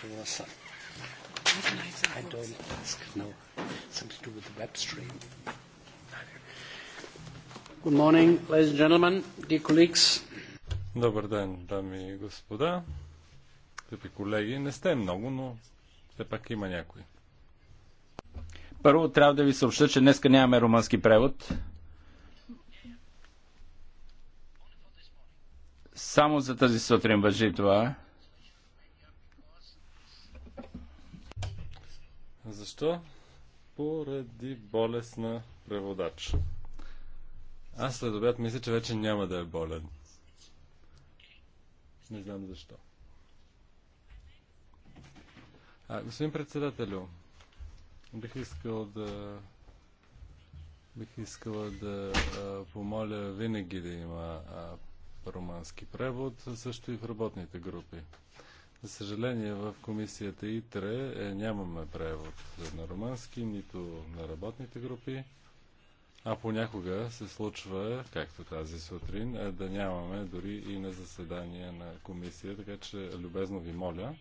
to was some. I don't ask No, Something to do with the web stream. Good morning, ladies and gentlemen, dear colleagues. Добър ден, дами и господа, скъпи колеги. Не сте много, но все пак има някой. Първо трябва да ви съобща, че днеска нямаме румънски превод. Само за тази сутрин въжи това. защо поради болест на преводач. Аз след обяд мисля, че вече няма да е болен. Не знам защо. А, господин председателю, бих искал да бих искала да а, помоля винаги да има а, романски превод, също и в работните групи. За съжаление, в комисията ИТРЕ е, нямаме превод на романски, нито на работните групи. А понякога се случва, както тази сутрин, е, да нямаме дори и на заседание на комисия, така че любезно ви моля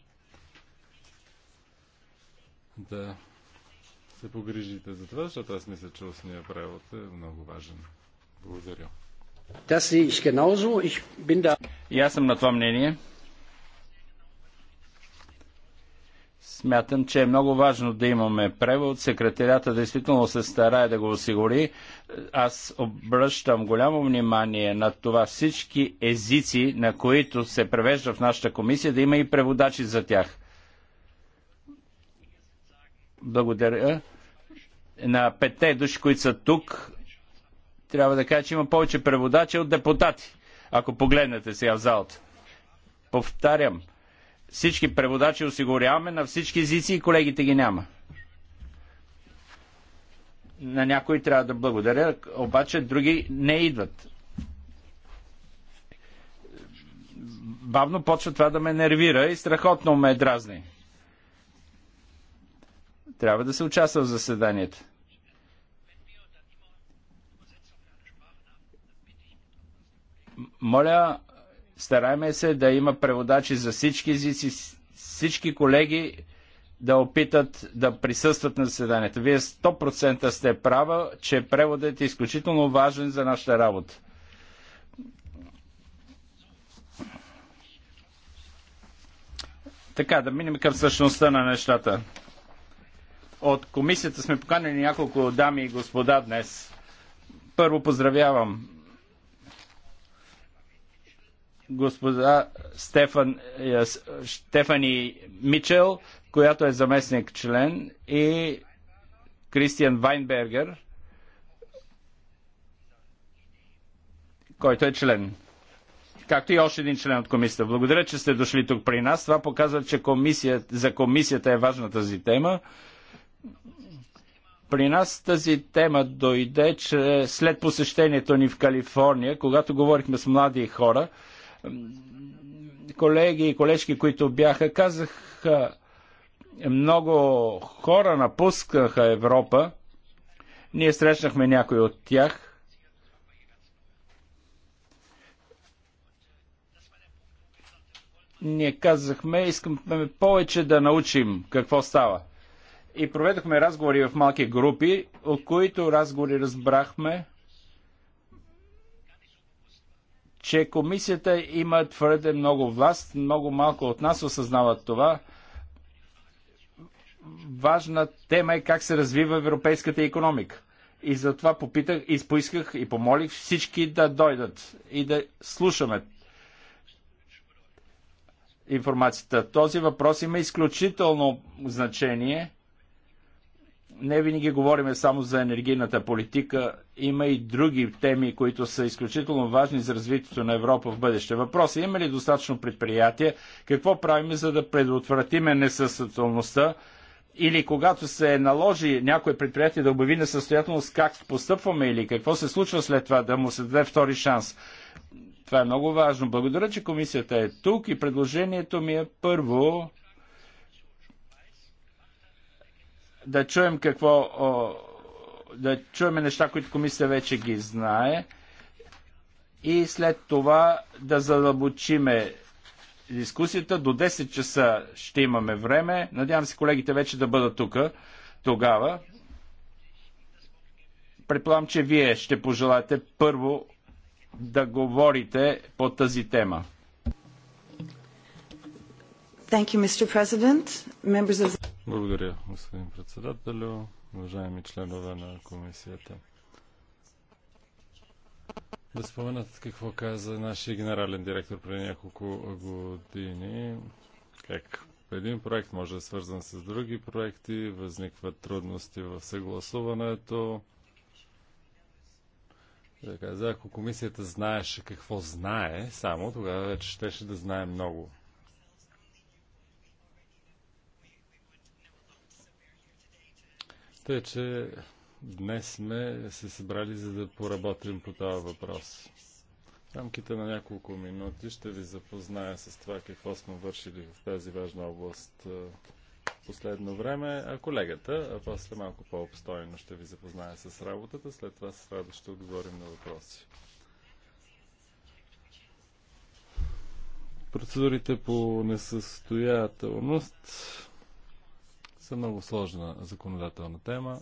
да се погрижите за това, защото аз мисля, че устния превод е много важен. Благодаря. И аз съм на това мнение. Смятам, че е много важно да имаме превод. Секретарията действително се старае да го осигури. Аз обръщам голямо внимание на това всички езици, на които се превежда в нашата комисия, да има и преводачи за тях. Благодаря. На петте души, които са тук, трябва да кажа, че има повече преводачи от депутати, ако погледнете сега в залата. Повтарям, всички преводачи осигуряваме на всички езици и колегите ги няма. На някои трябва да благодаря, обаче други не идват. Бавно почва това да ме нервира и страхотно ме дразни. Трябва да се участва в заседанието. Моля стараме се да има преводачи за всички езици, всички колеги да опитат да присъстват на заседанието. Вие 100% сте права, че преводът е изключително важен за нашата работа. Така, да минем към същността на нещата. От комисията сме поканили няколко дами и господа днес. Първо поздравявам госпожа Стефан, е, Стефани Мичел, която е заместник член, и Кристиан Вайнбергер, който е член. Както и още един член от комисията. Благодаря, че сте дошли тук при нас. Това показва, че комисия, за комисията е важна тази тема. При нас тази тема дойде, че след посещението ни в Калифорния, когато говорихме с млади хора, колеги и колежки, които бяха, казах, много хора напускаха Европа. Ние срещнахме някой от тях. Ние казахме, искаме повече да научим какво става. И проведохме разговори в малки групи, от които разговори разбрахме, че комисията има твърде много власт, много малко от нас осъзнават това. Важна тема е как се развива европейската економика. И затова попитах, и поисках и помолих всички да дойдат и да слушаме информацията. Този въпрос има изключително значение не винаги говорим само за енергийната политика. Има и други теми, които са изключително важни за развитието на Европа в бъдеще. Въпрос е, има ли достатъчно предприятие? Какво правим, за да предотвратиме несъстоятелността? Или когато се наложи някое предприятие да обяви несъстоятелност, как постъпваме или какво се случва след това, да му се даде втори шанс? Това е много важно. Благодаря, че комисията е тук и предложението ми е първо да чуем какво. Да чуем неща, които комисията вече ги знае. И след това да задълбочиме дискусията. До 10 часа ще имаме време. Надявам се колегите вече да бъдат тук тогава. Предполагам, че вие ще пожелате първо да говорите по тази тема. Thank you, Mr. President, members of the благодаря, господин председателю, уважаеми членове на комисията. Да споменат какво каза нашия генерален директор преди няколко години. Как един проект може да е свързан с други проекти, възникват трудности в съгласуването. ако комисията знаеше какво знае, само тогава вече щеше да знае много. Тъй, е, че днес сме се събрали за да поработим по това въпрос. В рамките на няколко минути ще ви запозная с това какво сме вършили в тази важна област последно време. А колегата, а после малко по-обстойно ще ви запозная с работата, след това с радост ще отговорим на въпроси. Процедурите по несъстоятелност са много сложна законодателна тема.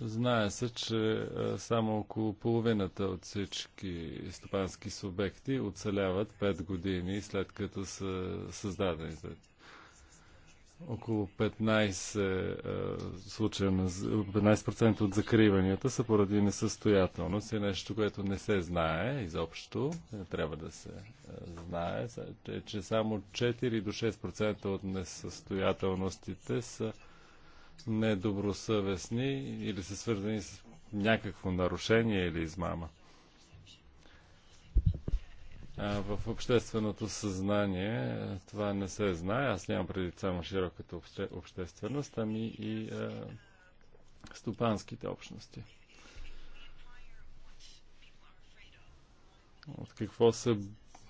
Знае се, че е, само около половината от всички стопански субекти оцеляват 5 години след като са създадени около 15, е, случая на, 15% от закриванията са поради несъстоятелност и нещо, което не се знае изобщо, не трябва да се е, знае, е, че само 4 до 6% от несъстоятелностите са недобросъвестни или са свързани с някакво нарушение или измама в общественото съзнание това не се знае. Аз нямам преди само широката обще, общественост, ами и а, стопанските общности. От какво се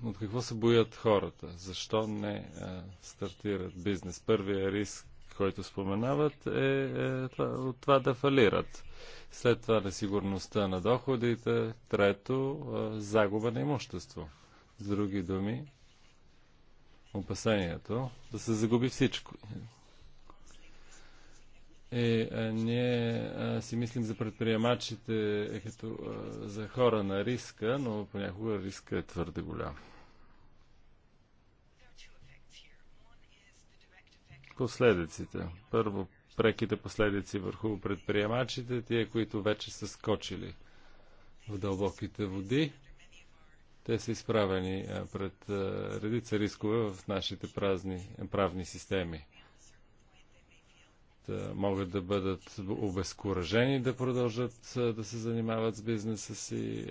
от какво се боят хората? Защо не а, стартират бизнес? Първия риск, който споменават, е, е това, от това да фалират. След това несигурността на доходите. Трето, а, загуба на имущество. С други думи, опасението да се загуби всичко. И е, а ние а, си мислим за предприемачите е като а, за хора на риска, но понякога риска е твърде голям. Последиците. Първо, преките последици върху предприемачите, тие, които вече са скочили в дълбоките води те са изправени пред редица рискове в нашите празни, правни системи. Та могат да бъдат обезкуражени да продължат да се занимават с бизнеса си,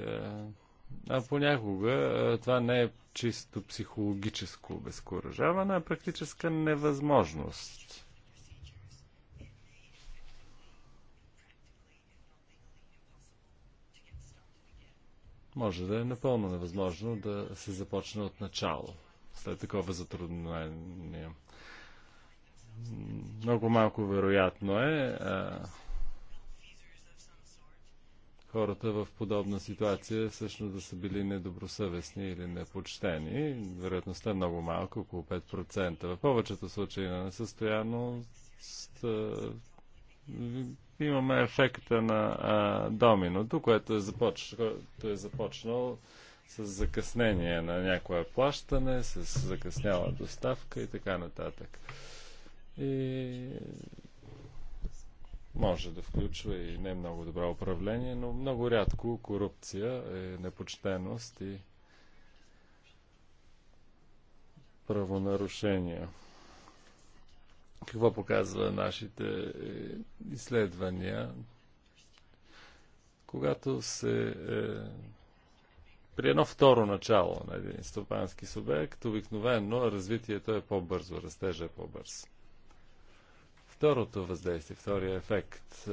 а понякога това не е чисто психологическо обезкуражаване, а практическа невъзможност може да е напълно невъзможно да се започне от начало след такова затруднение. Много малко вероятно е а, хората в подобна ситуация всъщност да са били недобросъвестни или непочтени. Вероятността е много малка, около 5%. В повечето случаи на несъстояност имаме ефекта на а, доминото, което е, започ... което е започнало с закъснение на някое плащане, с закъсняла доставка и така нататък. И може да включва и не много добро управление, но много рядко корупция, е непочтеност и правонарушения. Какво показва нашите е, изследвания? Когато се е, при едно второ начало на един стопански субект, обикновено развитието е по-бързо, растежа е по-бърз. Второто въздействие, втория ефект, е,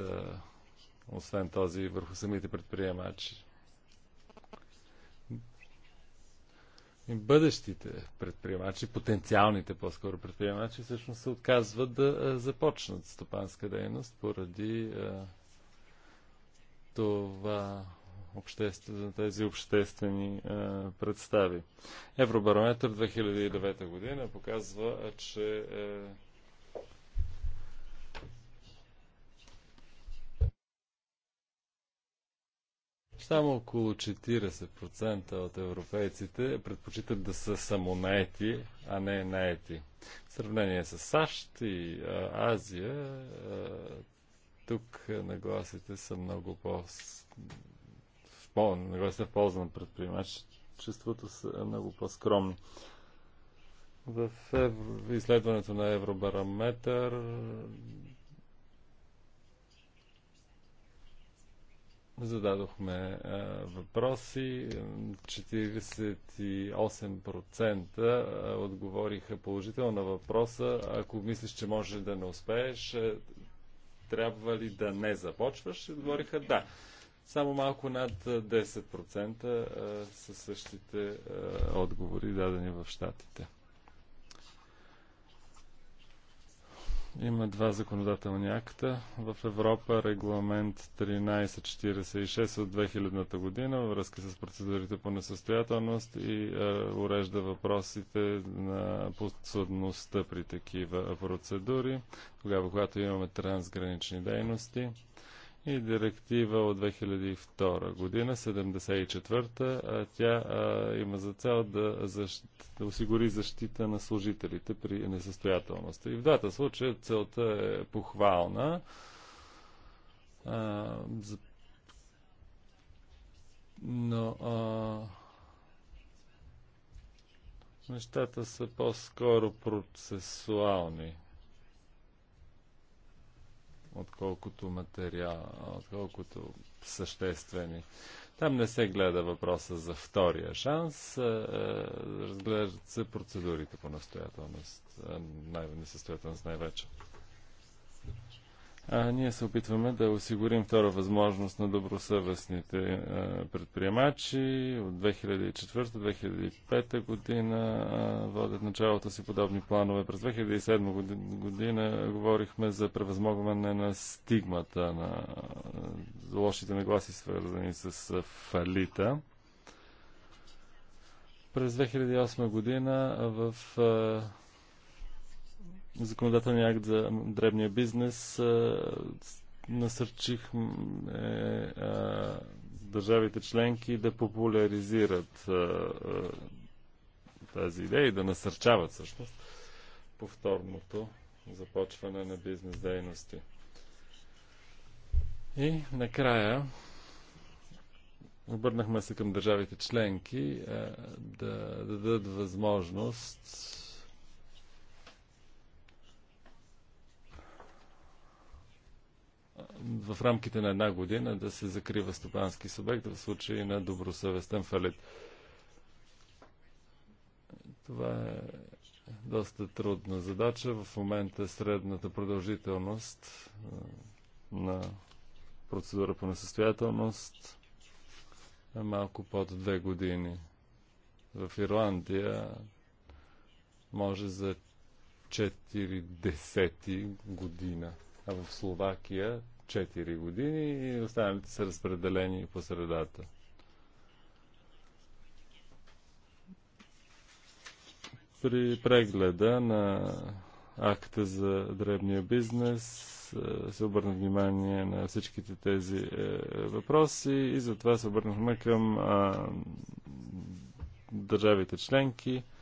освен този върху самите предприемачи, И бъдещите предприемачи, потенциалните по-скоро предприемачи, всъщност се отказват да започнат стопанска дейност поради това обществен, тези обществени а, представи. Евробарометър 2009 година показва, че е, Само около 40% от европейците предпочитат да са самонаети, а не наети. В сравнение с САЩ и а, Азия, а, тук нагласите са много по... по нагласите в полза на предприемачеството са много по-скромни. В изследването на Евробарометър зададохме а, въпроси. 48% отговориха положително на въпроса. Ако мислиш, че може да не успееш, е, трябва ли да не започваш? Отговориха да. Само малко над 10% са същите отговори, дадени в щатите. Има два законодателни акта в Европа. Регламент 1346 от 2000 година във връзка с процедурите по несъстоятелност и е, урежда въпросите на подсъдността при такива процедури, тогава когато имаме трансгранични дейности и директива от 2002 година, 74-та. А тя а, има за цел да, защ... да осигури защита на служителите при несъстоятелността. И в двата случая целта е похвална. А, за... Но а... нещата са по-скоро процесуални отколкото материал, отколкото съществени. Там не се гледа въпроса за втория шанс, разглеждат се процедурите по настоятелност, най-несъстоятелност най-вече. най- а, ние се опитваме да осигурим втора възможност на добросъвестните а, предприемачи. От 2004-2005 година а, водят началото си подобни планове. През 2007 година, година говорихме за превъзмогване на стигмата на а, лошите нагласи, свързани с а, фалита. През 2008 година в а, законодателния акт за дребния бизнес насърчихме държавите членки да популяризират тази идея и да насърчават всъщност повторното започване на бизнес дейности. И накрая обърнахме се към държавите членки да, да дадат възможност в рамките на една година да се закрива стопански субект в случай на добросъвестен фалит. Това е доста трудна задача. В момента средната продължителност на процедура по несъстоятелност е малко под две години. В Ирландия може за 40 година, а в Словакия 4 години и останалите са разпределени по средата. При прегледа на акта за дребния бизнес е, се обърна внимание на всичките тези е, въпроси и затова се обърнахме към държавите членки –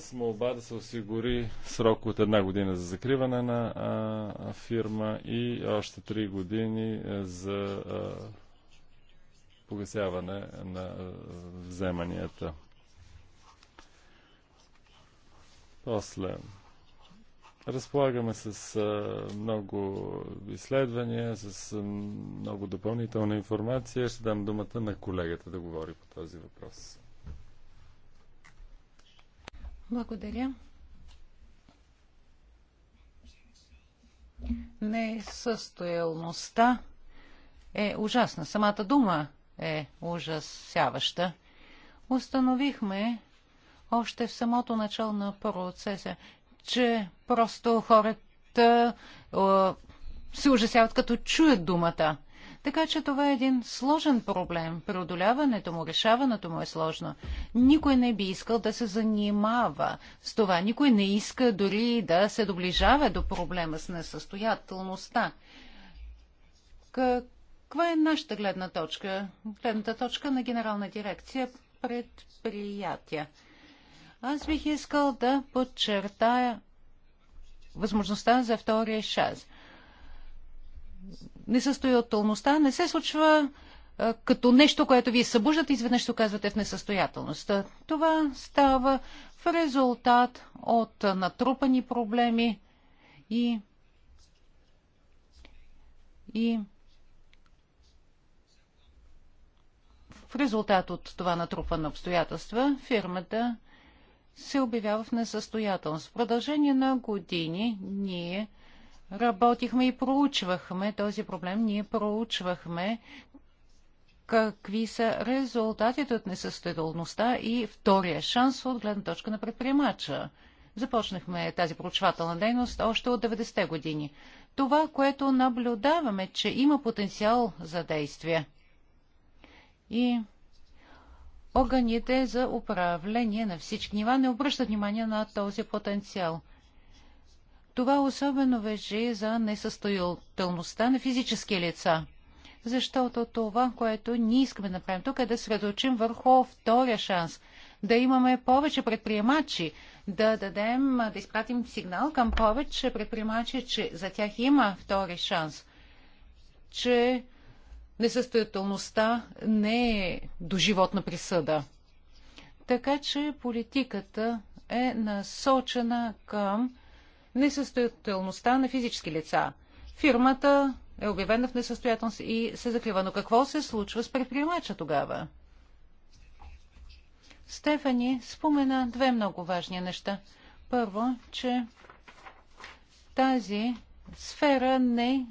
с молба да се осигури срок от една година за закриване на а, фирма и още три години е, за а, погасяване на а, вземанията. После разполагаме с а, много изследвания, с а, много допълнителна информация. Ще дам думата на колегата да говори по този въпрос. Благодаря. Несъстоялността е ужасна. Самата дума е ужасяваща. Установихме още в самото начало на процеса, че просто хората се ужасяват като чуят думата. Така че това е един сложен проблем. Преодоляването му, решаването му е сложно. Никой не би искал да се занимава с това. Никой не иска дори да се доближава до проблема с несъстоятелността. Каква е нашата гледна точка? Гледната точка на Генерална дирекция предприятия. Аз бих искал да подчертая възможността за втория шанс несъстоятелността не се случва като нещо, което вие събуждате, изведнъж се оказвате в несъстоятелност. Това става в резултат от натрупани проблеми и, и в резултат от това натрупване обстоятелства фирмата се обявява в несъстоятелност. В продължение на години ние работихме и проучвахме този проблем. Ние проучвахме какви са резултатите от несъстоятелността и втория шанс от гледна точка на предприемача. Започнахме тази проучвателна дейност още от 90-те години. Това, което наблюдаваме, че има потенциал за действие. И органите за управление на всички нива не обръщат внимание на този потенциал – това особено вежи за несъстоятелността на физически лица. Защото това, което ние искаме да направим тук е да средочим върху втория шанс, да имаме повече предприемачи, да дадем, да изпратим сигнал към повече предприемачи, че за тях има втори шанс, че несъстоятелността не е доживотна присъда. Така че политиката е насочена към несъстоятелността на физически лица. Фирмата е обявена в несъстоятелност и се закрива. Но какво се случва с предприемача тогава? Стефани спомена две много важни неща. Първо, че тази сфера не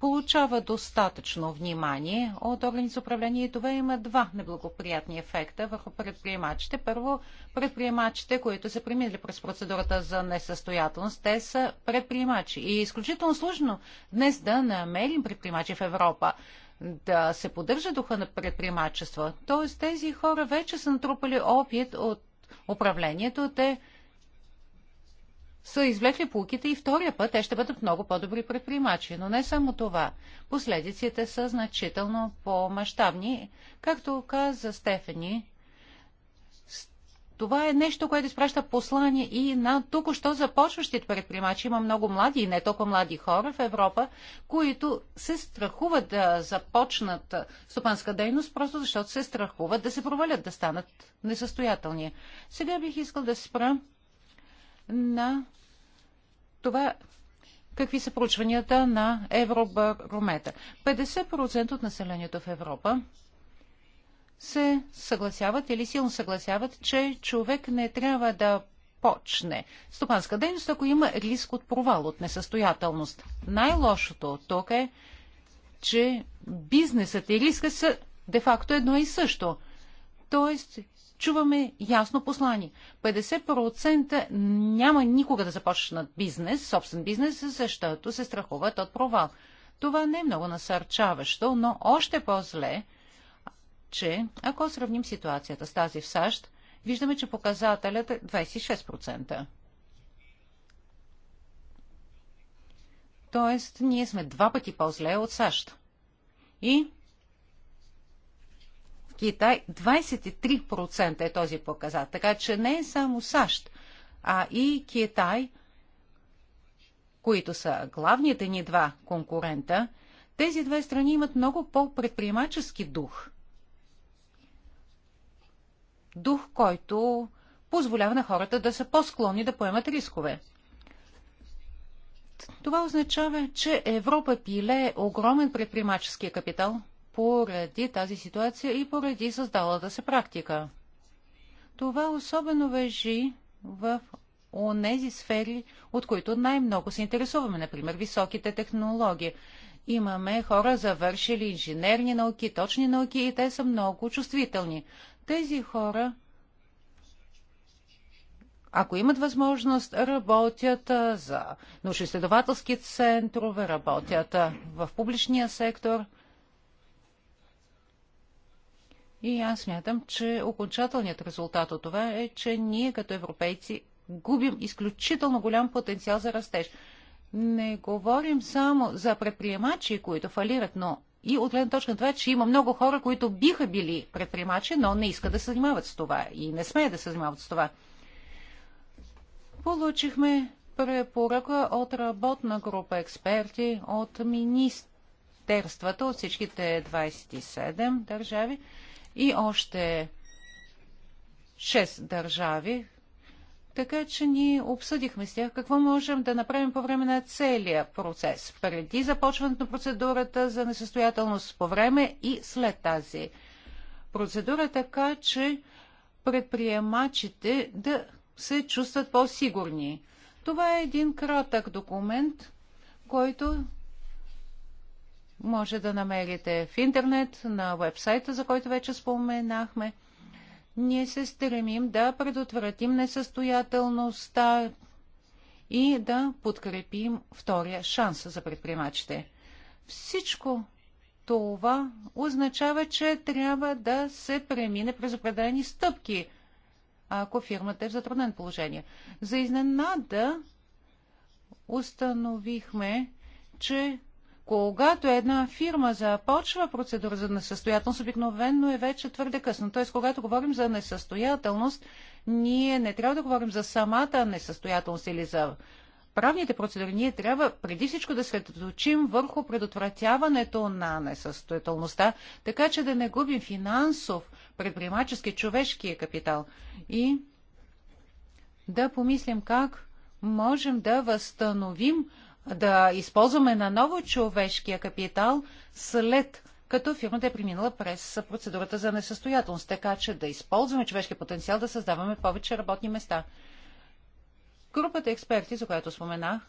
получава достатъчно внимание от органи за управление и това има два неблагоприятни ефекта върху предприемачите. Първо, предприемачите, които са преминали през процедурата за несъстоятелност, те са предприемачи. И е изключително сложно днес да намерим предприемачи в Европа да се поддържа духа на предприемачество. Тоест тези хора вече са натрупали опит от управлението, те са извлекли пулките, и втория път те ще бъдат много по-добри предприемачи. Но не само това. Последиците са значително по-масштабни. Както каза Стефани, това е нещо, което изпраща послание и на току-що започващите предприемачи. Има много млади и не толкова млади хора в Европа, които се страхуват да започнат стопанска дейност, просто защото се страхуват да се провалят, да станат несъстоятелни. Сега бих искал да спра на това какви са проучванията на Евробарометър. 50% от населението в Европа се съгласяват или силно съгласяват, че човек не трябва да почне стопанска дейност, ако има риск от провал, от несъстоятелност. Най-лошото от тук е, че бизнесът и риска са де-факто едно и също. Тоест, чуваме ясно послание. 50% няма никога да започнат бизнес, собствен бизнес, защото се страхуват от провал. Това не е много насърчаващо, но още по-зле, че ако сравним ситуацията с тази в САЩ, виждаме, че показателят е 26%. Тоест, ние сме два пъти по-зле от САЩ. И Китай 23% е този показател. Така че не е само САЩ, а и Китай, които са главните ни два конкурента, тези две страни имат много по-предприемачески дух. Дух, който позволява на хората да са по-склонни да поемат рискове. Това означава, че Европа пиле огромен предприемачески капитал – поради тази ситуация и поради създалата се практика. Това особено въжи в онези сфери, от които най-много се интересуваме, например високите технологии. Имаме хора, завършили инженерни науки, точни науки и те са много чувствителни. Тези хора, ако имат възможност, работят за научно-изследователски центрове, работят в публичния сектор – И аз смятам, че окончателният резултат от това е, че ние като европейци губим изключително голям потенциал за растеж. Не говорим само за предприемачи, които фалират, но и от гледна точка на това, че има много хора, които биха били предприемачи, но не искат да се занимават с това и не смеят да се занимават с това. Получихме препоръка от работна група експерти от министерствата от всичките 27 държави и още 6 държави. Така че ние обсъдихме с тях какво можем да направим по време на целия процес. Преди започването на процедурата за несъстоятелност по време и след тази процедура, е така че предприемачите да се чувстват по-сигурни. Това е един кратък документ, който може да намерите в интернет, на вебсайта, за който вече споменахме. Ние се стремим да предотвратим несъстоятелността и да подкрепим втория шанс за предприемачите. Всичко това означава, че трябва да се премине през определени стъпки, ако фирмата е в затруднен положение. За изненада установихме, че когато една фирма започва процедура за несъстоятелност, обикновено е вече твърде късно. Т.е. когато говорим за несъстоятелност, ние не трябва да говорим за самата несъстоятелност или за правните процедури. Ние трябва преди всичко да средоточим върху предотвратяването на несъстоятелността, така че да не губим финансов, предприемачески, човешки капитал. И да помислим как можем да възстановим да използваме на ново човешкия капитал след като фирмата е преминала през процедурата за несъстоятелност, така че да използваме човешкия потенциал да създаваме повече работни места. Групата експерти, за която споменах,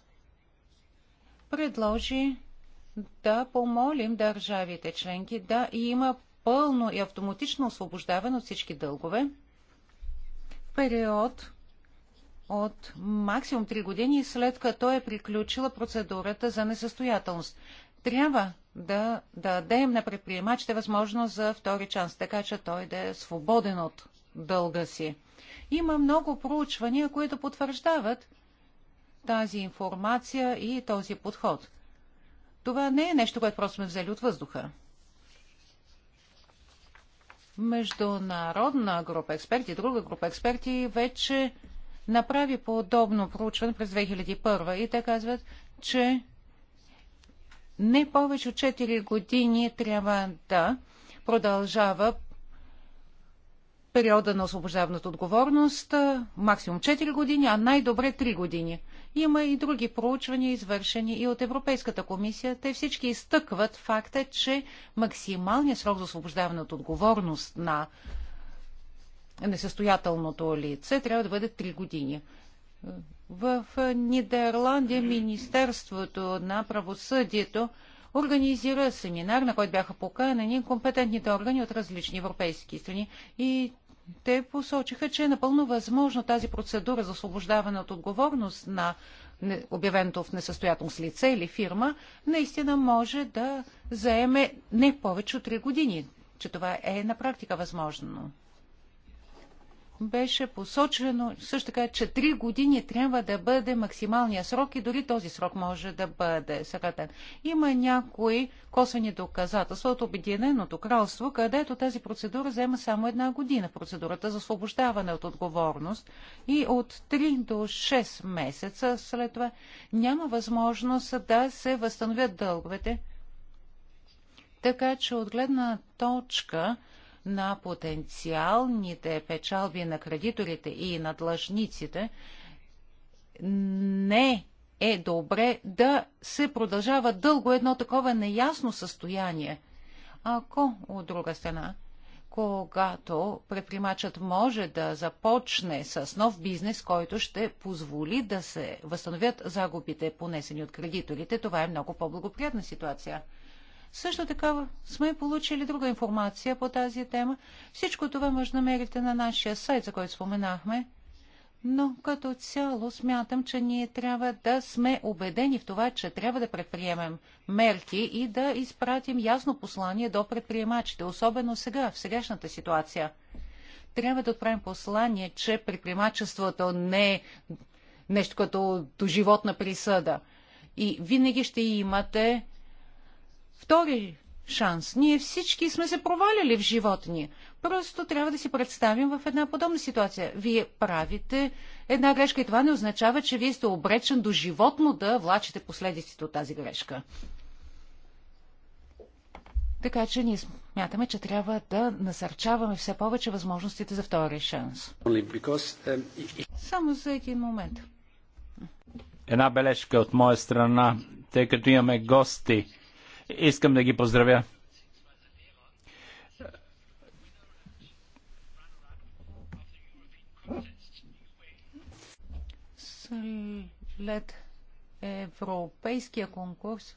предложи да помолим държавите членки да има пълно и автоматично освобождаване от всички дългове в период от максимум 3 години след като е приключила процедурата за несъстоятелност. Трябва да, да дадем на предприемачите възможност за втори шанс, така че той да е свободен от дълга си. Има много проучвания, които потвърждават тази информация и този подход. Това не е нещо, което просто сме взели от въздуха. Международна група експерти, друга група експерти вече направи подобно проучване през 2001 и те казват, че не повече от 4 години трябва да продължава периода на освобождаваната отговорност, максимум 4 години, а най-добре 3 години. Има и други проучвания, извършени и от Европейската комисия. Те всички изтъкват факта, че максималният срок за освобождаване от отговорност на несъстоятелното лице трябва да бъде 3 години. В Нидерландия Министерството на правосъдието организира семинар, на който бяха поканени компетентните органи от различни европейски страни и те посочиха, че е напълно възможно тази процедура за освобождаване от отговорност на обявеното в несъстоятелност лице или фирма, наистина може да заеме не повече от 3 години, че това е на практика възможно беше посочено също така, че 3 години трябва да бъде максималния срок и дори този срок може да бъде съкратен. Има някои косвени доказателства от Обединеното кралство, където тази процедура взема само една година. Процедурата за освобождаване от отговорност и от 3 до 6 месеца след това няма възможност да се възстановят дълговете. Така че от гледна точка на потенциалните печалби на кредиторите и на длъжниците, не е добре да се продължава дълго едно такова неясно състояние. Ако, от друга страна, когато предприемачът може да започне с нов бизнес, който ще позволи да се възстановят загубите, понесени от кредиторите, това е много по-благоприятна ситуация. Също така сме получили друга информация по тази тема. Всичко това може да намерите на нашия сайт, за който споменахме. Но като цяло смятам, че ние трябва да сме убедени в това, че трябва да предприемем мерки и да изпратим ясно послание до предприемачите, особено сега, в сегашната ситуация. Трябва да отправим послание, че предприемачеството не е нещо като до животна присъда. И винаги ще имате втори шанс. Ние всички сме се провалили в живота ни. Просто трябва да си представим в една подобна ситуация. Вие правите една грешка и това не означава, че вие сте обречен до животно да влачите последиците от тази грешка. Така че ние смятаме, че трябва да насърчаваме все повече възможностите за втори шанс. Um, Само за един момент. Една бележка от моя страна, тъй като имаме гости Искам да ги поздравя. След европейския конкурс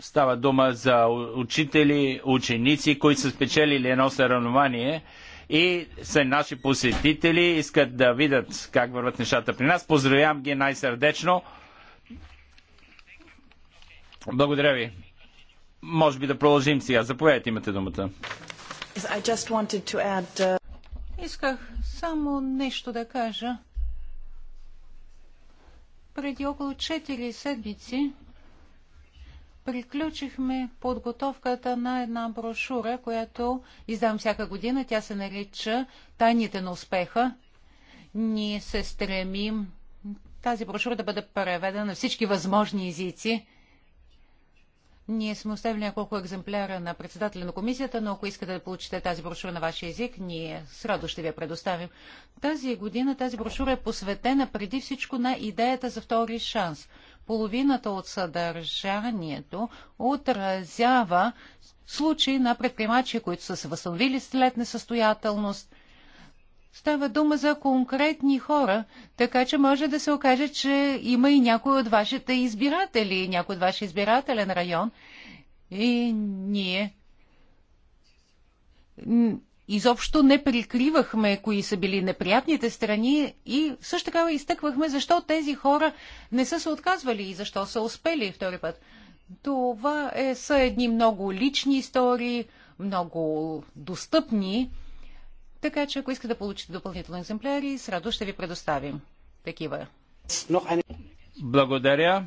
Става дума за учители, ученици, които са спечелили едно съревнование – и са наши посетители, искат да видят как върват нещата при нас. Поздравявам ги най-сърдечно. Благодаря ви. Може би да продължим сега. Заповядайте, имате думата. Uh, Исках само нещо да кажа. Преди около 4 седмици приключихме подготовката на една брошура, която издавам всяка година. Тя се нарича Тайните на успеха. Ние се стремим тази брошура да бъде преведена на всички възможни езици. Ние сме оставили няколко екземпляра на председателя на комисията, но ако искате да получите тази брошура на вашия език, ние с радост ще ви я предоставим. Тази година тази брошура е посветена преди всичко на идеята за втори шанс половината от съдържанието отразява случаи на предприемачи, които са се възстановили след несъстоятелност. Става дума за конкретни хора, така че може да се окаже, че има и някой от вашите избиратели, някой от вашия избирателен район. И ние изобщо не прикривахме кои са били неприятните страни и също така изтъквахме защо тези хора не са се отказвали и защо са успели втори път. Това е, са едни много лични истории, много достъпни, така че ако искате да получите допълнителни екземпляри, с радост ще ви предоставим такива. Благодаря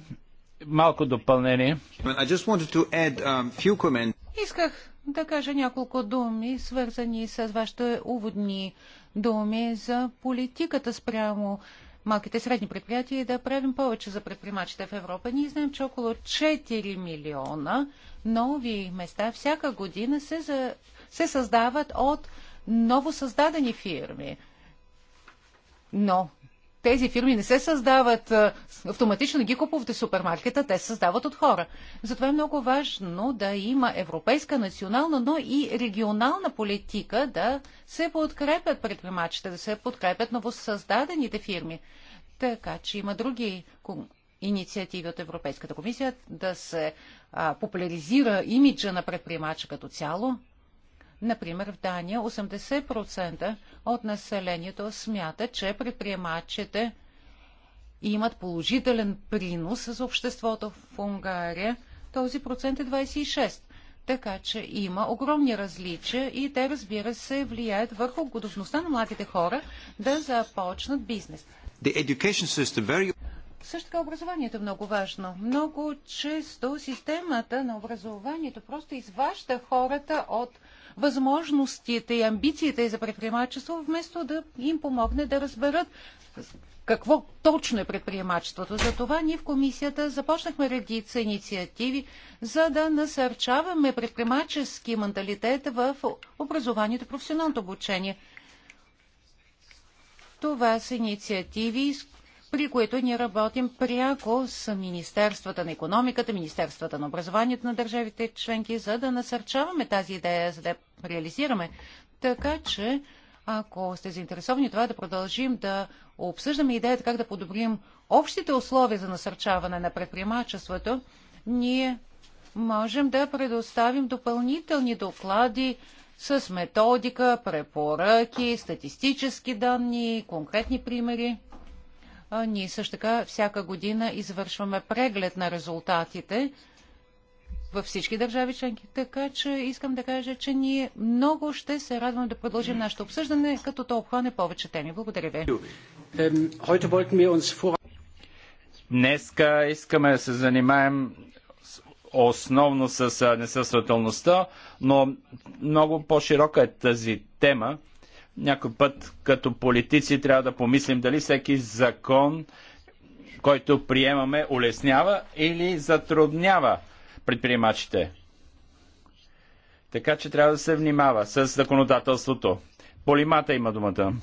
малко допълнение. Um, Исках да кажа няколко думи, свързани с вашите уводни думи за политиката спрямо малките и средни предприятия и да правим повече за предприемачите в Европа. Ние знаем, че около 4 милиона нови места всяка година се, за... се създават от новосъздадени фирми. Но тези фирми не се създават автоматично ги купувате в супермаркета, те се създават от хора. Затова е много важно да има европейска, национална, но и регионална политика да се подкрепят предприемачите, да се подкрепят новосъздадените фирми. Така че има други инициативи от Европейската комисия да се популяризира имиджа на предприемача като цяло. Например, в Дания 80% от населението смята, че предприемачите имат положителен принос за обществото в Унгария. Този процент е 26. Така че има огромни различия и те, разбира се, влияят върху готовността на младите хора да започнат бизнес. Very... Също така образованието е много важно. Много често системата на образованието просто изважда хората от възможностите и амбициите за предприемачество, вместо да им помогне да разберат какво точно е предприемачеството. Затова ние в комисията започнахме редица инициативи, за да насърчаваме предприемачески менталитет в образованието, и професионалното обучение. Това са инициативи, при които ние работим пряко с Министерствата на економиката, Министерствата на образованието на държавите членки, за да насърчаваме тази идея, за да реализираме. Така че, ако сте заинтересовани това, да продължим да обсъждаме идеята как да подобрим общите условия за насърчаване на предприемачеството, ние можем да предоставим допълнителни доклади с методика, препоръки, статистически данни, конкретни примери. Ние също така всяка година извършваме преглед на резултатите във всички държави членки. Така че искам да кажа, че ние много ще се радвам да продължим нашето обсъждане, като то обхване повече теми. Благодаря ви. Днеска искаме да се занимаем основно с несъстоятелността, но много по-широка е тази тема някой път като политици трябва да помислим дали всеки закон, който приемаме, улеснява или затруднява предприемачите. Така че трябва да се внимава с законодателството. Полимата има думата.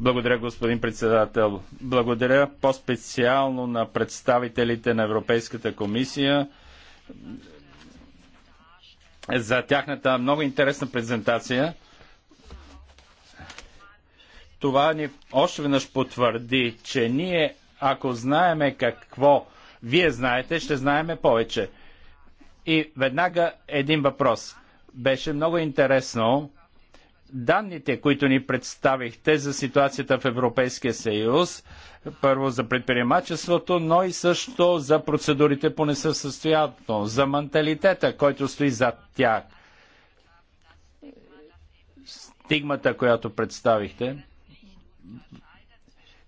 Благодаря, господин председател. Благодаря по-специално на представителите на Европейската комисия за тяхната много интересна презентация. Това ни още веднъж потвърди, че ние, ако знаеме какво вие знаете, ще знаеме повече. И веднага един въпрос. Беше много интересно данните, които ни представихте за ситуацията в Европейския съюз, първо за предприемачеството, но и също за процедурите по несъстоятелно, за менталитета, който стои зад тях. Стигмата, която представихте,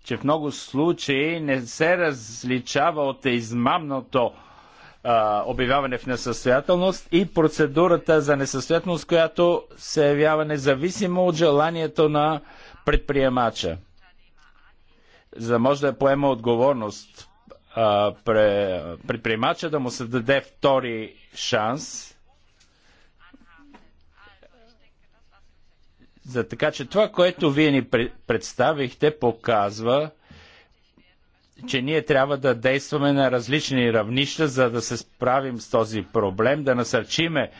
че в много случаи не се различава от измамното обявяване в несъстоятелност и процедурата за несъстоятелност, която се явява независимо от желанието на предприемача. За да може да поема отговорност а, пре, предприемача, да му се даде втори шанс За така че това, което вие ни представихте, показва, че ние трябва да действаме на различни равнища, за да се справим с този проблем, да насърчиме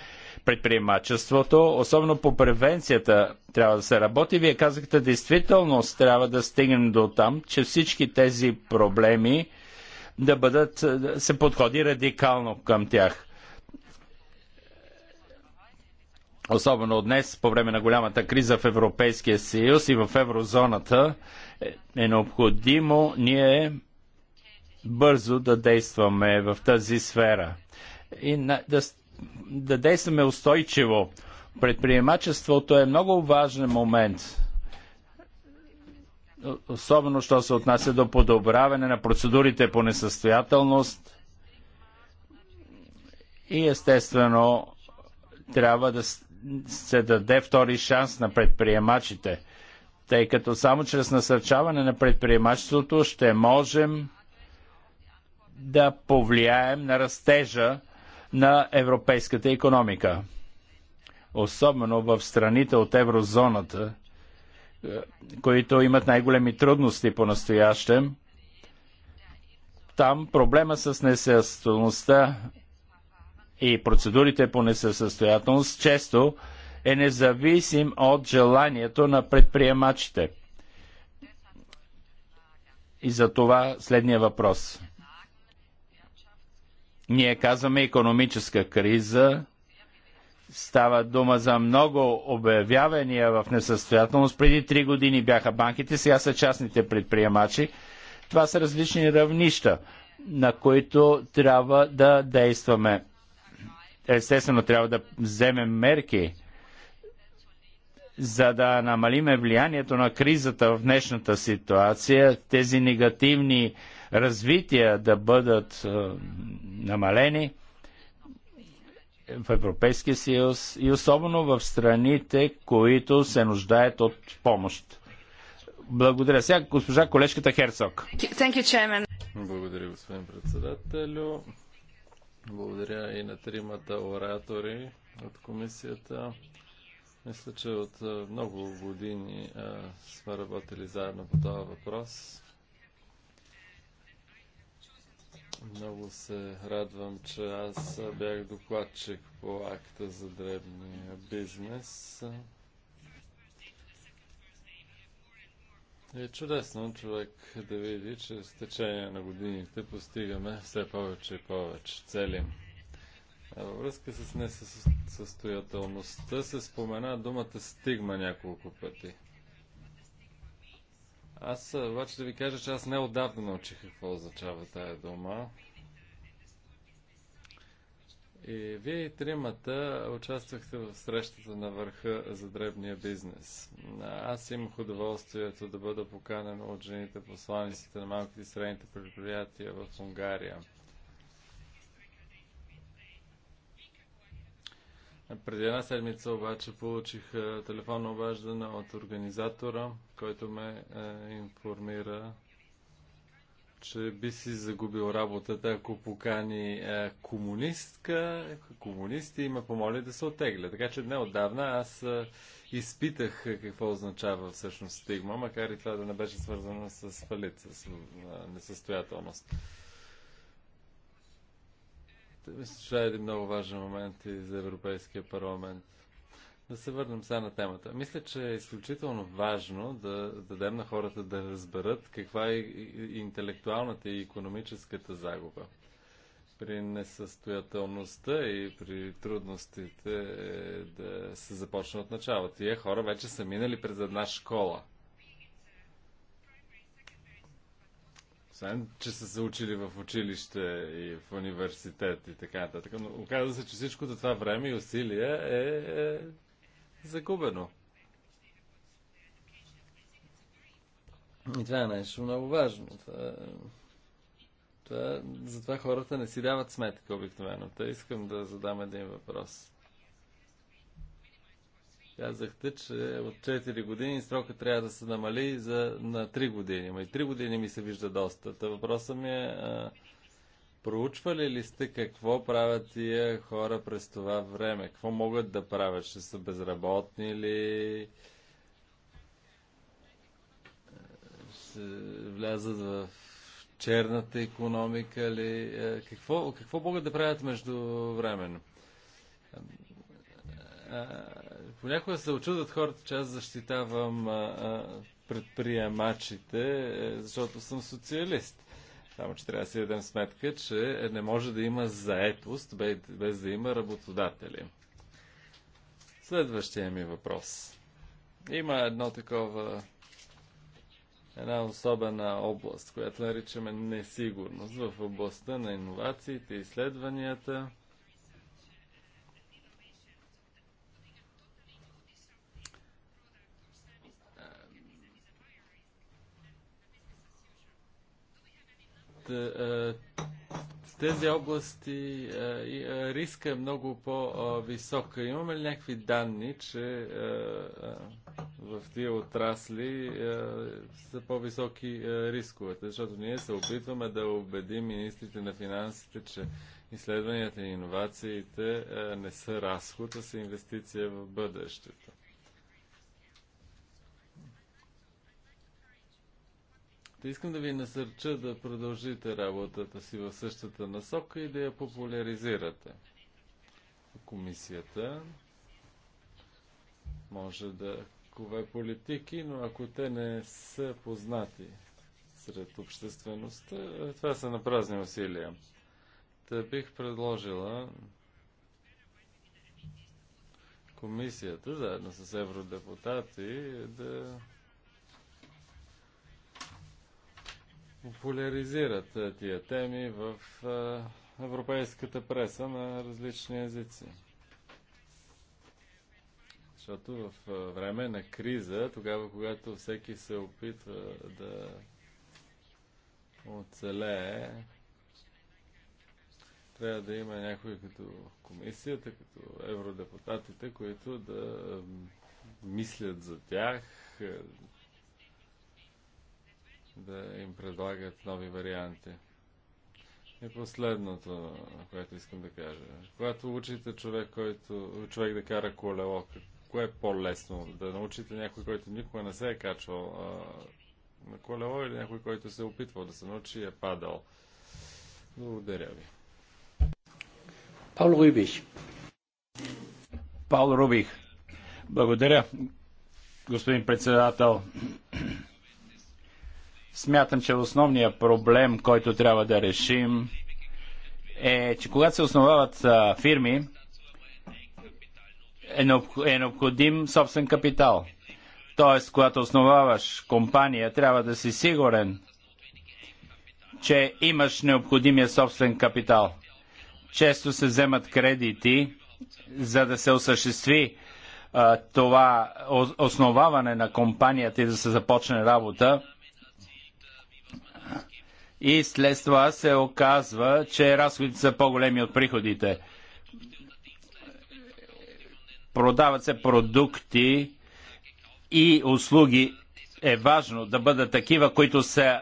предприемачеството, особено по превенцията трябва да се работи. Вие казахте, действително трябва да стигнем до там, че всички тези проблеми да бъдат, да се подходи радикално към тях. особено днес, по време на голямата криза в Европейския съюз и в еврозоната, е, е необходимо ние бързо да действаме в тази сфера и на, да, да действаме устойчиво. Предприемачеството е много важен момент, особено що се отнася до подобряване на процедурите по несъстоятелност и естествено трябва да се даде втори шанс на предприемачите, тъй като само чрез насърчаване на предприемачеството ще можем да повлияем на растежа на европейската економика. Особено в страните от еврозоната, е, които имат най-големи трудности по-настоящем, там проблема с несъстоятелността и процедурите по несъстоятелност често е независим от желанието на предприемачите. И за това следния въпрос. Ние казваме економическа криза. Става дума за много обявявания в несъстоятелност. Преди три години бяха банките, сега са частните предприемачи. Това са различни равнища, на които трябва да действаме естествено трябва да вземем мерки, за да намалиме влиянието на кризата в днешната ситуация, тези негативни развития да бъдат е, намалени в Европейския съюз и особено в страните, които се нуждаят от помощ. Благодаря. Сега госпожа колежката Херцог. Благодаря, господин председателю. Благодаря и на тримата оратори от комисията. Мисля, че от много години а, сме работили заедно по този въпрос. Много се радвам, че аз бях докладчик по акта за дребния бизнес. Е чудесно човек да види, че с течение на годините постигаме все повече и повече цели. А във връзка с несъстоятелността се спомена думата стигма няколко пъти. Аз обаче да ви кажа, че аз неодавна научих какво означава тая дума. И вие и тримата участвахте в срещата на върха за дребния бизнес. Аз имах удоволствието да бъда поканен от жените посланиците на малките и средните предприятия в Унгария. Преди една седмица обаче получих телефонно обаждане от организатора, който ме е, информира че би си загубил работата, ако покани е, комунистка, комунисти и ме помоли да се отегля. Така че не отдавна аз е, изпитах какво означава всъщност стигма, макар и това да не беше свързано с фалит, с е, несъстоятелност. Мисля, че това е един много важен момент и за Европейския парламент. Да се върнем сега на темата. Мисля, че е изключително важно да дадем на хората да разберат каква е интелектуалната и економическата загуба. При несъстоятелността и при трудностите е да се започне от начало. Тия хора вече са минали през една школа. Освен, че са се учили в училище и в университет и така нататък. Но оказва се, че всичкото това време и усилия е, е загубено. И това е нещо много важно. Това, е- това, е- затова хората не си дават сметка обикновено. Та искам да задам един въпрос. Казахте, че от 4 години срока трябва да се намали за, на 3 години. Ма и 3 години ми се вижда доста. Та въпросът ми е а, Проучвали ли сте какво правят тия хора през това време? Какво могат да правят? Ще са безработни ли? Ще влязат в черната економика ли? Е, какво, какво могат да правят междувременно? Е, понякога се очудват хората, че аз защитавам е, предприемачите, защото съм социалист. Само, че трябва да си дадем сметка, че не може да има заетост без да има работодатели. Следващия ми въпрос. Има едно такова една особена област, която наричаме несигурност в областта на иновациите, и изследванията. Е, е, в тези области е, риска е много по-висок. Имаме ли някакви данни, че в тия отрасли са по-високи рисковете? Защото ние се опитваме да убедим министрите на финансите, че изследванията и иновациите не са разход, а са инвестиция в бъдещето. Та искам да ви насърча да продължите работата си в същата насока и да я популяризирате. Комисията може да кове политики, но ако те не са познати сред обществеността, това са на празни усилия. Та бих предложила комисията, заедно с евродепутати, да популяризират тия теми в европейската преса на различни езици. Защото в време на криза, тогава когато всеки се опитва да оцелее, трябва да има някой като комисията, като евродепутатите, които да мислят за тях, да им предлагат нови варианти. И последното, което искам да кажа. Когато учите човек, който, човек да кара колело, кое е по-лесно? Да научите някой, който никога не се е качвал а, на колело или някой, който се е опитвал да се научи и е падал? Благодаря ви. Пауло Рубих. Пауло Рубих. Благодаря, господин председател. Смятам, че основният проблем, който трябва да решим е, че когато се основават а, фирми, е, необ, е необходим собствен капитал. Тоест, когато основаваш компания, трябва да си сигурен, че имаш необходимия собствен капитал. Често се вземат кредити, за да се осъществи а, това основаване на компанията и да се започне работа и след това се оказва, че разходите са по-големи от приходите. Продават се продукти и услуги. Е важно да бъдат такива, които са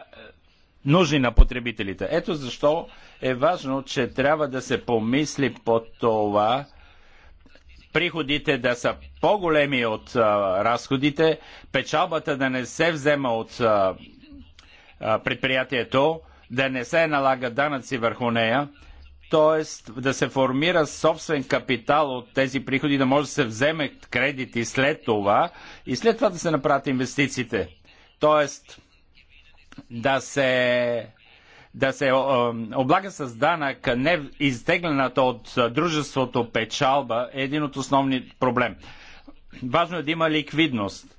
нужни на потребителите. Ето защо е важно, че трябва да се помисли по това приходите да са по-големи от а, разходите, печалбата да не се взема от а, предприятието, да не се налагат данъци върху нея, т.е. да се формира собствен капитал от тези приходи, да може да се вземе кредити след това и след това да се направят инвестициите. Т.е. да се да се облага с данък не изтеглената от дружеството печалба е един от основни проблем. Важно е да има ликвидност.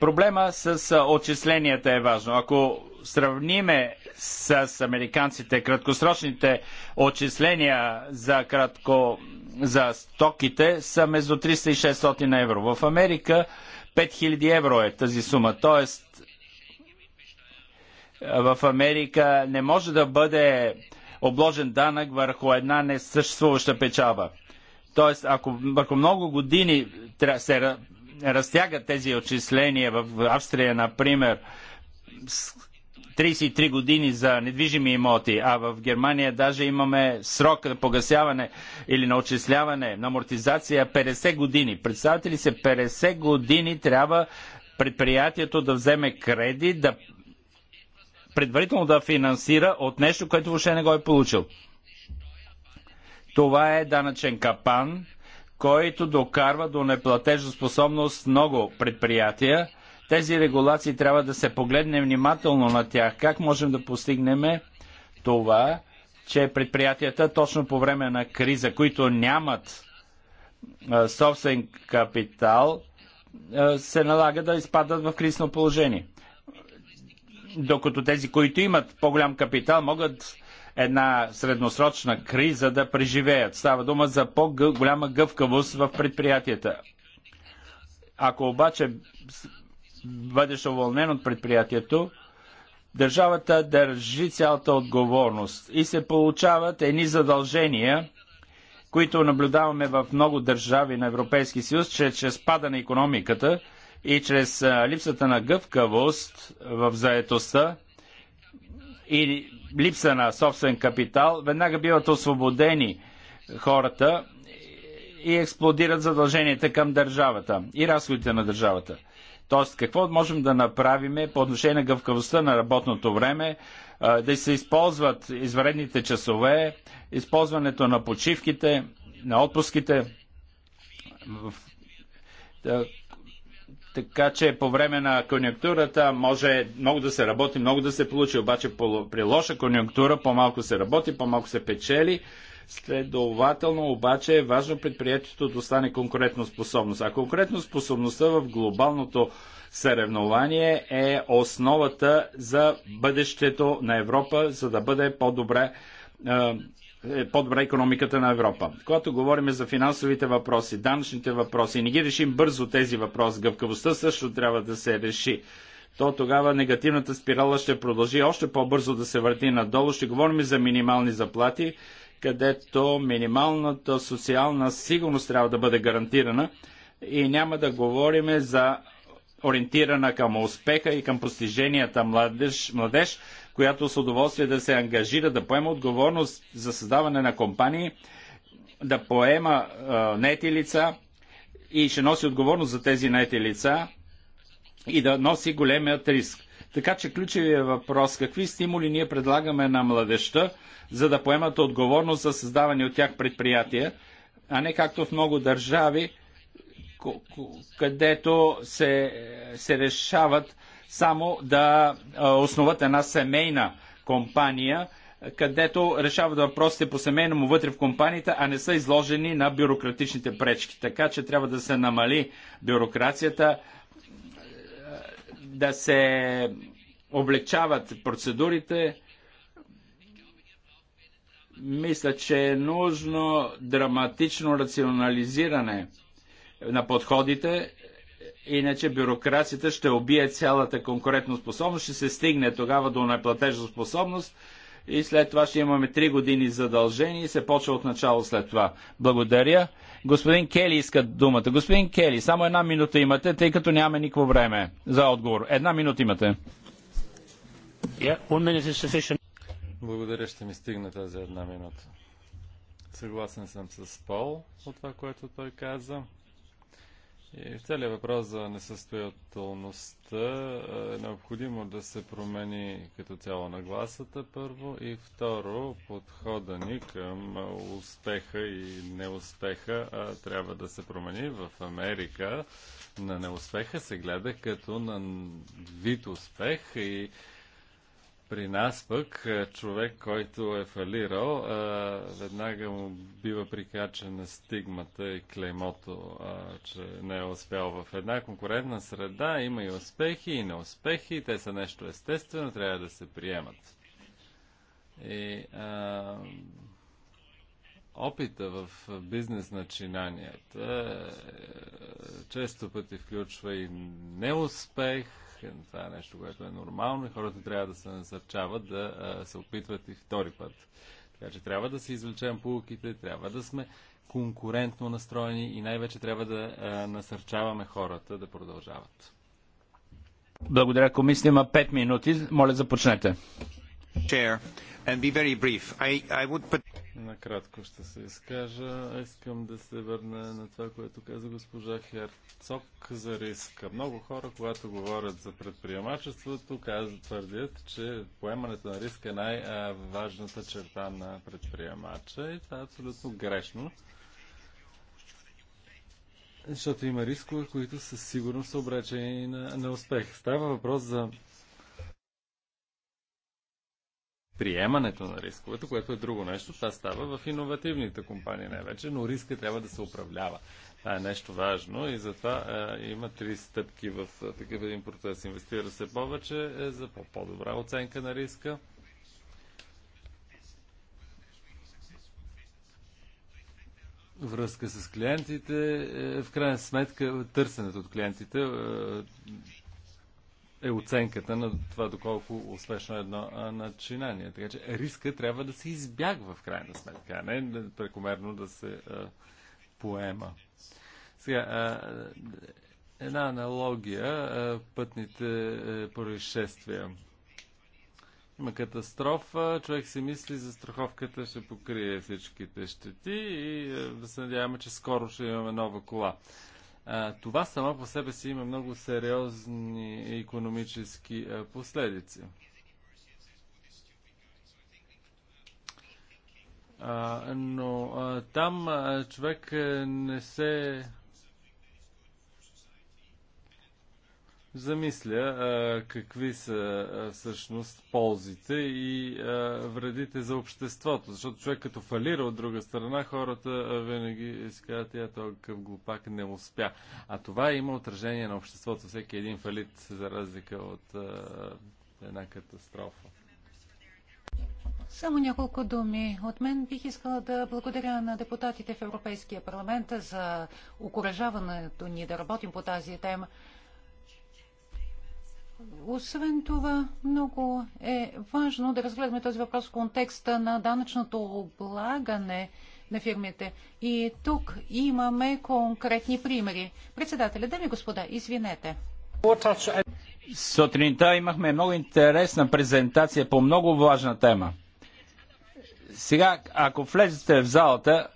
Проблема с отчисленията е важно. Ако сравниме с американците краткосрочните отчисления за, кратко, за стоките са между 300 и 600 евро. В Америка 5000 евро е тази сума. Тоест в Америка не може да бъде обложен данък върху една несъществуваща печалба. Тоест, ако върху много години се разтягат тези отчисления в Австрия, например, 33 години за недвижими имоти, а в Германия даже имаме срок на погасяване или на отчисляване, на амортизация 50 години. Представете ли се, 50 години трябва предприятието да вземе кредит, да предварително да финансира от нещо, което въобще не го е получил. Това е данъчен капан, който докарва до неплатежоспособност много предприятия – тези регулации трябва да се погледне внимателно на тях. Как можем да постигнем това, че предприятията точно по време на криза, които нямат собствен капитал, се налага да изпадат в кризисно положение. Докато тези, които имат по-голям капитал, могат една средносрочна криза да преживеят. Става дума за по-голяма гъвкавост в предприятията. Ако обаче бъдеш уволнен от предприятието, държавата държи цялата отговорност и се получават едни задължения, които наблюдаваме в много държави на Европейски съюз, че чрез пада на економиката и чрез липсата на гъвкавост в заетостта и липса на собствен капитал, веднага биват освободени хората и експлодират задълженията към държавата и разходите на държавата. Тоест, какво можем да направим по отношение на гъвкавостта на работното време, да се използват извредните часове, използването на почивките, на отпуските, така че по време на конъюнктурата може много да се работи, много да се получи, обаче при лоша конъюнктура по-малко се работи, по-малко се печели. Следователно обаче е важно предприятието да остане конкурентно способност. А конкурентно способността в глобалното съревнование е основата за бъдещето на Европа, за да бъде по-добре е, по-добра економиката на Европа. Когато говорим за финансовите въпроси, данъчните въпроси, не ги решим бързо тези въпроси, гъвкавостта също трябва да се реши то тогава негативната спирала ще продължи още по-бързо да се върти надолу. Ще говорим за минимални заплати където минималната социална сигурност трябва да бъде гарантирана и няма да говорим за ориентирана към успеха и към постиженията младеж, младеж която с удоволствие да се ангажира, да поема отговорност за създаване на компании, да поема а, нети лица и ще носи отговорност за тези нети лица и да носи големият риск. Така че ключовия е въпрос какви стимули ние предлагаме на младеща, за да поемат отговорност за създаване от тях предприятия, а не както в много държави, където се, се решават само да основат една семейна компания, където решават въпросите по семейному вътре в компанията, а не са изложени на бюрократичните пречки. Така че трябва да се намали бюрокрацията, да се облегчават процедурите. Мисля, че е нужно драматично рационализиране на подходите, иначе бюрокрацията ще убие цялата конкурентоспособност, ще се стигне тогава до неплатежоспособност и след това ще имаме 3 години задължение и се почва от начало след това. Благодаря. Господин Кели иска думата. Господин Кели, само една минута имате, тъй като нямаме никакво време за отговор. Една минута имате. Yeah, Благодаря, ще ми стигне тази една минута. Съгласен съм с Пол от това, което той каза. И в целият въпрос за несъстоятелността е необходимо да се промени като цяло нагласата първо и второ подхода ни към е, успеха и неуспеха а, е, трябва да се промени. В Америка на неуспеха се гледа като на вид успех и при нас пък е, човек, който е фалирал, е, веднага му бива прикачена стигмата и клеймото, е, че не е успял в една конкурентна среда. Има и успехи, и неуспехи. Те са нещо естествено, трябва да се приемат. И а, опита в бизнес начинанията често пъти включва и неуспех, това е нещо, което е нормално и хората трябва да се насърчават да се опитват и втори път. Така че трябва да се извлечем полуките, трябва да сме конкурентно настроени и най-вече трябва да насърчаваме хората да продължават. Благодаря. Комисия, има 5 минути. Моля, започнете. Chair, and be very brief. I, I would put... Накратко ще се изкажа. Искам да се върна на това, което каза госпожа Херцог за риска. Много хора, когато говорят за предприемачеството, казват, твърдят, че поемането на риск е най-важната черта на предприемача и това е абсолютно грешно. Защото има рискове, които със сигурност са обречени на, на успех. Става въпрос за приемането на рисковете, което е друго нещо. Това става в иновативните компании най-вече, но риска трябва да се управлява. Това е нещо важно и затова е, има три стъпки в е, такъв един процес. Инвестира се повече е, за по-добра -по оценка на риска. Връзка с клиентите, е, в крайна сметка търсенето от клиентите е, е оценката на това доколко успешно е едно начинание. Така че риска трябва да се избягва в крайна сметка, а не прекомерно да се а, поема. Сега, а, една аналогия а, пътните а, е, происшествия. Има катастрофа, човек си мисли, за страховката ще покрие всичките щети и е, да се надяваме, че скоро ще имаме нова кола. Това само по себе си има много сериозни економически последици. но там човек не се замисля а, какви са а, всъщност ползите и а, вредите за обществото. Защото човек като фалира от друга страна, хората а, винаги си казват, я какъв глупак не успя. А това има отражение на обществото. Всеки един фалит, за разлика от а, една катастрофа. Само няколко думи. От мен бих искала да благодаря на депутатите в Европейския парламент за окоръжаването ни да работим по тази тема. Освен това, много е важно да разгледаме този въпрос в контекста на данъчното облагане на фирмите. И тук имаме конкретни примери. Председателя, дами господа, извинете. Сутринта имахме много интересна презентация по много важна тема. Сега, ако влезете в залата,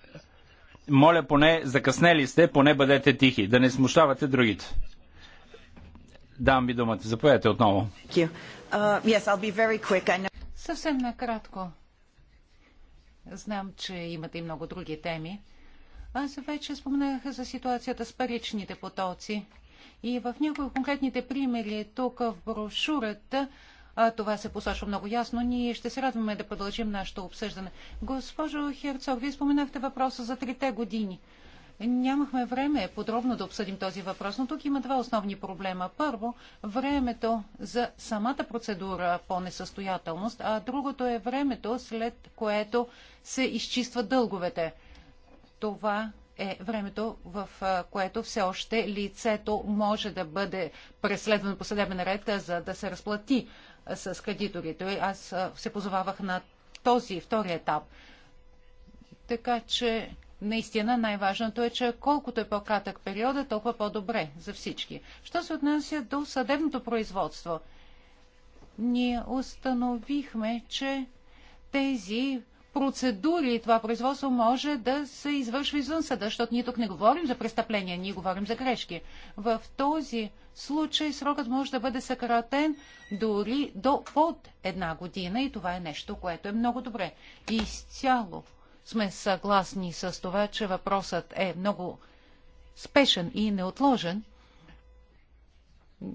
моля поне закъснели сте, поне бъдете тихи, да не смущавате другите. Дам ви думата. Заповядайте отново. Uh, Съвсем накратко. Знам, че имате и много други теми. Аз вече споменах за ситуацията с паричните потоци. И в някои конкретните примери тук в брошурата а, това се посочва много ясно. Ние ще се радваме да продължим нашето обсъждане. Госпожо Херцог, вие споменахте въпроса за трите години. Нямахме време подробно да обсъдим този въпрос, но тук има два основни проблема. Първо, времето за самата процедура по несъстоятелност, а другото е времето, след което се изчистват дълговете. Това е времето, в което все още лицето може да бъде преследвано по съдебен ред, за да се разплати с кредиторите. Аз се позовавах на този втори етап. Така че наистина най-важното е, че колкото е по-кратък периода, толкова по-добре за всички. Що се отнася до съдебното производство? Ние установихме, че тези процедури, и това производство може да се извършва извън съда, защото ние тук не говорим за престъпления, ние говорим за грешки. В този случай срокът може да бъде съкратен дори до под една година и това е нещо, което е много добре. Изцяло сме съгласни с това, че въпросът е много спешен и неотложен.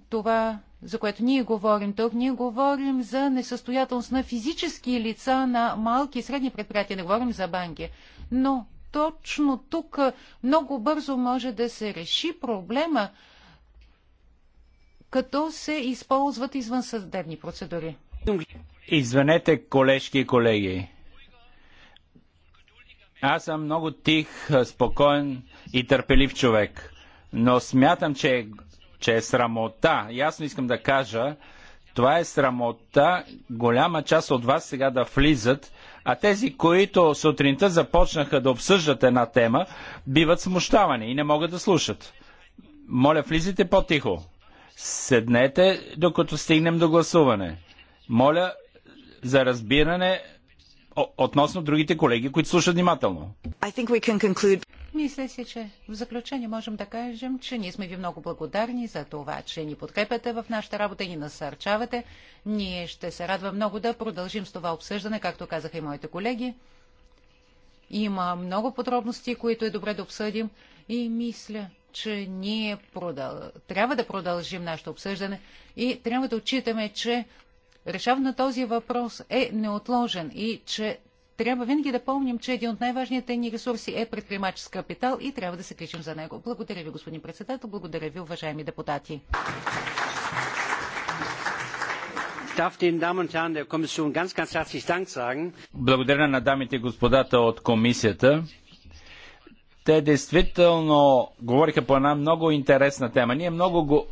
Това, за което ние говорим тук, ние говорим за несъстоятелност на физически лица на малки и средни предприятия, не говорим за банки. Но точно тук много бързо може да се реши проблема, като се използват извънсъдебни процедури. Извинете, колежки и колеги. Аз съм много тих, спокоен и търпелив човек. Но смятам, че е, че е срамота. Ясно искам да кажа, това е срамота. Голяма част от вас сега да влизат, а тези, които сутринта започнаха да обсъждат една тема, биват смущавани и не могат да слушат. Моля, влизайте по-тихо. Седнете, докато стигнем до гласуване. Моля за разбиране относно другите колеги, които слушат внимателно. Conclude... Мисля си, че в заключение можем да кажем, че ние сме ви много благодарни за това, че ни подкрепяте в нашата работа и ни насърчавате. Ние ще се радва много да продължим с това обсъждане, както казаха и моите колеги. Има много подробности, които е добре да обсъдим и мисля, че ние продъл... трябва да продължим нашето обсъждане и трябва да отчитаме, че решаването на този въпрос е неотложен и че трябва винаги да помним, че един от най-важните ни ресурси е предприемачески капитал и трябва да се кричим за него. Благодаря ви, господин председател. Благодаря ви, уважаеми депутати. Благодаря на дамите и господата от комисията. Те действително говориха по една много интересна тема. Ние много го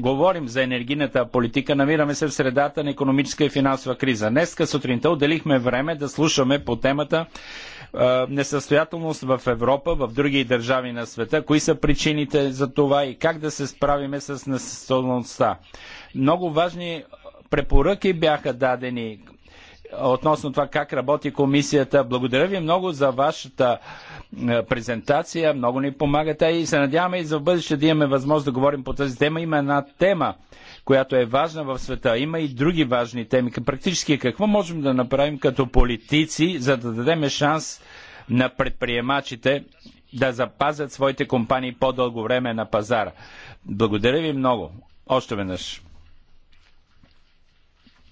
говорим за енергийната политика, намираме се в средата на економическа и финансова криза. Днеска сутринта отделихме време да слушаме по темата е, несъстоятелност в Европа, в други държави на света, кои са причините за това и как да се справиме с несъстоятелността. Много важни препоръки бяха дадени относно това как работи комисията. Благодаря ви много за вашата е, презентация, много ни помагате и се надяваме и за бъдеще да имаме възможност да говорим по тази тема. Има една тема, която е важна в света. Има и други важни теми. Практически какво можем да направим като политици, за да дадем шанс на предприемачите да запазят своите компании по-дълго време на пазара. Благодаря ви много. Още веднъж.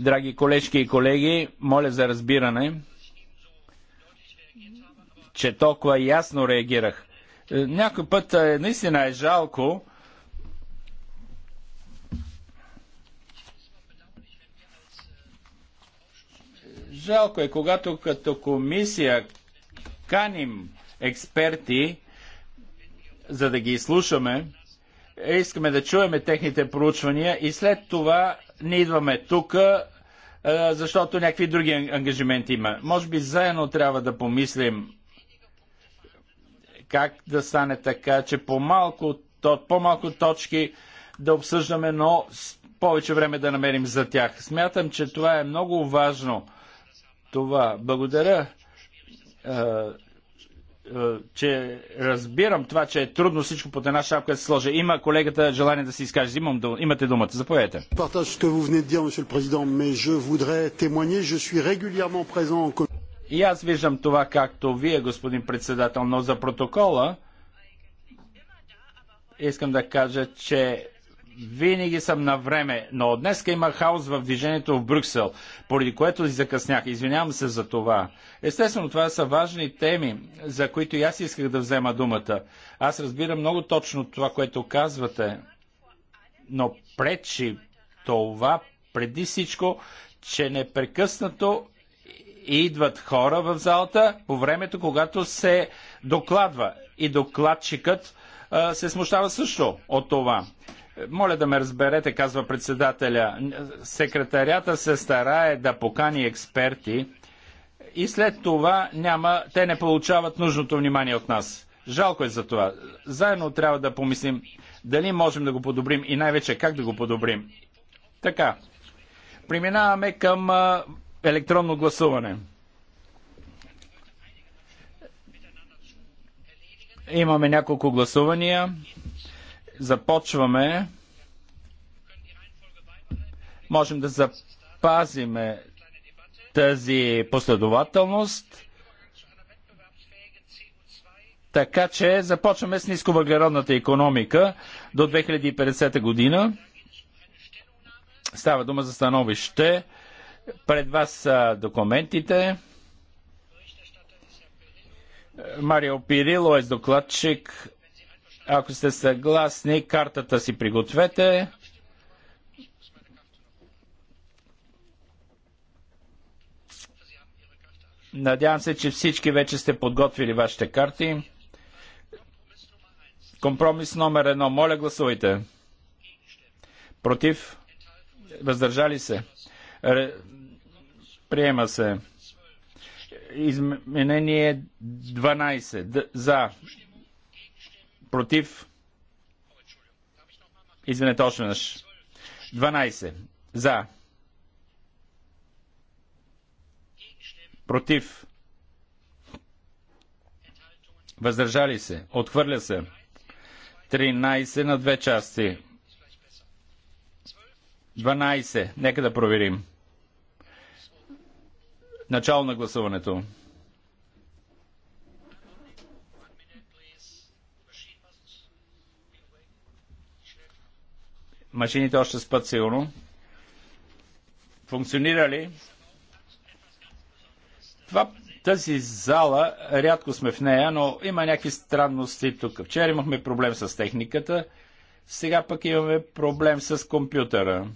Драги колежки и колеги, моля за разбиране, че толкова ясно реагирах. Е, някой път е, наистина е жалко, Жалко е, когато като комисия каним експерти, за да ги изслушаме, искаме да чуеме техните проучвания и след това не идваме тук, защото някакви други ангажименти има. Може би заедно трябва да помислим как да стане така, че по-малко, по-малко точки да обсъждаме, но повече време да намерим за тях. Смятам, че това е много важно. Това. Благодаря е, че разбирам това, че е трудно всичко под една шапка да се сложи. Има колегата желание да се изкаже. Имам, имате думата. Заповядайте. И аз виждам това, както вие, господин председател, но за протокола искам да кажа, че винаги съм на време, но днес има хаос в движението в Брюксел, поради което си закъснях. Извинявам се за това. Естествено, това са важни теми, за които и аз исках да взема думата. Аз разбирам много точно това, което казвате, но пречи това преди всичко, че непрекъснато идват хора в залата по времето, когато се докладва. И докладчикът се смущава също от това. Моля да ме разберете, казва председателя. Секретарята се старае да покани експерти и след това няма, те не получават нужното внимание от нас. Жалко е за това. Заедно трябва да помислим дали можем да го подобрим и най-вече как да го подобрим. Така, преминаваме към а, електронно гласуване. Имаме няколко гласувания започваме. Можем да запазиме тази последователност. Така че започваме с нисковъглеродната економика до 2050 година. Става дума за становище. Пред вас са документите. Марио Пирило е докладчик ако сте съгласни, картата си пригответе. Надявам се, че всички вече сте подготвили вашите карти. Компромис номер едно. Моля, гласувайте. Против? Въздържали се? Ре... Приема се. Изменение 12. Д... За. Против. Извинете още веднъж. 12. За. Против. Въздържали се. Отхвърля се. 13 на две части. 12. Нека да проверим. Начало на гласуването. Машините още спът сигурно. Функционира ли? Това, тази зала, рядко сме в нея, но има някакви странности тук. Вчера имахме проблем с техниката, сега пък имаме проблем с компютъра.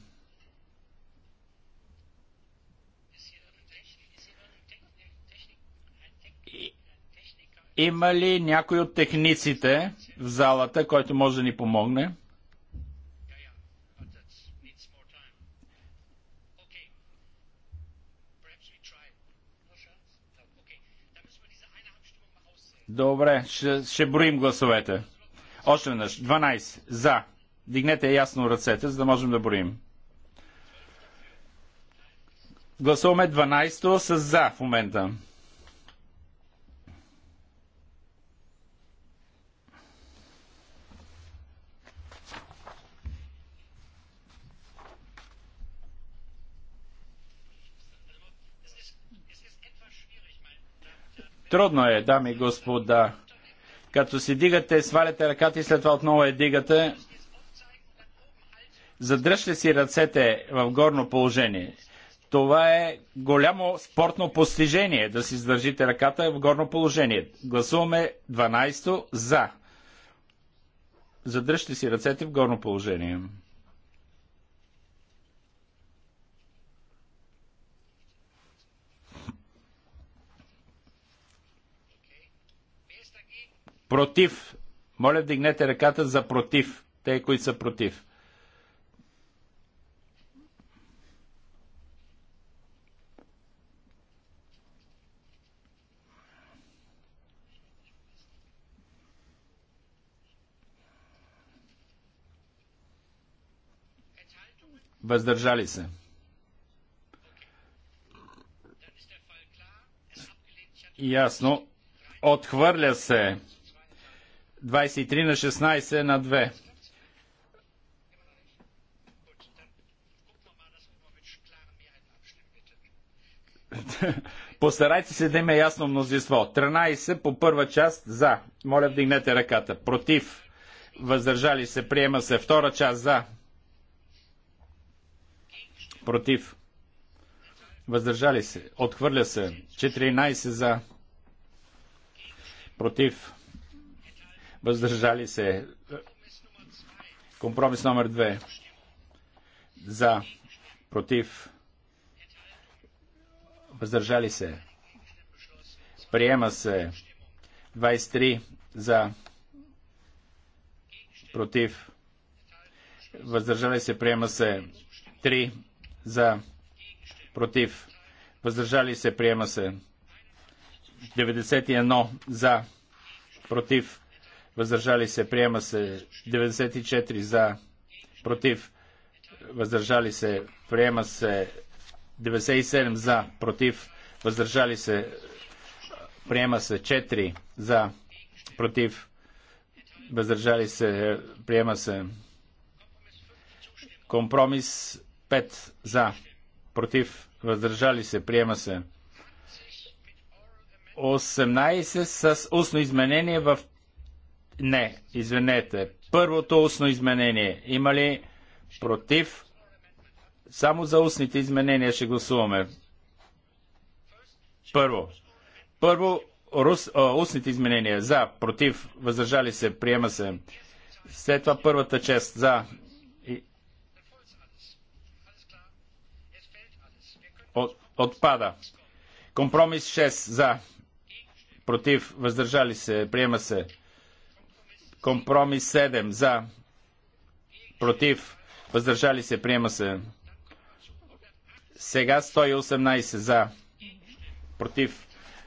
Има ли някой от техниците в залата, който може да ни помогне? Добре, ще, ще броим гласовете. Още веднъж. 12. За. Дигнете ясно ръцете, за да можем да броим. Гласуваме 12 с за в момента. Трудно е, дами и господа. Като си дигате, сваляте ръката и след това отново я дигате. Задръжте си ръцете в горно положение. Това е голямо спортно постижение да си задържите ръката в горно положение. Гласуваме 12 за. Задръжте си ръцете в горно положение. Против. Моля, вдигнете ръката за против. Те, които са против. Въздържали се. Ясно. Отхвърля се. 23 на 16 на 2. Постарайте се да има ясно мнозинство. 13 по първа част за. Моля, вдигнете ръката. Против. Въздържали се. Приема се. Втора част за. Против. Въздържали се. Отхвърля се. 14 за. Против въздържали се. Компромис номер 2 за, против, въздържали се. Приема се 23 за, против, въздържали се. Приема се 3 за, против, въздържали се. Приема се 91 за, против, въздържали се, приема се 94 за, против, въздържали се, приема се 97 за, против, въздържали се, приема се 4 за, против, въздържали се, приема се компромис 5 за, против, въздържали се, приема се 18 с устно изменение в не, извинете. Първото устно изменение. Има ли против? Само за устните изменения ще гласуваме. Първо. Първо, рус, о, устните изменения. За, против, въздържали се, приема се. След това първата чест. За. И... От, отпада. Компромис 6. За. Против, въздържали се, приема се. Компромис 7 за. Против. Въздържали се. Приема се. Сега 118 за. Против.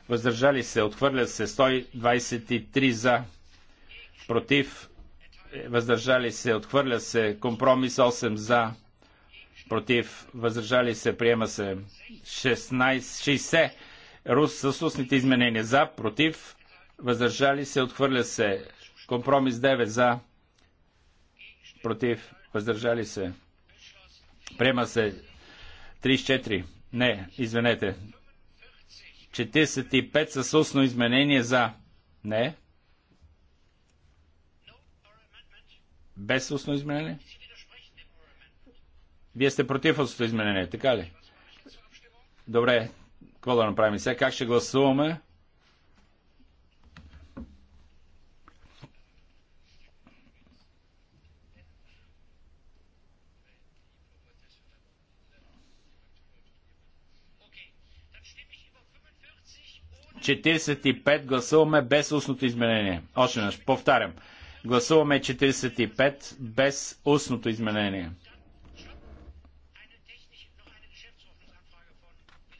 Въздържали се. Отхвърля се. 123 за. Против. Въздържали се. Отхвърля се. Компромис 8 за. Против. Въздържали се. Приема се. 16. 60. Рус с устните изменения за. Против. Въздържали се. Отхвърля се. Компромис 9 за, против, въздържали се. Приема се 34. Не, извинете. 45 със устно изменение за. Не. Без устно изменение? Вие сте против устно изменение, така ли? Добре, какво да направим сега? Как ще гласуваме? 45 гласуваме без устното изменение. Още наш, повтарям. Гласуваме 45 без устното изменение.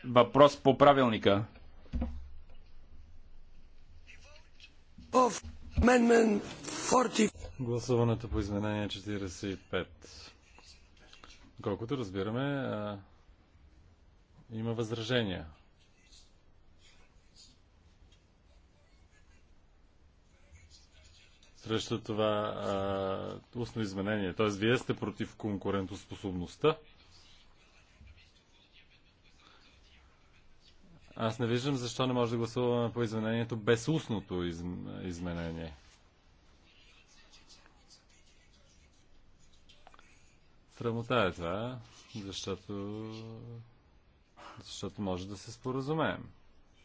Въпрос по правилника. Гласуването по изменение 45. Е Колкото разбираме, а, има възражения срещу това а, устно изменение. Т.е. вие сте против конкурентоспособността. Аз не виждам защо не може да гласуваме по изменението без устното из... изменение. Срамота е това, защото, защото може да се споразумеем,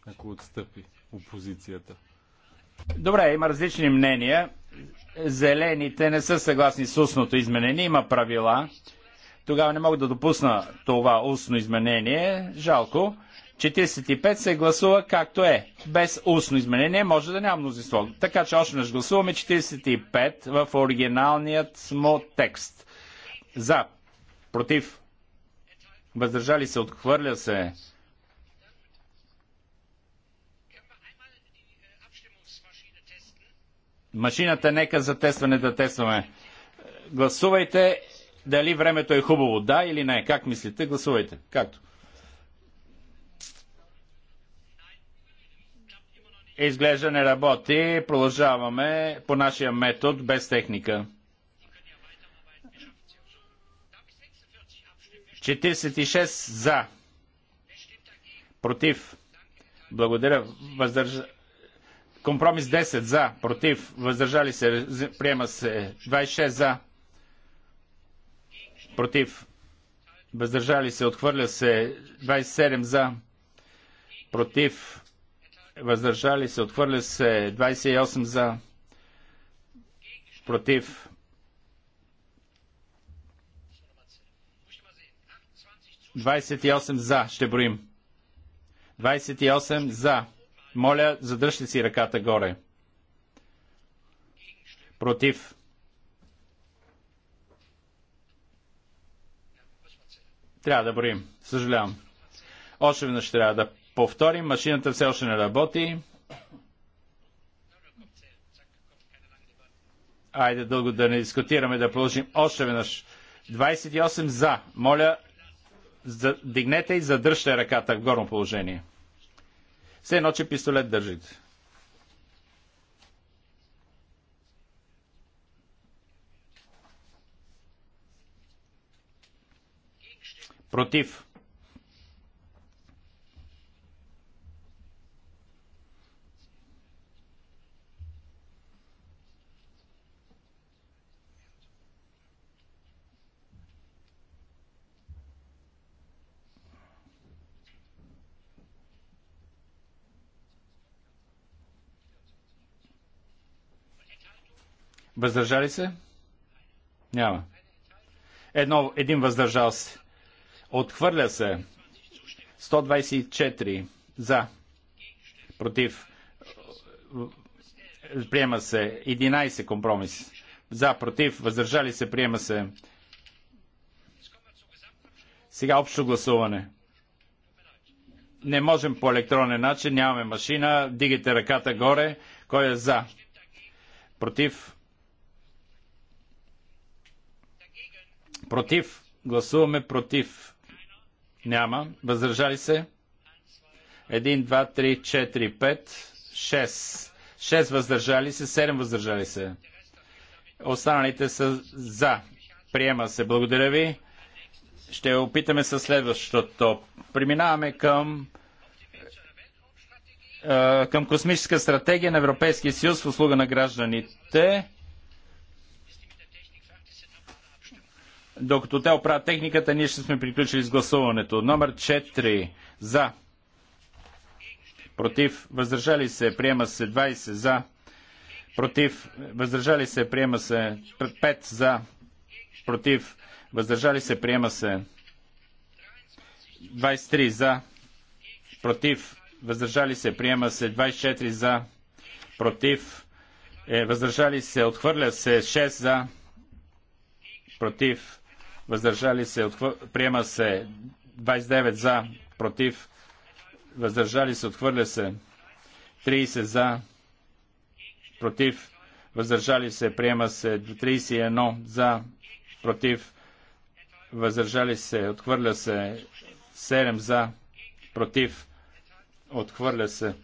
ако отстъпи опозицията. Добре, има различни мнения. Зелените не са съгласни с устното изменение. Има правила. Тогава не мога да допусна това устно изменение. Жалко. 45 се гласува както е. Без устно изменение може да няма мнозинство. Така че още не гласуваме 45 в оригиналният му текст. За, против, въздържали се, отхвърля се. машината, нека за тестване да тестваме. Гласувайте дали времето е хубаво, да или не. Как мислите? Гласувайте. Както. Изглежда не работи. Продължаваме по нашия метод без техника. 46 за. Против. Благодаря. Въздържа... Компромис 10 за, против, въздържали се, приема се 26 за, против, въздържали се, отхвърля се 27 за, против, въздържали се, отхвърля се 28 за, против, Двадесет и осем за, ще броим. Двадесет и осем за. Моля, задръжте си ръката горе. Против. Трябва да броим. Съжалявам. Още веднъж трябва да повторим. Машината все още не работи. Айде дълго да не дискутираме, да продължим още веднъж. 28 за. Моля, дигнете и задръжте ръката в горно положение. Все едно, че пистолет държите. Против. Въздържали се? Няма. Едно, един въздържал се. Отхвърля се. 124 за. Против. Приема се. 11 компромис. За, против, въздържали се, приема се. Сега общо гласуване. Не можем по електронен начин, нямаме машина. Дигайте ръката горе. Кой е за? Против? Против. Гласуваме против. Няма. Въздържали се? 1, 2, 3, 4, 5, 6. 6 въздържали се, 7 въздържали се. Останалите са за. Приема се. Благодаря ви. Ще опитаме със следващото. Преминаваме към е, към космическа стратегия на Европейския съюз в услуга на гражданите. Докато те оправят техниката, ние ще сме приключили с гласуването. Номер 4 за. Против. Въздържали се. Приема се 20 за. Против. Въздържали се. Приема се 5 за. Против. Въздържали се. Приема се 23 за. Против. Въздържали се. Приема се 24 за. Против. Е, въздържали се. Отхвърля се 6 за. Против въздържали се, отхвър... приема се 29 за, против, въздържали се, отхвърля се 30 за, против, въздържали се, приема се 31 за, против, въздържали се, отхвърля се 7 за, против, отхвърля се,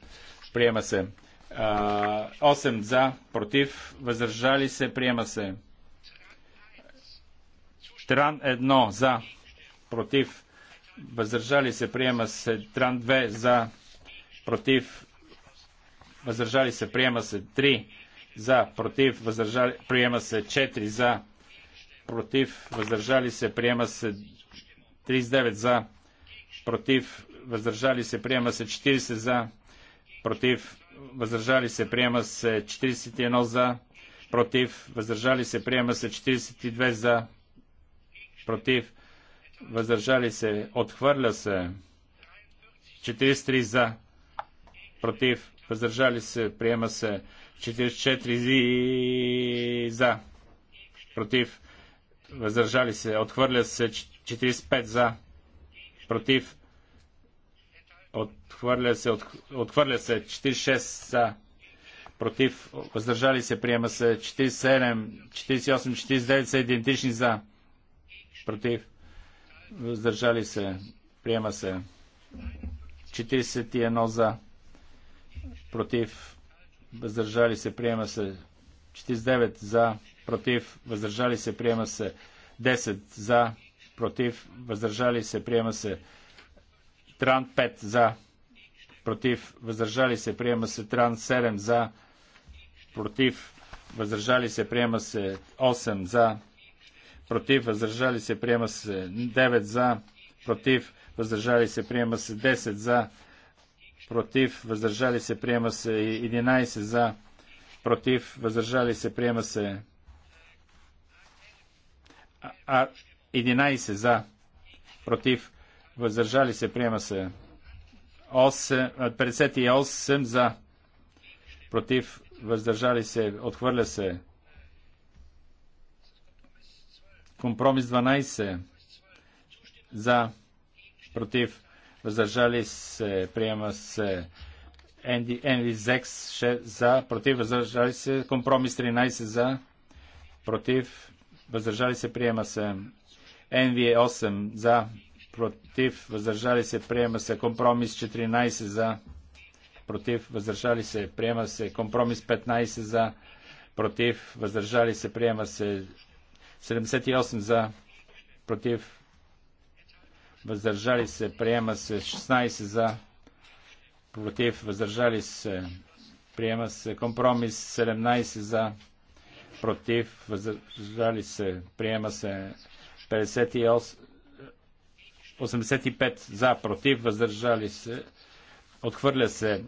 приема се 8 за, против, въздържали се, приема се Тран 1 за, против, въздържали се, приема се. Тран 2 за, против, въздържали се, приема се. 3 за, против, въздържали, приема се. 4 за, против, въздържали се, приема се. 39 за, против, въздържали се, приема се. 40 за, против, въздържали се, приема се. 41 за, против, въздържали се, приема се. 42 за, против, въздържали се, отхвърля се. 43 за, против, въздържали се, приема се. 44 за, против, въздържали се, отхвърля се. 45 за, против, отхвърля се, отхвърля се. 46 за, против, въздържали се, приема се. 47, 48, 49 са идентични за против, въздържали се, приема се. 41 за, против, въздържали се, приема се. 49 за, против, въздържали се, приема се. 10 за, против, въздържали се, приема се. Тран 5 за, против, въздържали се, приема се. Тран 7 за, против, въздържали се, приема се. 8 за, против, въздържали се, приема се 9 за, против, въздържали се, приема се 10 за, против, въздържали се, приема се 11 за, против, въздържали се, приема се а, 11 за, против, въздържали се, приема се 8, 58 за, против, въздържали се, отхвърля се Компромис 12 за, против, въздържали се, приема се. Енди, Енви Зекс 6 за, против, въздържали се. Компромис 13 за, против, въздържали се, приема се. Енви 8 е за, против, въздържали се, приема се. Компромис 14 за, против, въздържали се, приема се. Компромис 15 за, против, въздържали се, приема се. 78 за, против, въздържали се, приема се 16 за, против, въздържали се, приема се компромис 17 за, против, въздържали се, приема се 58, 85 за, против, въздържали се, отхвърля се.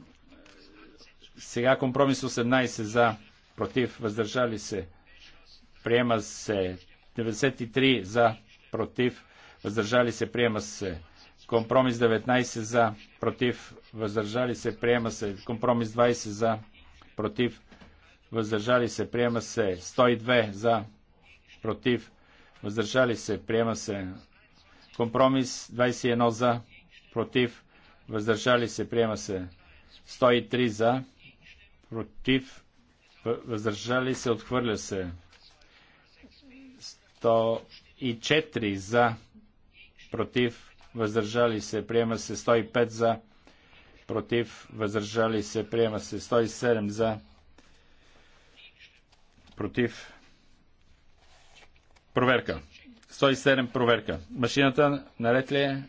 Сега компромис 18 за, против, въздържали се, приема се. 93 за, против, въздържали се, приема се. Компромис 19 за, против, въздържали се, приема се. Компромис 20 за, против, въздържали се, приема се. 102 за, против, въздържали се, приема се. Компромис 21 за, против, въздържали се, приема се. 103 за, против, въздържали се, отхвърля се. 104 за, против, въздържали се, приема се 105 за, против, въздържали се, приема се 107 за, против. Проверка. 107 проверка. Машината наред ли е?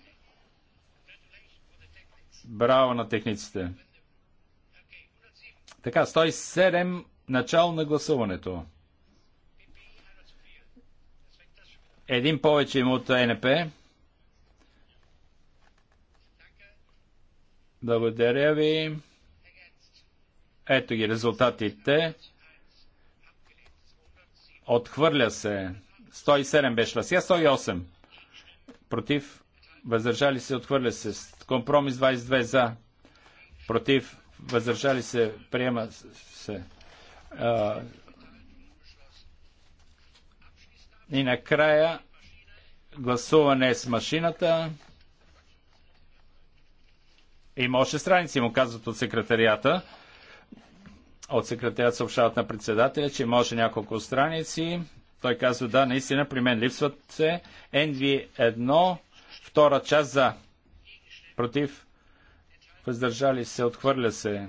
Браво на техниците. Така, 107 начало на гласуването. Един повече има от НП. Благодаря ви. Ето ги резултатите. Отхвърля се. 107 беше глас. 108. Против. Въздържали се. Отхвърля се. Компромис 22 за. Против. Въздържали се. Приема се. И накрая гласуване с машината. Има още страници, му казват от секретарията. От секретарията съобщават на председателя, че има още няколко страници. Той казва, да, наистина, при мен липсват се. Енви 1 втора част за. Против. Въздържали се, отхвърля се.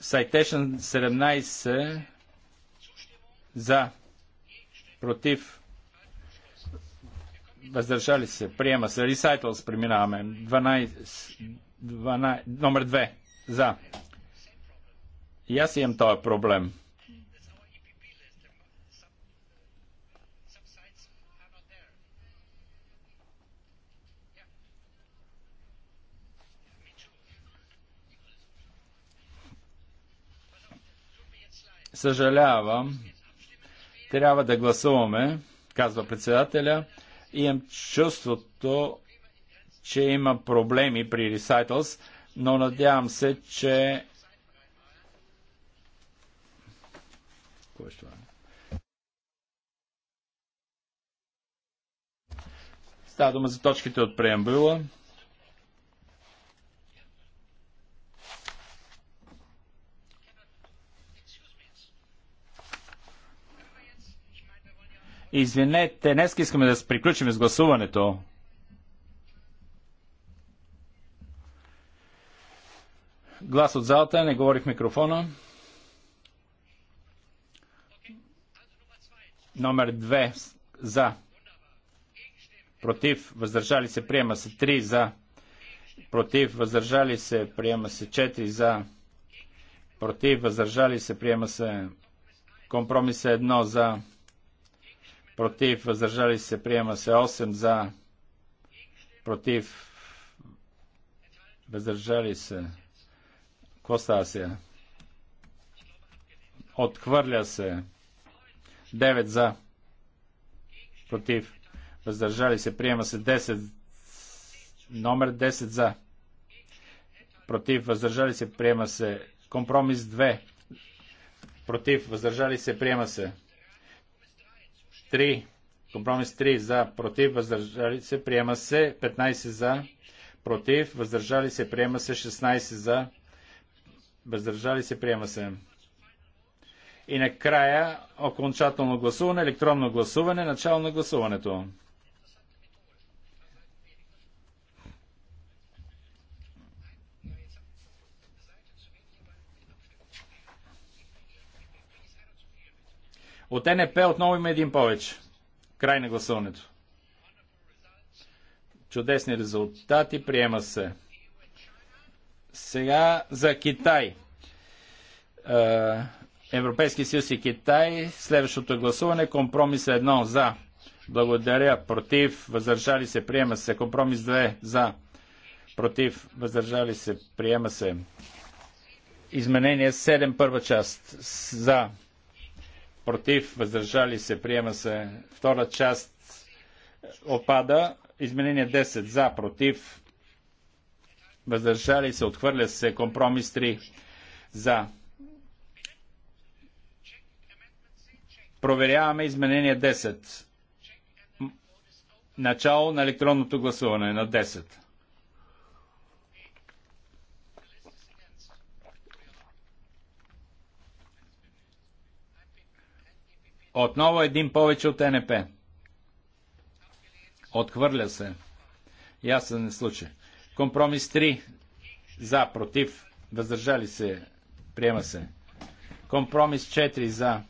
Citation 17 за, против, въздържали се, приема се. Recitals преминаваме. 12, 12, номер 2 за. И аз имам този проблем. Съжалявам. Трябва да гласуваме, казва председателя. И имам чувството, че има проблеми при Recitals, но надявам се, че Става дума за точките от преембюла. Извинете, днес искаме да приключим с гласуването. Глас от залата, не говори в микрофона. Номер 2 за. Против, въздържали се, приема се 3 за. Против, въздържали се, приема се 4 за. Против, въздържали се, приема се компромис 1 за против, въздържали се, приема се 8 за, против, въздържали се. Какво става се? Отхвърля се. 9 за, против, въздържали се, приема се 10, номер 10 за, против, въздържали се, приема се, компромис 2, против, въздържали се, приема се. 3. Компромис 3 за, против, въздържали се, приема се. 15 за, против, въздържали се, приема се. 16 за, въздържали се, приема се. И накрая окончателно гласуване, електронно гласуване, начало на гласуването. От НП отново има един повече. Край на гласуването. Чудесни резултати. Приема се. Сега за Китай. Е, Европейски съюз и Китай. Следващото гласуване. Компромис 1 за. Благодаря. Против. Въздържали се. Приема се. Компромис 2 за. Против. Въздържали се. Приема се. Изменение 7 първа част. За против, въздържали се, приема се. Втора част опада. Изменение 10 за, против, въздържали се, отхвърля се. Компромис 3 за. Проверяваме изменение 10. Начало на електронното гласуване на 10. Отново един повече от НП. Отхвърля се. Ясен е случай. Компромис 3. За, против, въздържали се, приема се. Компромис 4 за,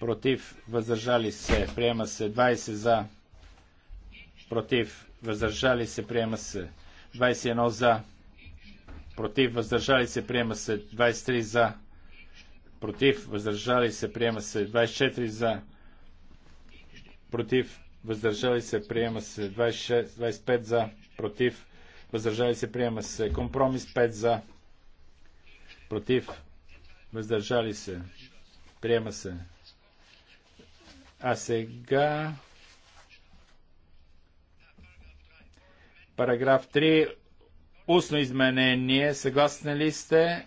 против, въздържали се, приема се. 20 за, против, въздържали се, приема се. 21 за, против, въздържали се, приема се. 23 за, против, въздържали се, приема се 24 за, против, въздържали се, приема се 26, 25 за, против, въздържали се, приема се компромис 5 за, против, въздържали се, приема се. А сега параграф 3 устно изменение. Съгласни ли сте?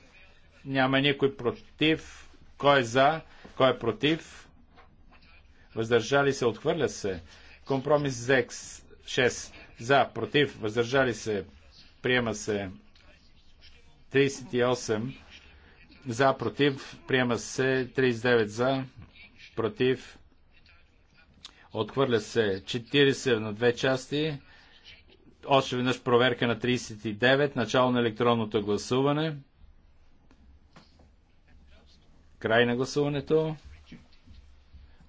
Няма никой против. Кой е за? Кой е против? Въздържали се, отхвърля се. Компромис ЗЕКС 6. За, против, въздържали се, приема се. 38. За, против, приема се. 39 за, против. Отхвърля се 40 на две части. Още веднъж проверка на 39. Начало на електронното гласуване. Край на гласуването.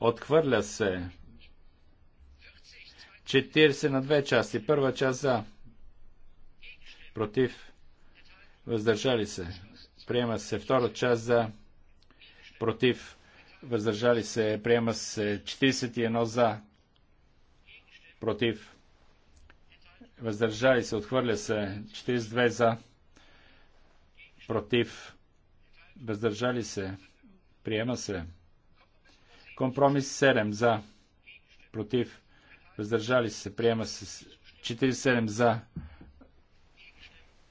Отхвърля се. 40 на две части. Първа част за. Против. Въздържали се. Приема се втора част за. Против. Въздържали се. Приема се 41 за. Против. Въздържали се. Отхвърля се. 42 за. Против. Въздържали се. Приема се. Компромис 7 за. Против. Въздържали се. Приема се. 47 за.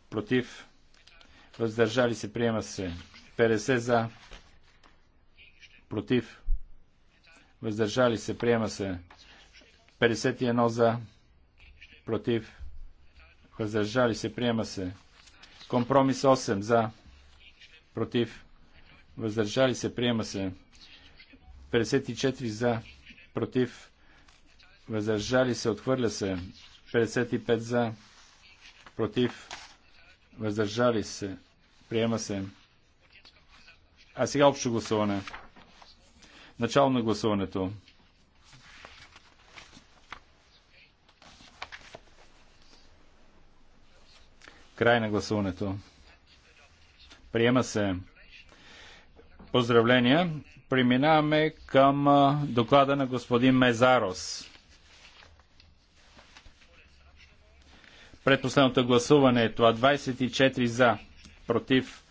Против. Въздържали се. Приема се. 50 за. Против. Въздържали се. Приема се. 51 за. Против. Въздържали се. Приема се. Компромис 8 за. Против въздържали се, приема се. 54 за, против, въздържали се, отхвърля се. 55 за, против, въздържали се, приема се. А сега общо гласуване. Начало на гласуването. Край на гласуването. Приема се. Поздравления. Преминаваме към доклада на господин Мезарос. Предпоследното гласуване е това 24 за, против,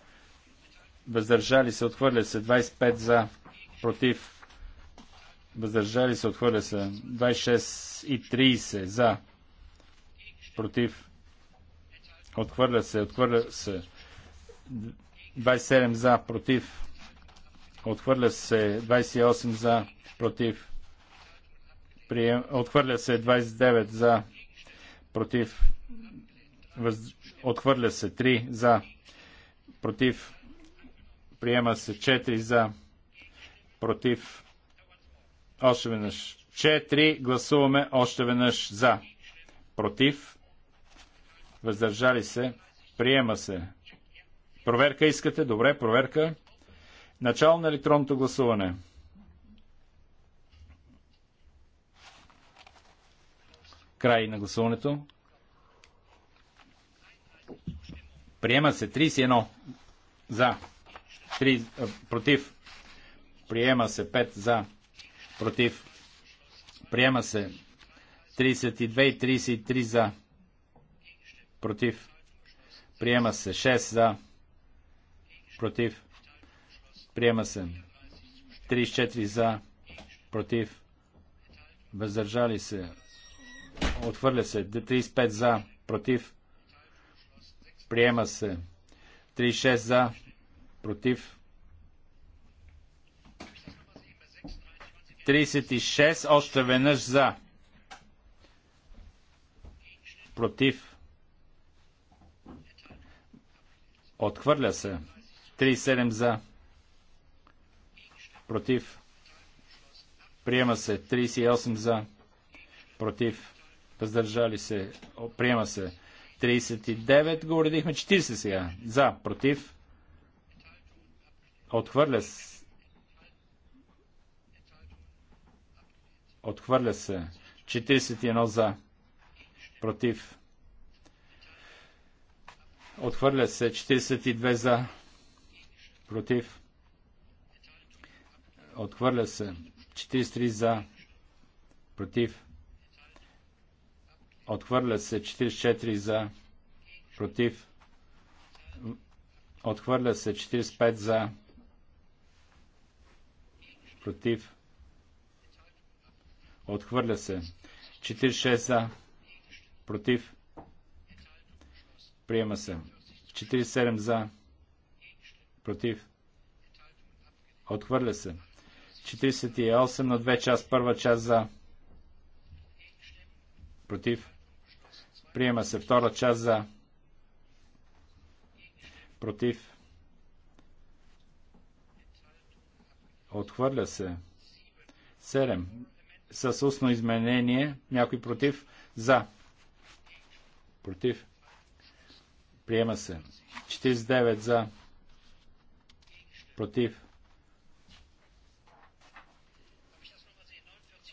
въздържали се, отхвърля се 25 за, против, въздържали се, отхвърля се 26 и 30 за, против, отхвърля се, отхвърля се 27 за, против, Отхвърля се 28 за, против. Прием... Отхвърля се 29 за, против. Въз... Отхвърля се 3 за, против. Приема се 4 за, против. Още веднъж 4. Гласуваме още веднъж за, против. Въздържали се. Приема се. Проверка искате? Добре, проверка. Начало на електронното гласуване. Край на гласуването. Приема се 31 за, 3 против. Приема се 5 за, против. Приема се 32 и 33 за, против. Приема се 6 за, против. Приема се. 34 за, против, въздържали се, отхвърля се. 35 за, против, приема се. 36 за, против. 36 още веднъж за. Против. Отхвърля се. 37 за против, приема се 38 за, против, въздържали се, приема се 39, го уредихме 40 сега, за, против, отхвърля се, отхвърля се 41 за, против, отхвърля се 42 за, против, Отхвърля се. 43 за. Против. Отхвърля се. 44 за. Против. Отхвърля се. 45 за. Против. Отхвърля се. 46 за. Против. Приема се. 47 за. Против. Отхвърля се. 48 на 2 час. първа част за. Против. Приема се втора част за. Против. Отхвърля се. 7. С устно изменение. Някой против. За. Против. Приема се. 49 за. Против.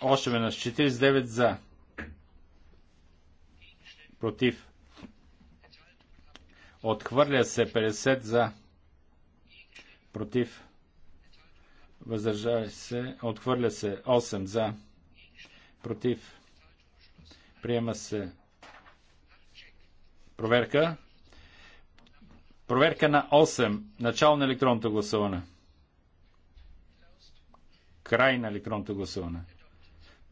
Още веднъж. 49 за. Против. Отхвърля се 50 за. Против. Въздържава се. Отхвърля се 8 за. Против. Приема се. Проверка. Проверка на 8. Начало на електронното гласуване. Край на електронното гласуване.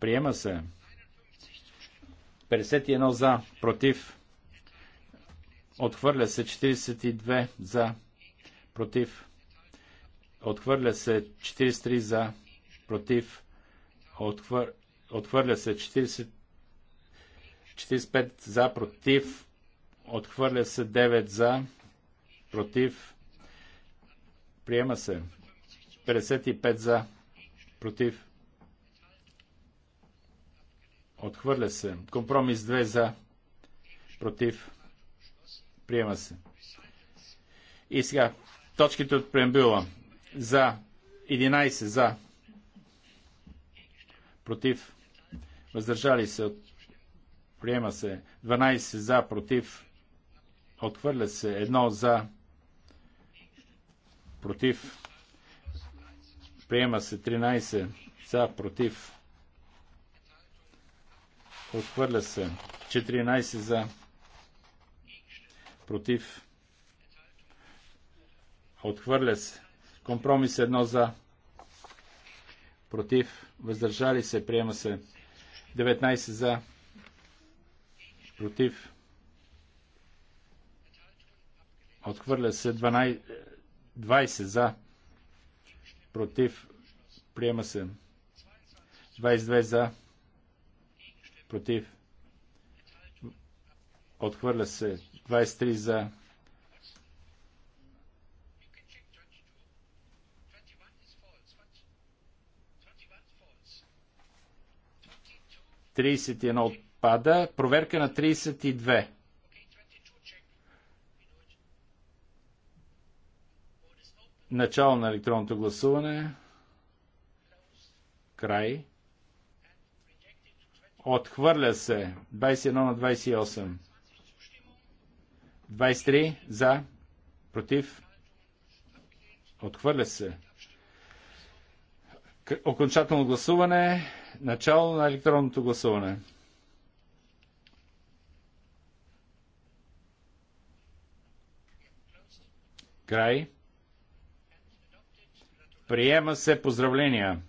Приема се. 51 за, против. Отхвърля се 42 за, против. Отхвърля се 43 за, против. Отхвър... Отхвърля се 40... 45 за, против. Отхвърля се 9 за, против. Приема се 55 за, против. Отхвърля се. Компромис 2 за. Против. Приема се. И сега точките от преамбюла. За. 11 за. Против. Въздържали се. Приема се. 12 за. Против. Отхвърля се. Едно за. Против. Приема се. 13 за. Против. Отхвърля се. 14 за. Против. Отхвърля се. Компромис 1 за. Против. Въздържали се. Приема се. 19 за. Против. Отхвърля се 12, 20 за. Против. Приема се. 22 за против, отхвърля се 23 за, Тридесет и едно отпада. Проверка на 32. Начало на електронното гласуване. Край. Отхвърля се. 21 на 28. 23 за. Против. Отхвърля се. Окончателно гласуване. Начало на електронното гласуване. Край. Приема се поздравления.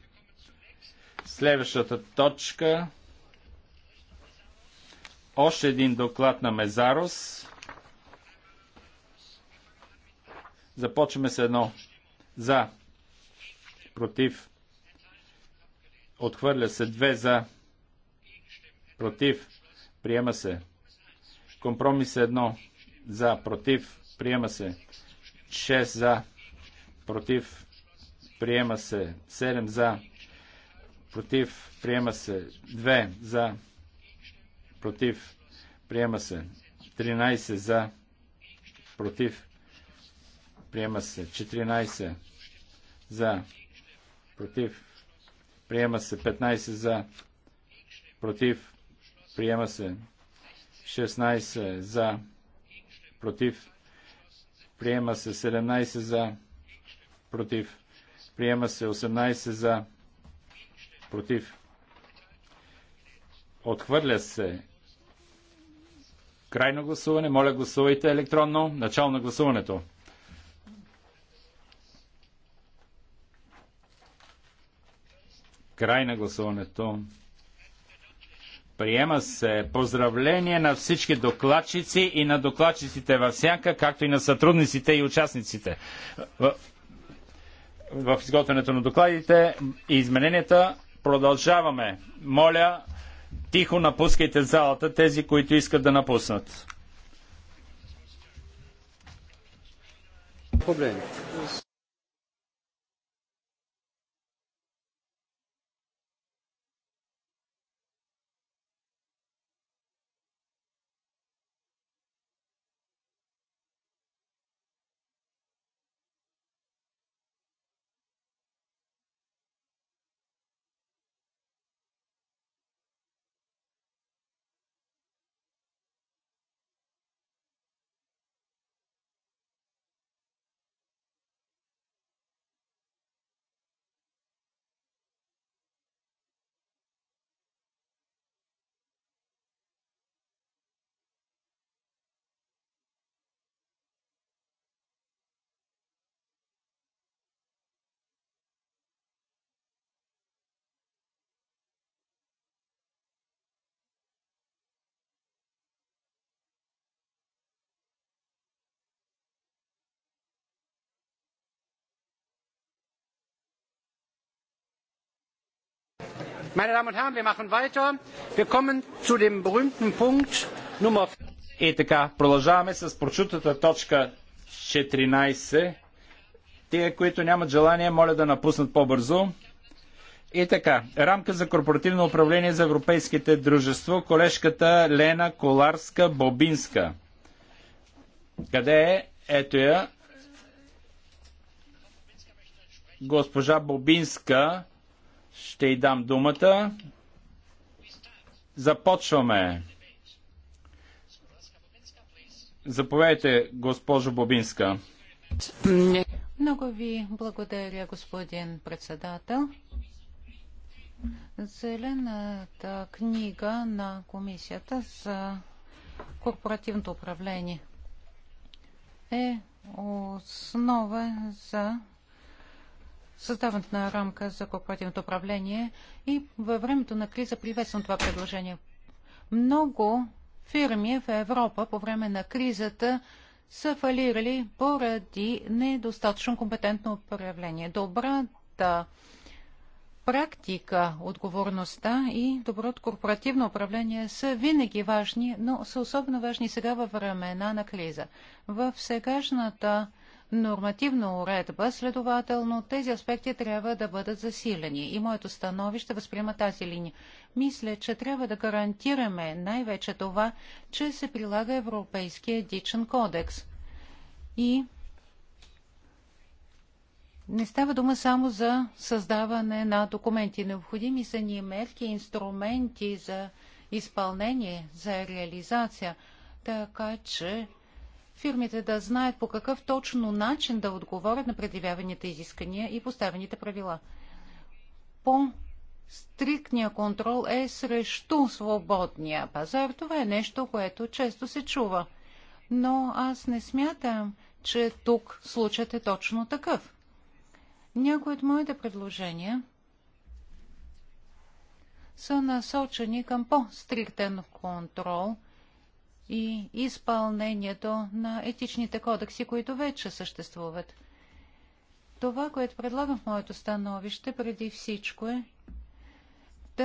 Следващата точка още един доклад на Мезарос. Започваме с едно. За. Против. Отхвърля се. Две за. Против. Приема се. Компромис едно. За. Против. Приема се. Шест за. Против. Приема се. Седем за. Против. Приема се. 2 за против, приема се. 13 за, против, приема се. 14 за, против, приема се. 15 за, против, приема се. 16 за, против, приема се. 17 за, против, приема се. 18 за, против, Отхвърля се Крайно гласуване. Моля, гласувайте електронно. Начало на гласуването. Край на гласуването. Приема се поздравление на всички докладчици и на докладчиците във всяка, както и на сътрудниците и участниците в, в изготвянето на докладите и измененията. Продължаваме. Моля, Тихо напускайте залата тези, които искат да напуснат. Проблемите. Meine Damen und Herren, wir machen weiter. Wir kommen zu dem berühmten Punkt Nummer. И така, продължаваме с прочутата точка 14. Тие, които нямат желание, моля да напуснат по-бързо. И така, рамка за корпоративно управление за европейските дружества, колежката Лена Коларска-Бобинска. Къде е? Ето я. Госпожа Бобинска ще й дам думата. Започваме. Заповядайте, госпожо Бобинска. Много ви благодаря, господин председател. Зелената книга на Комисията за корпоративното управление е основа за създаването на рамка за корпоративното управление и във времето на криза приветствам това предложение. Много фирми в Европа по време на кризата са фалирали поради недостатъчно компетентно управление. Добрата практика, отговорността и доброто корпоративно управление са винаги важни, но са особено важни сега във времена на криза. В сегашната нормативна уредба, следователно тези аспекти трябва да бъдат засилени. И моето становище възприема тази линия. Мисля, че трябва да гарантираме най-вече това, че се прилага Европейския дичен кодекс. И не става дума само за създаване на документи. Необходими са ни мерки, инструменти за изпълнение, за реализация, така че фирмите да знаят по какъв точно начин да отговорят на предявяваните изискания и поставените правила. По-стриктния контрол е срещу свободния пазар. Това е нещо, което често се чува. Но аз не смятам, че тук случаят е точно такъв. Някои от моите предложения са насочени към по-стриктен контрол – и изпълнението на етичните кодекси, които вече съществуват. Това, което предлагам в моето становище, преди всичко е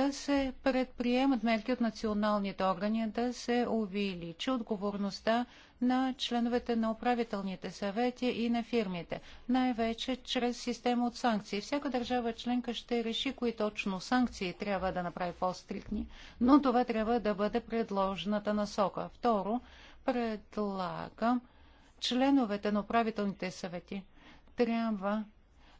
да се предприемат мерки от националните органи, да се увеличи отговорността на членовете на управителните съвети и на фирмите, най-вече чрез система от санкции. Всяка държава членка ще реши кои точно санкции трябва да направи по-стрикни, но това трябва да бъде предложената насока. Второ, предлагам членовете на управителните съвети трябва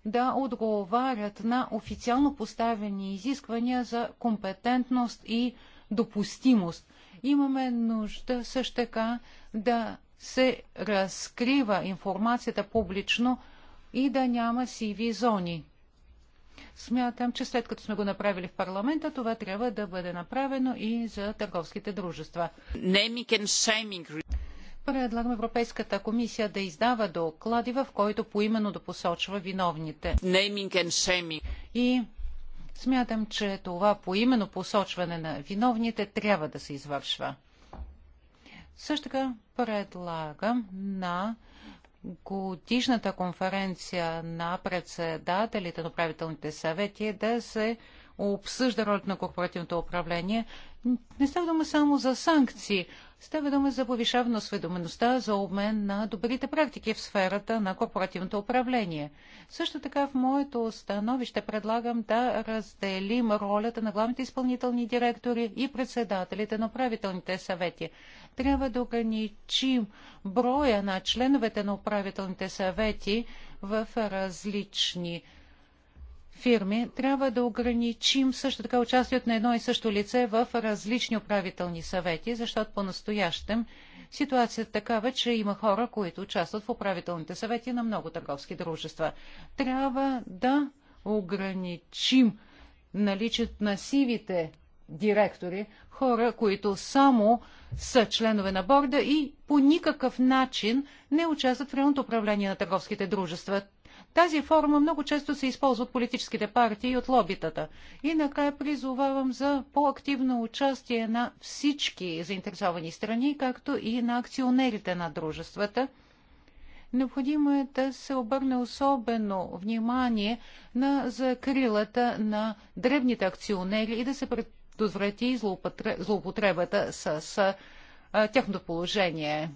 да отговарят на официално поставени изисквания за компетентност и допустимост. Имаме нужда също така да се разкрива информацията публично и да няма сиви зони. Смятам, че след като сме го направили в парламента, това трябва да бъде направено и за търговските дружества предлагам Европейската комисия да издава доклади, в който поименно да посочва виновните. И смятам, че това поименно посочване на виновните трябва да се извършва. Също така предлагам на годишната конференция на председателите на правителните съвети да се обсъжда ролята на корпоративното управление, не става дума само за санкции, става дума за повишаване на сведомеността за обмен на добрите практики в сферата на корпоративното управление. Също така в моето становище предлагам да разделим ролята на главните изпълнителни директори и председателите на управителните съвети. Трябва да ограничим броя на членовете на управителните съвети в различни фирми, трябва да ограничим също така участието на едно и също лице в различни управителни съвети, защото по-настоящем ситуацията е такава, че има хора, които участват в управителните съвети на много търговски дружества. Трябва да ограничим наличието на сивите директори, хора, които само са членове на борда и по никакъв начин не участват в реалното управление на търговските дружества. Тази форма много често се използва от политическите партии и от лобитата. И накрая призовавам за по-активно участие на всички заинтересовани страни, както и на акционерите на дружествата. Необходимо е да се обърне особено внимание на закрилата на древните акционери и да се предотврати злоупотребата с тяхното положение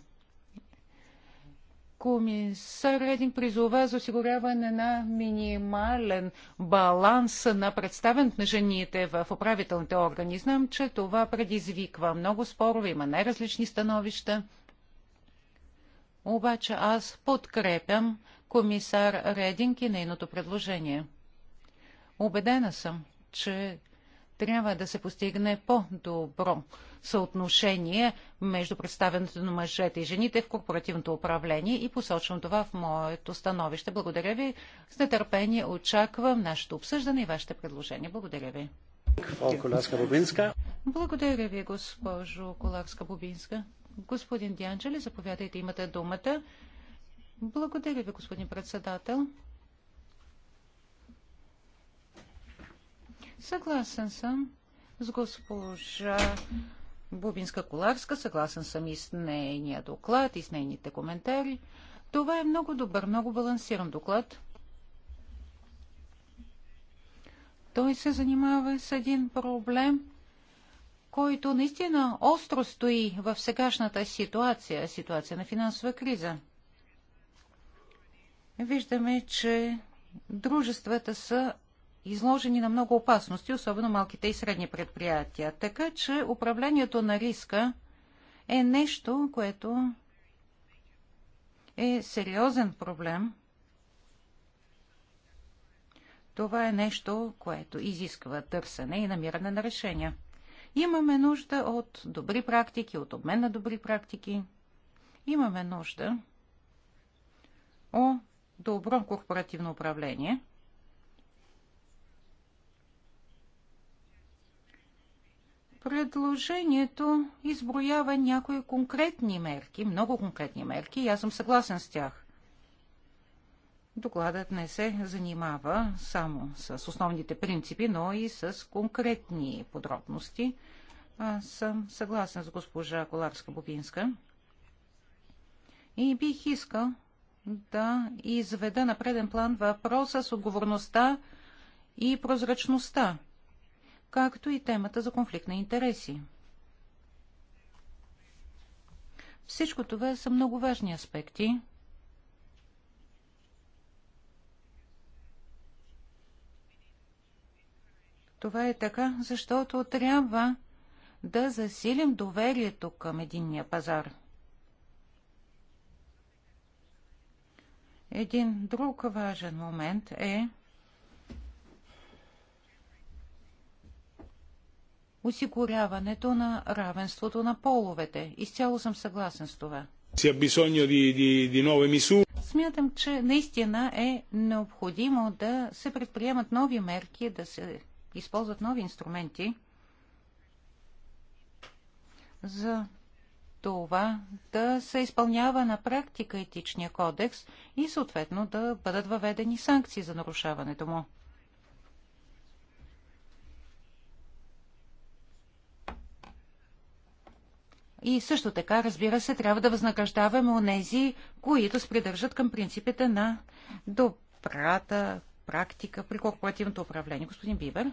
комисар Рединг призова за осигуряване на минимален баланс на представенето на жените в управителните органи. Знам, че това предизвиква много спорове, има най-различни становища. Обаче аз подкрепям комисар Рединг и нейното предложение. Обедена съм, че трябва да се постигне по-добро съотношение между представенето на мъжете и жените в корпоративното управление и посочвам това в моето становище. Благодаря ви. С нетърпение очаквам нашето обсъждане и вашите предложения. Благодаря ви. Благодаря ви, госпожо Коларска-Бубинска. Господин Дянджели, заповядайте, имате думата. Благодаря ви, господин председател. Съгласен съм с госпожа Бубинска-Коларска, съгласен съм и с нейния доклад, и с нейните коментари. Това е много добър, много балансиран доклад. Той се занимава с един проблем, който наистина остро стои в сегашната ситуация, ситуация на финансова криза. Виждаме, че дружествата са изложени на много опасности, особено малките и средни предприятия. Така че управлението на риска е нещо, което е сериозен проблем. Това е нещо, което изисква търсене и намиране на решения. Имаме нужда от добри практики, от обмен на добри практики. Имаме нужда о добро корпоративно управление – Предложението изброява някои конкретни мерки, много конкретни мерки и аз съм съгласен с тях. Докладът не се занимава само с основните принципи, но и с конкретни подробности. Аз съм съгласен с госпожа коларска бубинска и бих искал да изведа на преден план въпроса с отговорността и прозрачността както и темата за конфликт на интереси. Всичко това са много важни аспекти. Това е така, защото трябва да засилим доверието към единния пазар. Един друг важен момент е, осигуряването на равенството на половете. Изцяло съм съгласен с това. Е Смятам, че наистина е необходимо да се предприемат нови мерки, да се използват нови инструменти за това да се изпълнява на практика етичния кодекс и съответно да бъдат въведени санкции за нарушаването му. И също така, разбира се, трябва да възнаграждаваме онези, които се придържат към принципите на добрата практика при корпоративното управление. Господин Бибер?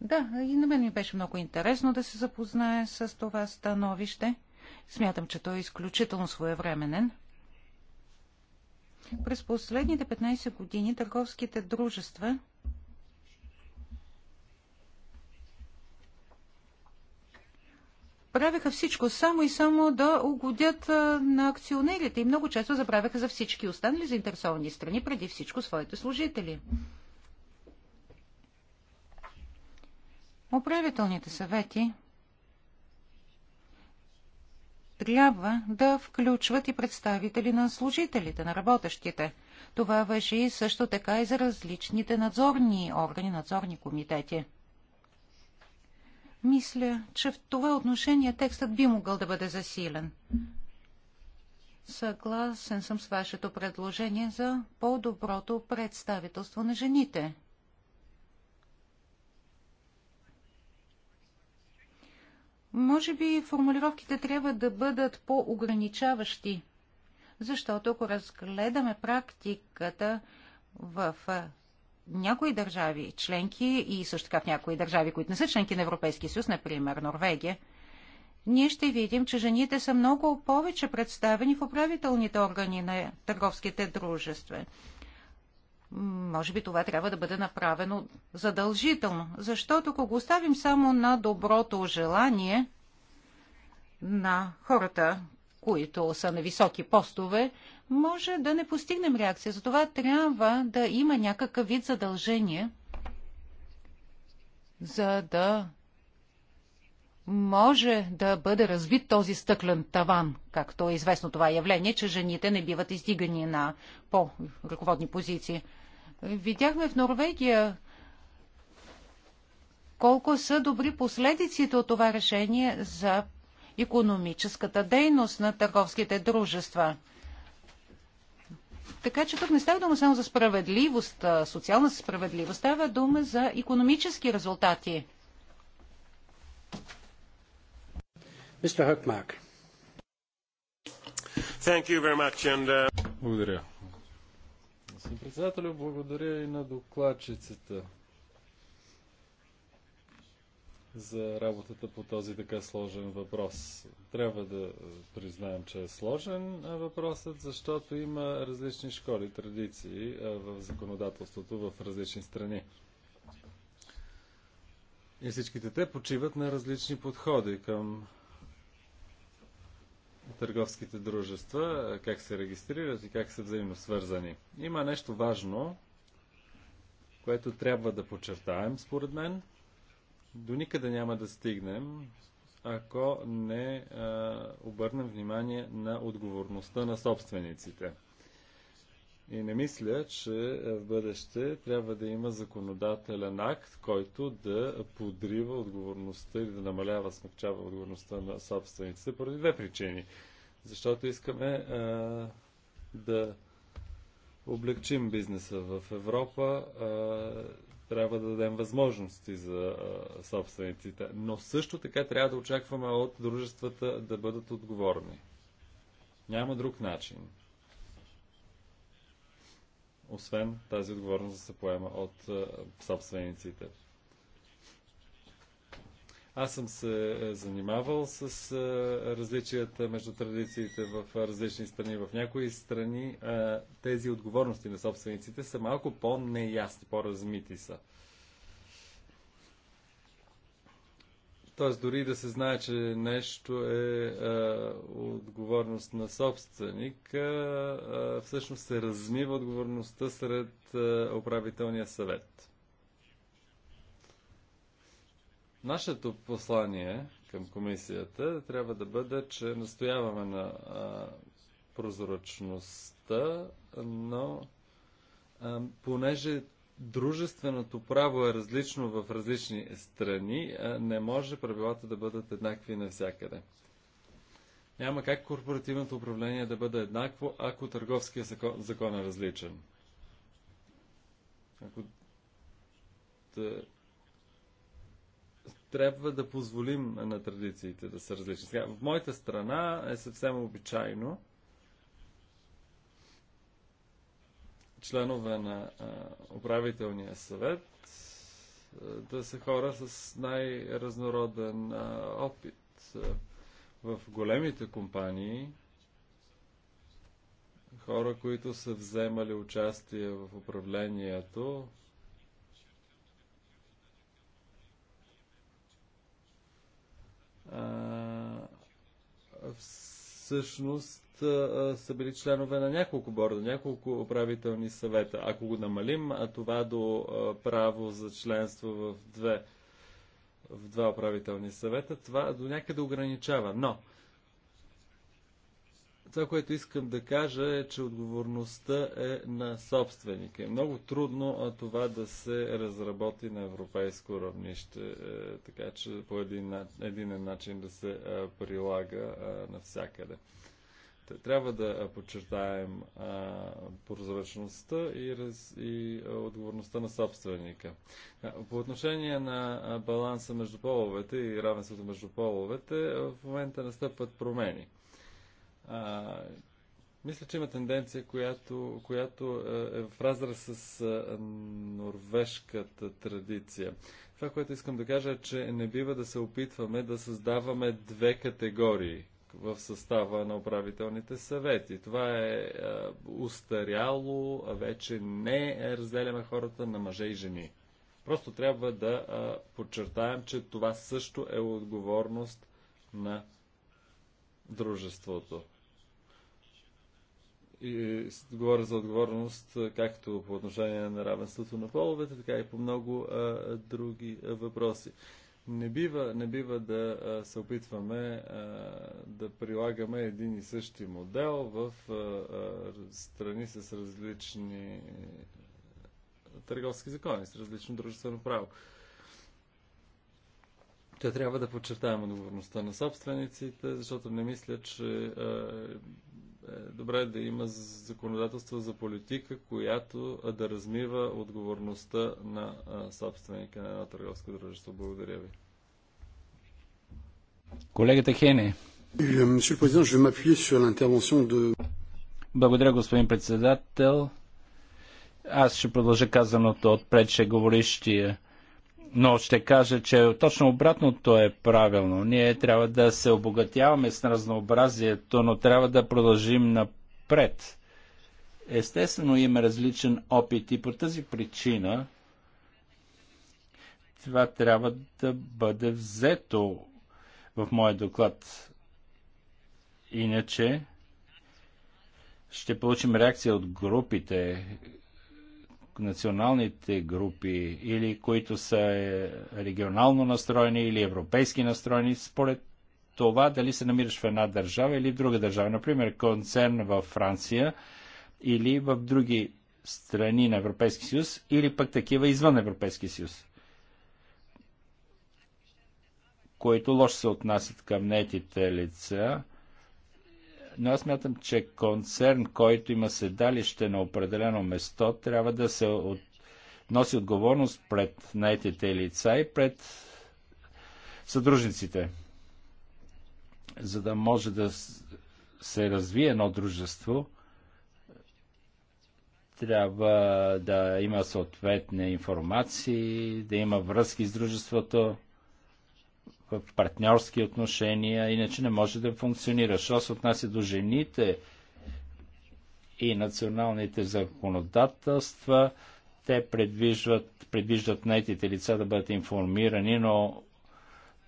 Да, и на мен ми беше много интересно да се запознае с това становище. Смятам, че той е изключително своевременен. През последните 15 години търговските дружества правеха всичко само и само да угодят на акционерите и много често забравяха за всички останали заинтересовани страни, преди всичко своите служители. Управителните съвети трябва да включват и представители на служителите, на работещите. Това въжи също така и за различните надзорни органи, надзорни комитети. Мисля, че в това отношение текстът би могъл да бъде засилен. Съгласен съм с вашето предложение за по-доброто представителство на жените. Може би формулировките трябва да бъдат по-ограничаващи, защото ако разгледаме практиката в някои държави членки и също така в някои държави, които не са членки на Европейския съюз, например Норвегия, ние ще видим, че жените са много повече представени в управителните органи на търговските дружества. Може би това трябва да бъде направено задължително, защото ако го оставим само на доброто желание на хората, които са на високи постове, може да не постигнем реакция. Затова трябва да има някакъв вид задължение, за да може да бъде развит този стъклен таван, както е известно това явление, че жените не биват издигани на по-ръководни позиции. Видяхме в Норвегия колко са добри последиците от това решение за економическата дейност на търговските дружества. Така че тук не става дума само за справедливост, социална справедливост, става дума за економически резултати. Мистер Хъкмак. Uh, благодаря. Господин председател, благодаря и на докладчицата за работата по този така сложен въпрос. Трябва да признаем, че е сложен въпросът, защото има различни школи, традиции в законодателството в различни страни. И всичките те почиват на различни подходи към търговските дружества, как се регистрират и как са взаимно свързани. Има нещо важно, което трябва да подчертаем, според мен – до никъде няма да стигнем, ако не а, обърнем внимание на отговорността на собствениците. И не мисля, че в бъдеще трябва да има законодателен акт, който да подрива отговорността или да намалява, смягчава отговорността на собствениците поради две причини. Защото искаме а, да облегчим бизнеса в Европа. А, трябва да дадем възможности за а, собствениците. Но също така трябва да очакваме от дружествата да бъдат отговорни. Няма друг начин. Освен тази отговорност да се поема от а, собствениците. Аз съм се е, занимавал с е, различията между традициите в е, различни страни. В някои страни тези отговорности на собствениците са малко по-неясни, по-размити са. Тоест, дори да се знае, че нещо е а, отговорност на собственик, а, всъщност се размива отговорността сред а, управителния съвет. Нашето послание към комисията трябва да бъде, че настояваме на а, прозрачността, но а, понеже дружественото право е различно в различни страни, а не може правилата да бъдат еднакви навсякъде. Няма как корпоративното управление да бъде еднакво, ако търговския закон, закон е различен. Ако трябва да позволим на традициите да са различни. Сега, в моята страна е съвсем обичайно членове на а, управителния съвет а, да са хора с най-разнороден опит. А, в големите компании хора, които са вземали участие в управлението, всъщност са били членове на няколко борда, няколко управителни съвета. Ако го намалим, а това до право за членство в две в два управителни съвета, това до някъде ограничава. Но това, което искам да кажа е, че отговорността е на собственика. Е много трудно а, това да се разработи на европейско равнище, е, така че по един, един начин да се а, прилага а, навсякъде. Трябва да подчертаем а, прозрачността и, раз, и а, отговорността на собственика. А, по отношение на а, баланса между половете и равенството между половете, в момента настъпват промени а, мисля, че има тенденция, която, която е, е в разраз с е, норвежката традиция. Това, което искам да кажа е, че не бива да се опитваме да създаваме две категории в състава на управителните съвети. Това е, е устаряло, а вече не разделяме хората на мъже и жени. Просто трябва да подчертаем, че това също е отговорност на дружеството. И говоря за отговорност както по отношение на равенството на половете, така и по много а, други а, въпроси. Не бива, не бива да а, се опитваме а, да прилагаме един и същи модел в а, а, страни с различни търговски закони, с различно дружествено право. Те трябва да подчертаем отговорността на собствениците, защото не мисля, че а, е, добре е да има законодателство за политика, която да размива отговорността на собственика на едно търговско дружество. Благодаря ви. Колегата Хене. Е, Благодаря, господин председател. Аз ще продължа казаното от предшеговорищия но ще кажа, че точно обратното е правилно. Ние трябва да се обогатяваме с разнообразието, но трябва да продължим напред. Естествено има различен опит и по тази причина това трябва да бъде взето в моя доклад. Иначе ще получим реакция от групите, националните групи или които са е, регионално настроени или европейски настроени, според това дали се намираш в една държава или в друга държава. Например, концерн във Франция или в други страни на Европейски съюз или пък такива извън Европейски съюз, които лошо се отнасят към нетите лица но аз мятам, че концерн, който има седалище на определено место, трябва да се от... носи отговорност пред найтите лица и пред съдружниците, за да може да се развие едно дружество, трябва да има съответни информации, да има връзки с дружеството, партньорски отношения, иначе не може да функционира. Що се отнася до жените и националните законодателства, те предвиждат, предвиждат наетите лица да бъдат информирани, но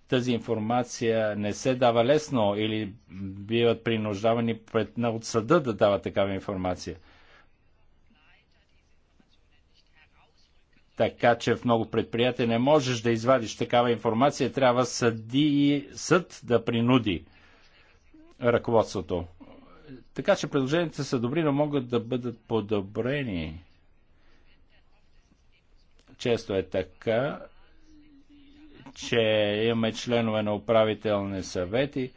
тази информация не се дава лесно или биват принуждавани пред, от съда да дава такава информация – Така че в много предприятия не можеш да извадиш такава информация. Трябва съди и съд да принуди ръководството. Така че предложенията са добри, но могат да бъдат подобрени. Често е така, че имаме членове на управителни съвети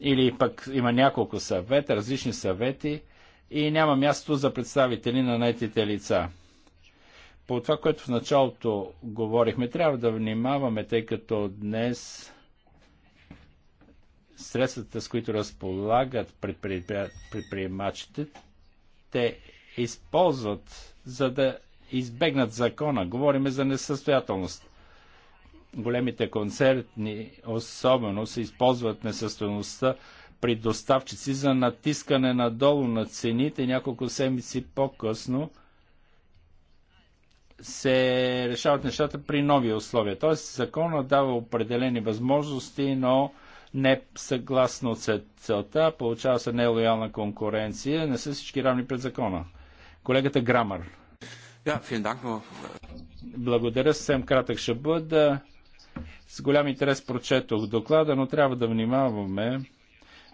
или пък има няколко съвета, различни съвети и няма място за представители на найтите лица. По това, което в началото говорихме, трябва да внимаваме, тъй като днес средствата, с които разполагат предприемачите, те използват, за да избегнат закона. Говориме за несъстоятелност. Големите концертни особено се използват несъстоятелността при доставчици за натискане надолу на цените няколко седмици по-късно – се решават нещата при нови условия. Тоест, закона дава определени възможности, но не съгласно целта, получава се нелоялна конкуренция, не са всички равни пред закона. Колегата Грамар. Yeah, Благодаря, съвсем кратък ще бъда. С голям интерес прочетох доклада, но трябва да внимаваме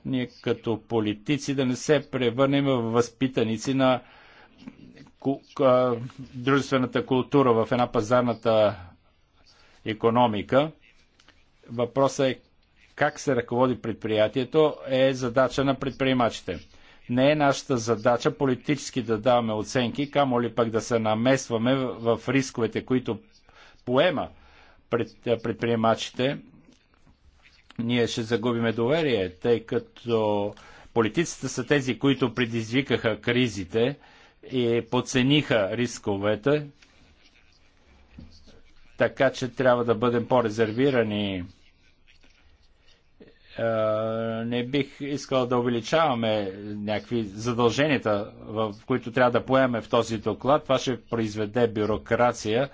ние като политици да не се превърнем в възпитаници на дружествената култура в една пазарната економика. Въпросът е как се ръководи предприятието е задача на предприемачите. Не е нашата задача политически да даваме оценки, камо ли пък да се намесваме в рисковете, които поема пред предприемачите. Ние ще загубиме доверие, тъй като политиците са тези, които предизвикаха кризите и подцениха рисковете, така че трябва да бъдем по-резервирани. Е, не бих искал да увеличаваме някакви задълженията, в които трябва да поеме в този доклад. Това ще произведе бюрокрация,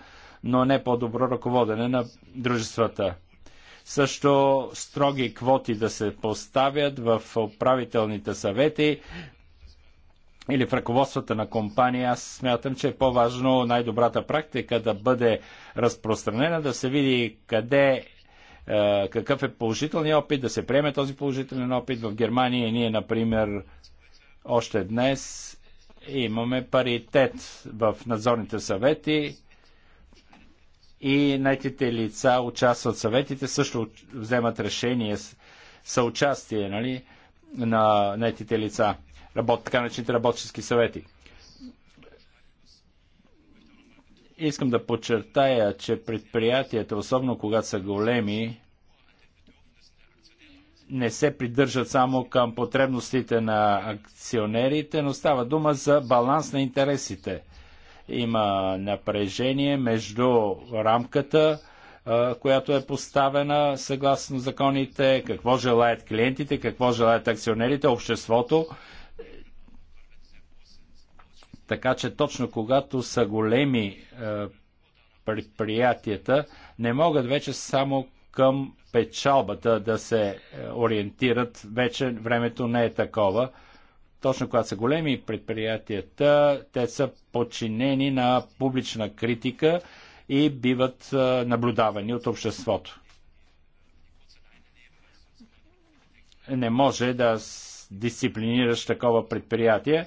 но не по-добро ръководене на дружествата. Също строги квоти да се поставят в управителните съвети, или в ръководствата на компания, аз смятам, че е по-важно най-добрата практика да бъде разпространена, да се види къде е, какъв е положителният опит, да се приеме този положителен опит. В Германия ние, например, още днес имаме паритет в надзорните съвети и найтите лица участват в съветите, също вземат решение съучастие нали, на найтите лица работ, така наречените работчески съвети. Искам да подчертая, че предприятията, особено когато са големи, не се придържат само към потребностите на акционерите, но става дума за баланс на интересите. Има напрежение между рамката, която е поставена съгласно законите, какво желаят клиентите, какво желаят акционерите, обществото така че точно когато са големи е, предприятията, не могат вече само към печалбата да се е, ориентират. Вече времето не е такова. Точно когато са големи предприятията, те са подчинени на публична критика и биват е, наблюдавани от обществото. Не може да дисциплинираш такова предприятие, е,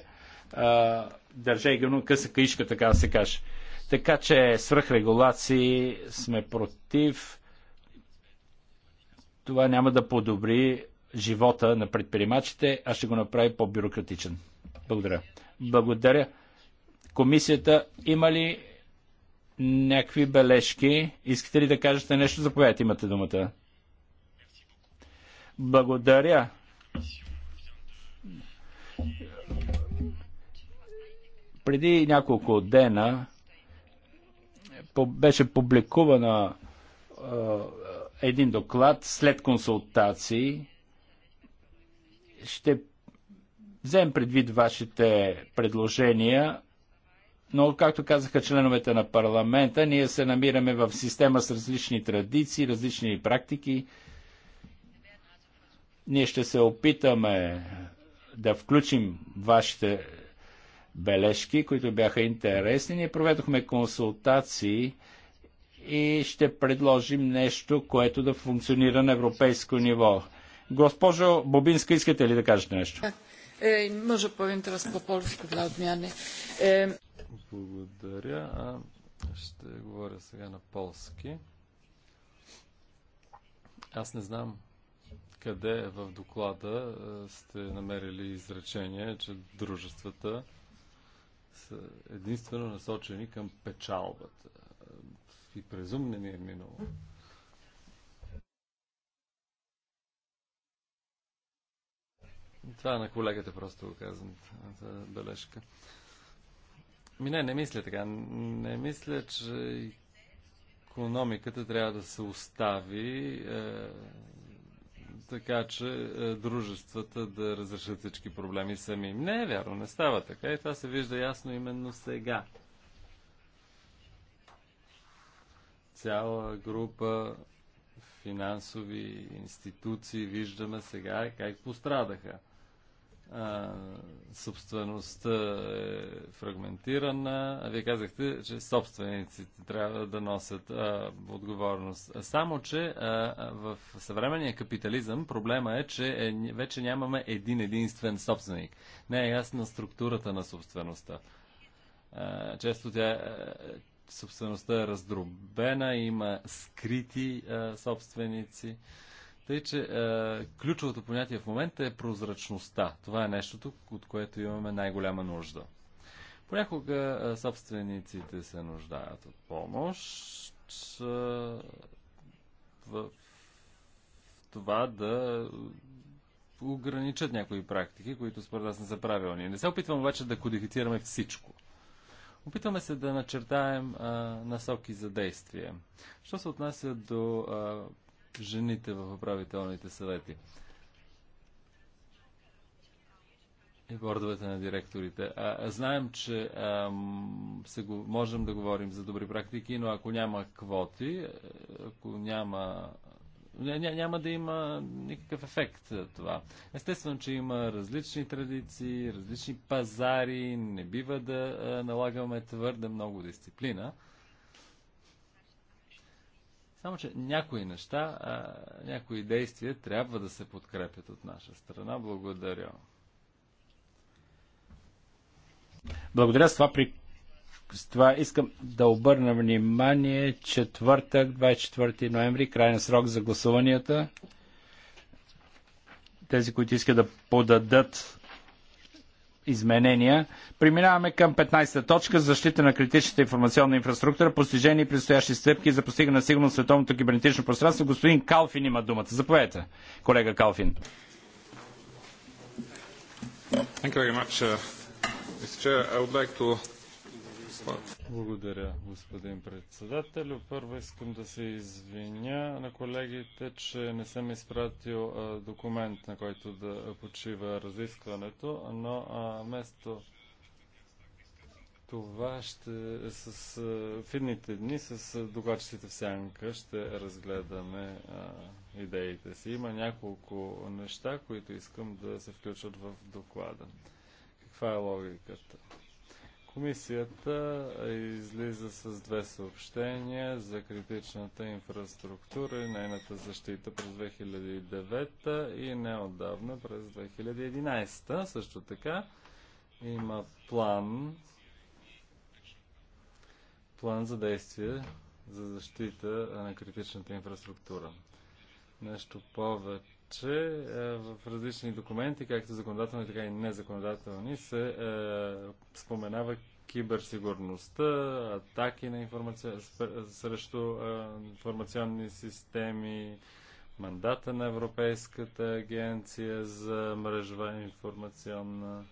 държа и къса каишка, така да се каже. Така че свръхрегулации сме против. Това няма да подобри живота на предприемачите, а ще го направи по-бюрократичен. Благодаря. Благодаря. Комисията има ли някакви бележки? Искате ли да кажете нещо? Заповядайте, имате думата. Благодаря. Преди няколко дена беше публикувана един доклад след консултации. Ще вземем предвид вашите предложения, но както казаха членовете на парламента, ние се намираме в система с различни традиции, различни практики. Ние ще се опитаме да включим вашите бележки, които бяха интересни. Ние проведохме консултации и ще предложим нещо, което да функционира на европейско ниво. Госпожо Бобинска, искате ли да кажете нещо? Е, е може повим teraz по-полско да отмяне. Е... Благодаря. А, ще говоря сега на полски. Аз не знам къде в доклада е, сте намерили изречение, че дружествата са единствено насочени към печалбата. И презум не ми е минало. Това на колегата просто го казвам, за бележка. Ми не, не мисля така. Не мисля, че економиката трябва да се остави е, така че е, дружествата да разрешат всички проблеми сами. Не е вярно, не става така и това се вижда ясно именно сега. Цяла група финансови институции виждаме сега как пострадаха а, собствеността е фрагментирана. А вие казахте, че собствениците трябва да носят а, отговорност. Само, че а, в съвременния капитализъм проблема е, че е, вече нямаме един единствен собственик. Не е ясна структурата на собствеността. А, често тя собствеността е раздробена, има скрити а, собственици. А, тъй, че е, ключовото понятие в момента е прозрачността. Това е нещото, от което имаме най-голяма нужда. Понякога е, собствениците се нуждаят от помощ е, в това да ограничат някои практики, които според нас не са правилни. Не се опитвам обаче да кодифицираме всичко. Опитваме се да начертаем а, е, насоки за действие. Що се отнася до а, е, жените в управителните съвети и бордовете на директорите. А, знаем, че ам, се го, можем да говорим за добри практики, но ако няма квоти, ако няма няма да има никакъв ефект това. Естествено, че има различни традиции, различни пазари, не бива да налагаме твърде много дисциплина. Само, че някои неща, а, някои действия трябва да се подкрепят от наша страна. Благодаря. Благодаря. С това, при... с това искам да обърна внимание. Четвъртък, 24 ноември, крайен срок за гласуванията. Тези, които искат да подадат изменения. Преминаваме към 15-та точка защита на критичната информационна инфраструктура, постижени и предстоящи стъпки за постигане на сигурност в световното кибернетично пространство. Господин Калфин има думата. Заповядайте, колега Калфин. Thank you very much, uh, Mr. Chair. I would like to благодаря, господин председател. Първо искам да се извиня на колегите, че не съм изпратил документ, на който да почива разискването, но вместо това ще с, фидните дни с докладчиците в сянка ще разгледаме а, идеите си. Има няколко неща, които искам да се включат в доклада. Каква е логиката? Комисията излиза с две съобщения за критичната инфраструктура и нейната защита през 2009 и неодавна през 2011. Също така има план, план за действие за защита на критичната инфраструктура. Нещо повече че в различни документи, както законодателни, така и незаконодателни, се е, споменава киберсигурността, атаки на информация... срещу а, информационни системи, мандата на Европейската агенция за мрежова информационна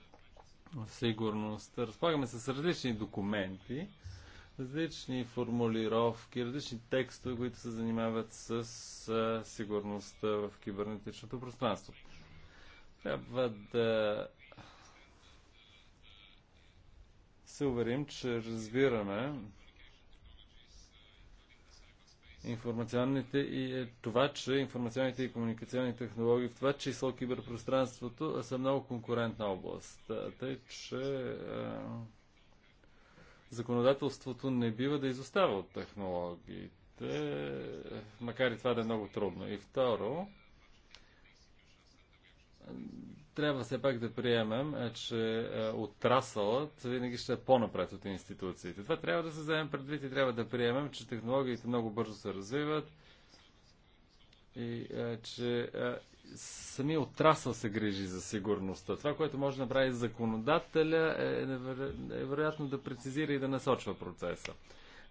сигурност. Разполагаме с различни документи, различни формулировки, различни текстове, които се занимават с а, сигурността в кибернетичното пространство. Трябва да се уверим, че разбираме информационните и е, това, че информационните и комуникационни технологии, в това число киберпространството, са много конкурентна област. Е, тъй, че е, законодателството не бива да изостава от технологиите, макар и това да е много трудно. И второ, трябва все пак да приемем, е, че е, отрасълът винаги ще е по-напред от институциите. Това трябва да се вземем предвид и трябва да приемем, че технологиите много бързо се развиват и е, че самия отрасъл се грижи за сигурността. Това, което може да направи законодателя е, неверо... е вероятно да прецизира и да насочва процеса.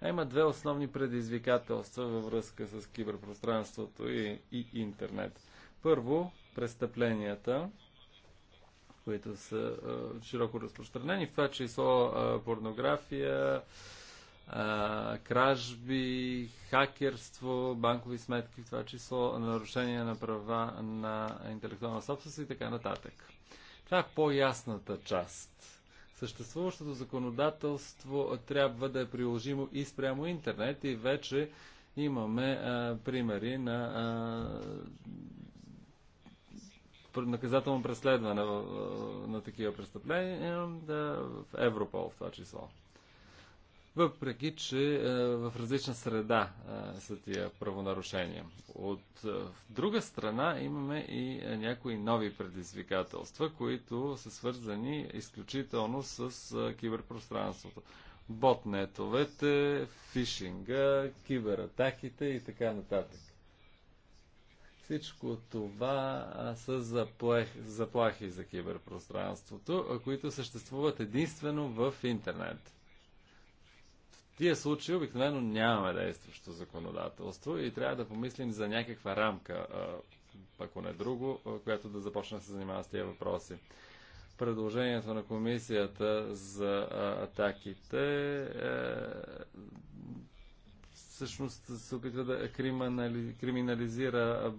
А има две основни предизвикателства във връзка с киберпространството и, и интернет. Първо, престъпленията, които са а, широко разпространени, в това число а, порнография, а, кражби, хакерство, банкови сметки, в това число нарушение на права на интелектуална собственост и така нататък. Това е по-ясната част. Съществуващото законодателство трябва да е приложимо и спрямо интернет и вече имаме а, примери на а, наказателно преследване на такива престъпления да, в Европол в това число. Въпреки, че е, в различна среда е, са тия правонарушения. От е, друга страна имаме и е, някои нови предизвикателства, които са свързани изключително с е, киберпространството. Ботнетовете, фишинга, кибератаките и така нататък. Всичко това са заплахи, заплахи за киберпространството, които съществуват единствено в интернет. В тия случаи обикновено нямаме действащо законодателство и трябва да помислим за някаква рамка, ако не друго, която да започне да се занимава с тия въпроси предложението на комисията за атаките е, всъщност се опитва да криминализира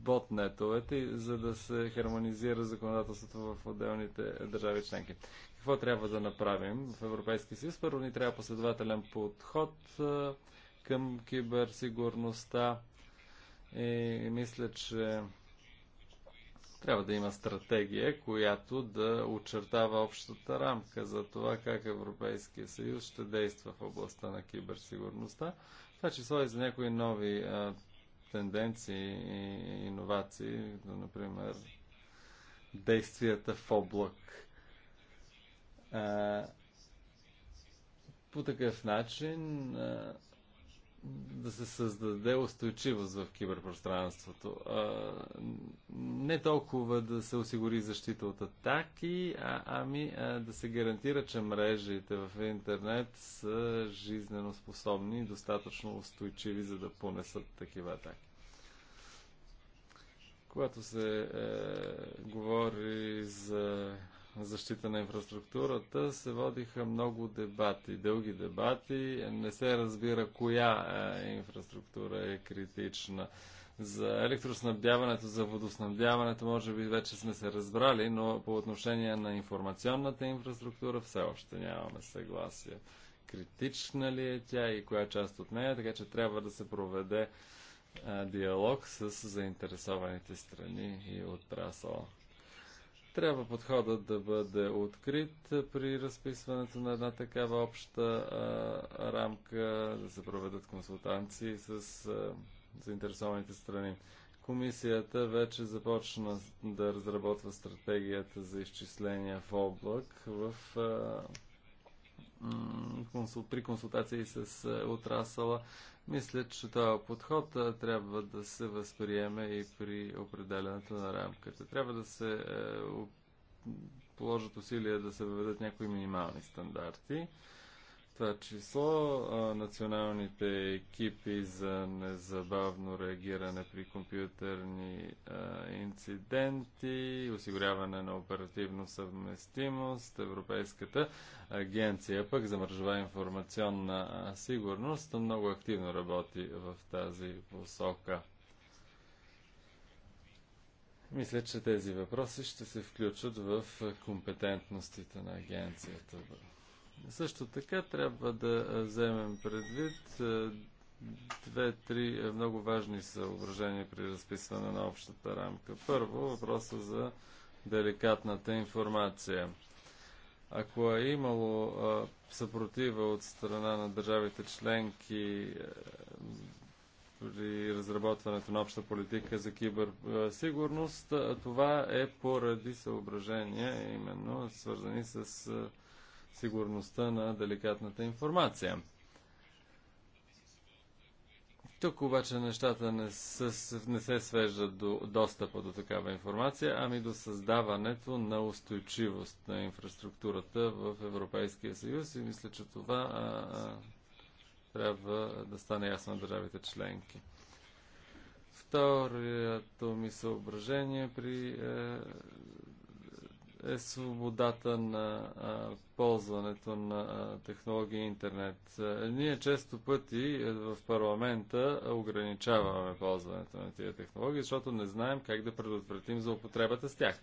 ботнетовете, за да се хармонизира законодателството в отделните държави членки. Какво трябва да направим в Европейския съюз? Първо ни трябва последователен подход към киберсигурността и мисля, че трябва да има стратегия, която да очертава общата рамка за това как Европейския съюз ще действа в областта на киберсигурността. Това число и за някои нови а, тенденции и иновации, например действията в облак. А, по такъв начин а, да се създаде устойчивост в киберпространството. А, не толкова да се осигури защита от атаки, а, ами а, да се гарантира, че мрежите в интернет са жизнено способни и достатъчно устойчиви, за да понесат такива атаки. Когато се е, говори за защита на инфраструктурата се водиха много дебати, дълги дебати. Не се разбира коя е, инфраструктура е критична. За електроснабдяването, за водоснабдяването, може би вече сме се разбрали, но по отношение на информационната инфраструктура все още нямаме съгласие. Критична ли е тя и коя част от нея, така че трябва да се проведе е, диалог с заинтересованите страни и отрасъл. Трябва подходът да бъде открит при разписването на една такава обща а, рамка, да се проведат консултанции с а, заинтересованите страни. Комисията вече започна да разработва стратегията за изчисления в облак в а, при консултации с е, отрасала. Мисля, че този подход е, трябва да се възприеме и при определянето на рамката. Трябва да се е, положат усилия да се въведат някои минимални стандарти това число националните екипи за незабавно реагиране при компютърни инциденти, осигуряване на оперативно съвместимост, Европейската агенция пък за информационна сигурност много активно работи в тази посока. Мисля, че тези въпроси ще се включат в компетентностите на агенцията. Също така трябва да вземем предвид две-три много важни съображения при разписване на общата рамка. Първо, въпроса за деликатната информация. Ако е имало съпротива от страна на държавите членки при разработването на обща политика за киберсигурност, това е поради съображения, именно свързани с сигурността на деликатната информация. Тук обаче нещата не, със, не се свеждат до достъпа до такава информация, ами до създаването на устойчивост на инфраструктурата в Европейския съюз и мисля, че това а, а, трябва да стане ясно на държавите членки. Второто ми съображение при е, е свободата на а, ползването на а, технологии и интернет. А, е, ние често пъти е, в парламента ограничаваме ползването на тия технологии, защото не знаем как да предотвратим злоупотребата с тях.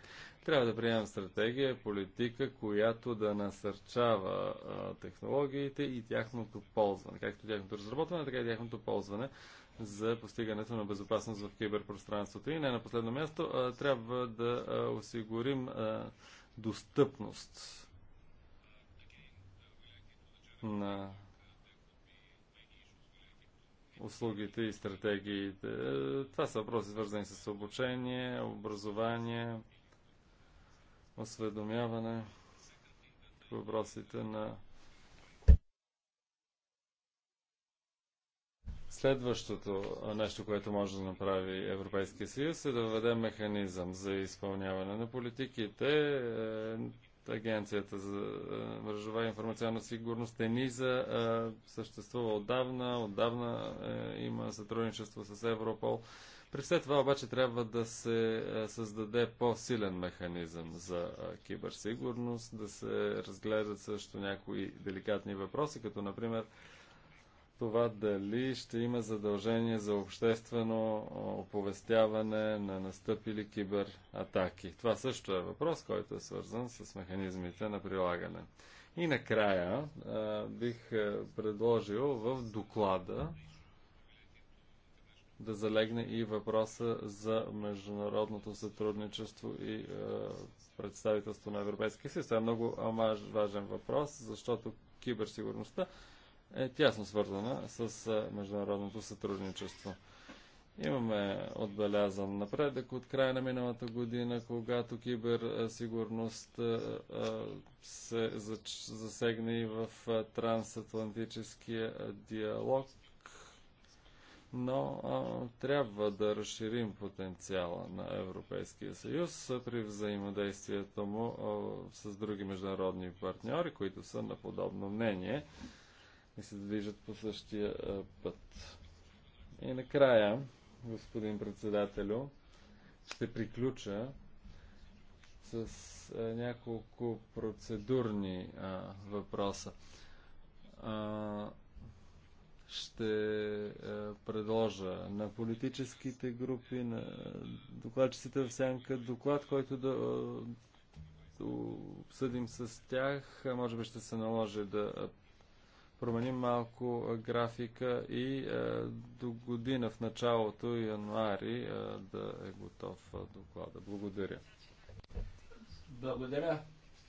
Трябва да приемем стратегия, политика, която да насърчава а, технологиите и тяхното ползване, както тяхното разработване, така и тяхното ползване за постигането на безопасност в киберпространството. И не на последно място, трябва да осигурим достъпност на услугите и стратегиите. Е, това са въпроси свързани с обучение, образование, осведомяване, въпросите на Следващото нещо, което може да направи Европейския съюз е да въведе механизъм за изпълняване на политиките. Е, Агенцията за е, мрежова информационна сигурност ЕНИЗА е, съществува отдавна, отдавна има сътрудничество с Европол. При все това обаче трябва да се създаде по-силен механизъм за киберсигурност, да се разгледат също някои деликатни въпроси, като например това дали ще има задължение за обществено оповестяване на настъпили кибератаки. Това също е въпрос, който е свързан с механизмите на прилагане. И накрая бих предложил в доклада да залегне и въпроса за международното сътрудничество и е, представителство на Европейския съюз. Това е много важен въпрос, защото киберсигурността е тясно свързана с е, международното сътрудничество. Имаме отбелязан напредък от края на миналата година, когато киберсигурност е, е, се засегне и в трансатлантическия диалог, но а, трябва да разширим потенциала на Европейския съюз при взаимодействието му а, с други международни партньори, които са на подобно мнение и се движат по същия път. И накрая, господин председателю, ще приключа с а, няколко процедурни а, въпроса. А, ще а, предложа на политическите групи, на докладчиците в сянка, доклад, който да, да обсъдим с тях. Може би ще се наложи да променим малко графика и до година в началото януари да е готов доклада. Благодаря. Благодаря.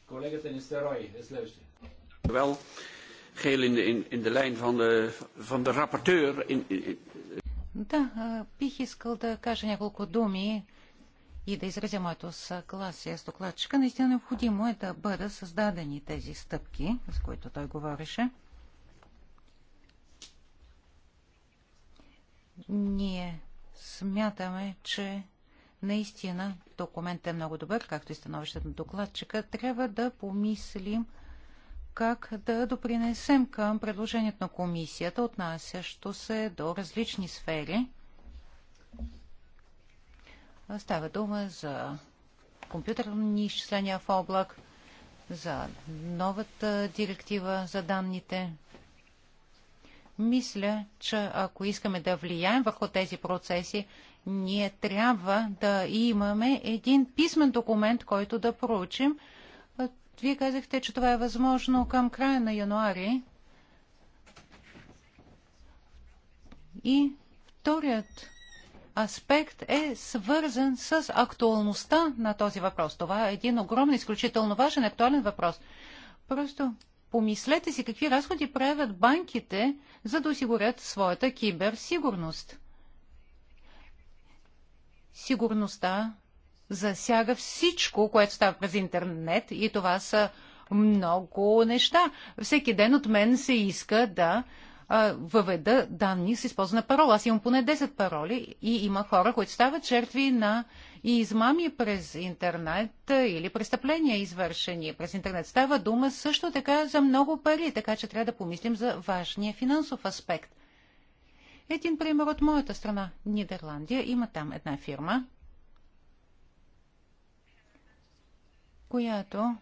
Колегата ни Стерой е следващия. Wel, geel in, in, in de lijn van de, van de rapporteur. In, in... Да, бих искал да кажа няколко думи и да изразя моето съгласие с докладчика. Наистина необходимо е да бъдат създадени тези стъпки, с които той говореше. Ние смятаме, че наистина документът е много добър, както и становището на докладчика. Трябва да помислим как да допринесем към предложението на комисията, отнасящо се до различни сфери. Става дума за компютърни изчисления в облак, за новата директива за данните, мисля, че ако искаме да влияем върху тези процеси, ние трябва да имаме един писмен документ, който да проучим. Вие казахте, че това е възможно към края на януари. И вторият аспект е свързан с актуалността на този въпрос. Това е един огромен, изключително важен, актуален въпрос. Просто помислете си какви разходи правят банките, за да осигурят своята киберсигурност. Сигурността засяга всичко, което става през интернет и това са много неща. Всеки ден от мен се иска да а, въведа данни с използвана парола. Аз имам поне 10 пароли и има хора, които стават жертви на и измами през интернет или престъпления, извършени през интернет. Става дума също така за много пари, така че трябва да помислим за важния финансов аспект. Един пример от моята страна, Нидерландия, има там една фирма, която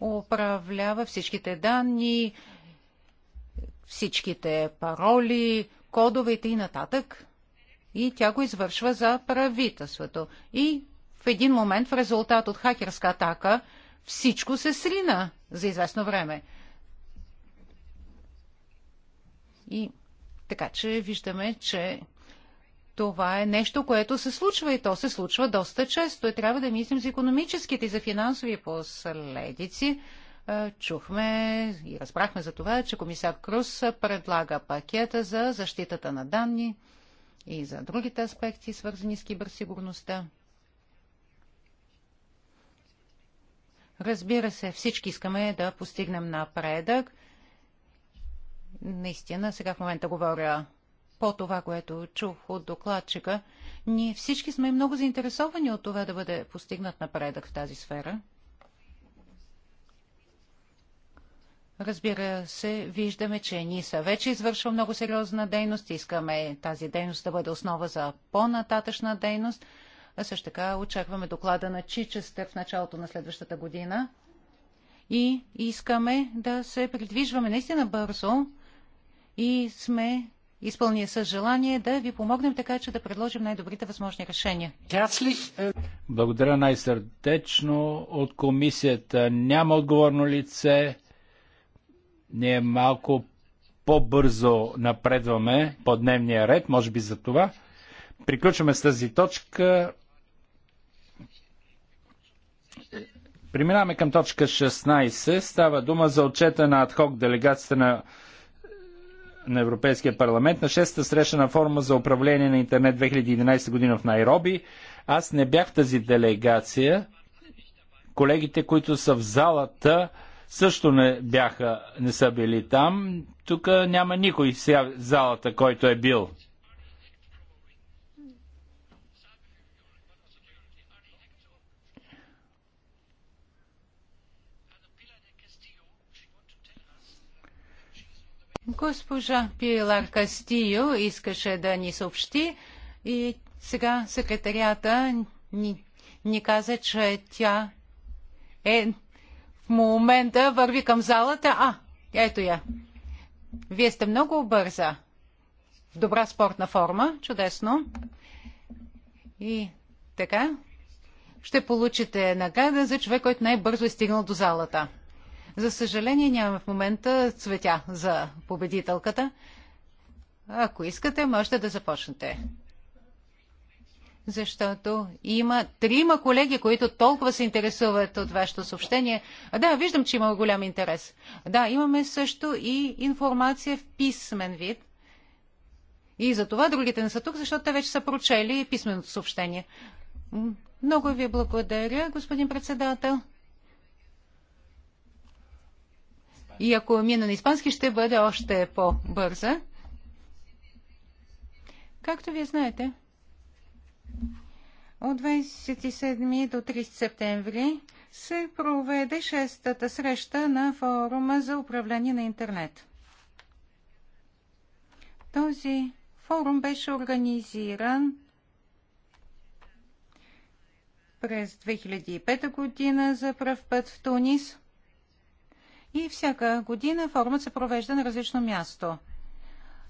управлява всичките данни, всичките пароли, кодовете и нататък и тя го извършва за правителството. И в един момент, в резултат от хакерска атака, всичко се срина за известно време. И така че виждаме, че това е нещо, което се случва и то се случва доста често. И трябва да мислим за економическите и за финансови последици. Чухме и разбрахме за това, че комисар Крус предлага пакета за защитата на данни и за другите аспекти, свързани с киберсигурността. Разбира се, всички искаме да постигнем напредък. Наистина, сега в момента говоря по това, което чух от докладчика. Ние всички сме много заинтересовани от това да бъде постигнат напредък в тази сфера. Разбира се, виждаме, че НИСА вече извършва много сериозна дейност. Искаме тази дейност да бъде основа за по-нататъчна дейност. А също така очакваме доклада на Чичестър в началото на следващата година. И искаме да се придвижваме наистина бързо и сме изпълни с желание да ви помогнем така, че да предложим най-добрите възможни решения. Е, Благодаря най-сърдечно. От комисията няма отговорно лице. Ние малко по-бързо напредваме по дневния ред, може би за това. Приключваме с тази точка. Преминаваме към точка 16. Става дума за отчета на адхок делегацията на, на Европейския парламент на 6-та среща на форума за управление на интернет 2011 година в Найроби. Аз не бях в тази делегация. Колегите, които са в залата, също не бяха, не са били там. Тук няма никой сега в залата, който е бил. Госпожа Пилар Кастио искаше да ни съобщи и сега секретарията ни, ни каза, че тя е момента върви към залата. А, ето я. Вие сте много бърза. В добра спортна форма. Чудесно. И така. Ще получите награда за човек, който най-бързо е стигнал до залата. За съжаление нямаме в момента цветя за победителката. Ако искате, можете да започнете защото има трима колеги, които толкова се интересуват от вашето съобщение. Да, виждам, че има голям интерес. Да, имаме също и информация в писмен вид. И за това другите не са тук, защото те вече са прочели писменото съобщение. Много ви благодаря, господин председател. И ако мина на испански, ще бъде още по-бърза. Както вие знаете, от 27 до 30 септември се проведе шестата среща на форума за управление на интернет. Този форум беше организиран през 2005 година за пръв път в Тунис и всяка година форумът се провежда на различно място.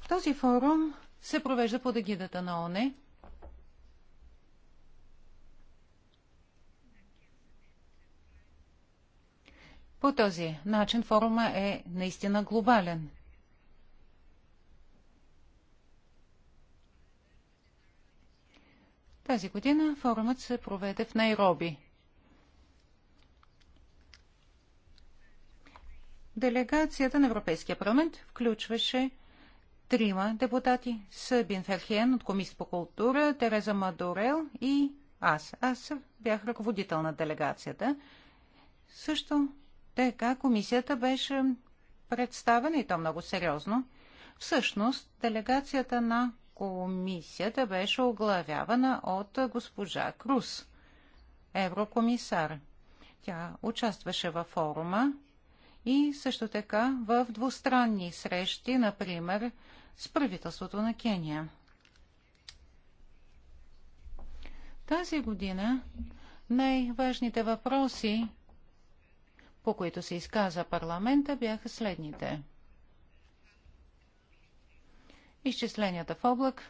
Този форум се провежда под егидата на ОНЕ – По този начин форума е наистина глобален. Тази година форумът се проведе в Найроби. Делегацията на Европейския парламент включваше трима депутати събин Ферхен от Комисията по култура, Тереза Мадорел и аз. Аз бях ръководител на делегацията. Също така комисията беше представена и то много сериозно. Всъщност, делегацията на комисията беше оглавявана от госпожа Крус, еврокомисар. Тя участваше във форума и също така в двустранни срещи, например, с правителството на Кения. Тази година най-важните въпроси по които се изказа парламента, бяха следните. Изчисленията в облак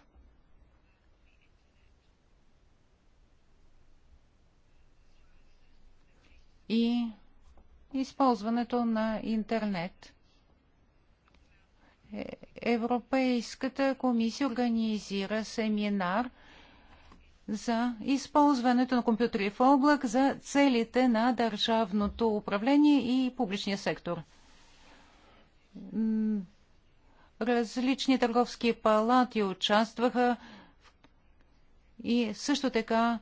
– и използването на интернет. Е, Европейската комисия организира семинар за използването на компютри в облак за целите на държавното управление и публичния сектор. Различни търговски палати участваха и също така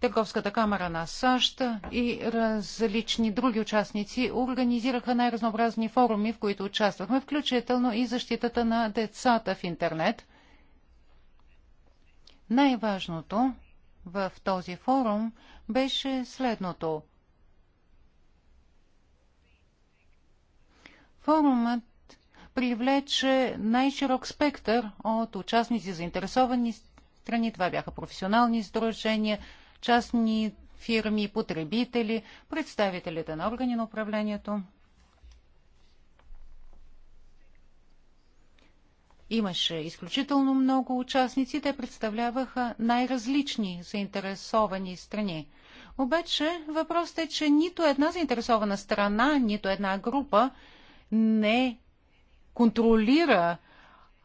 Търговската камера на САЩ и различни други участници организираха най-разнообразни форуми, в които участвахме, включително и защитата на децата в интернет – най-важното в този форум беше следното. Форумът привлече най-широк спектър от участници заинтересовани страни. Това бяха професионални сдружения, частни фирми, потребители, представителите на органи на управлението. Имаше изключително много участници, те представляваха най-различни заинтересовани страни. Обаче въпросът е, че нито една заинтересована страна, нито една група не контролира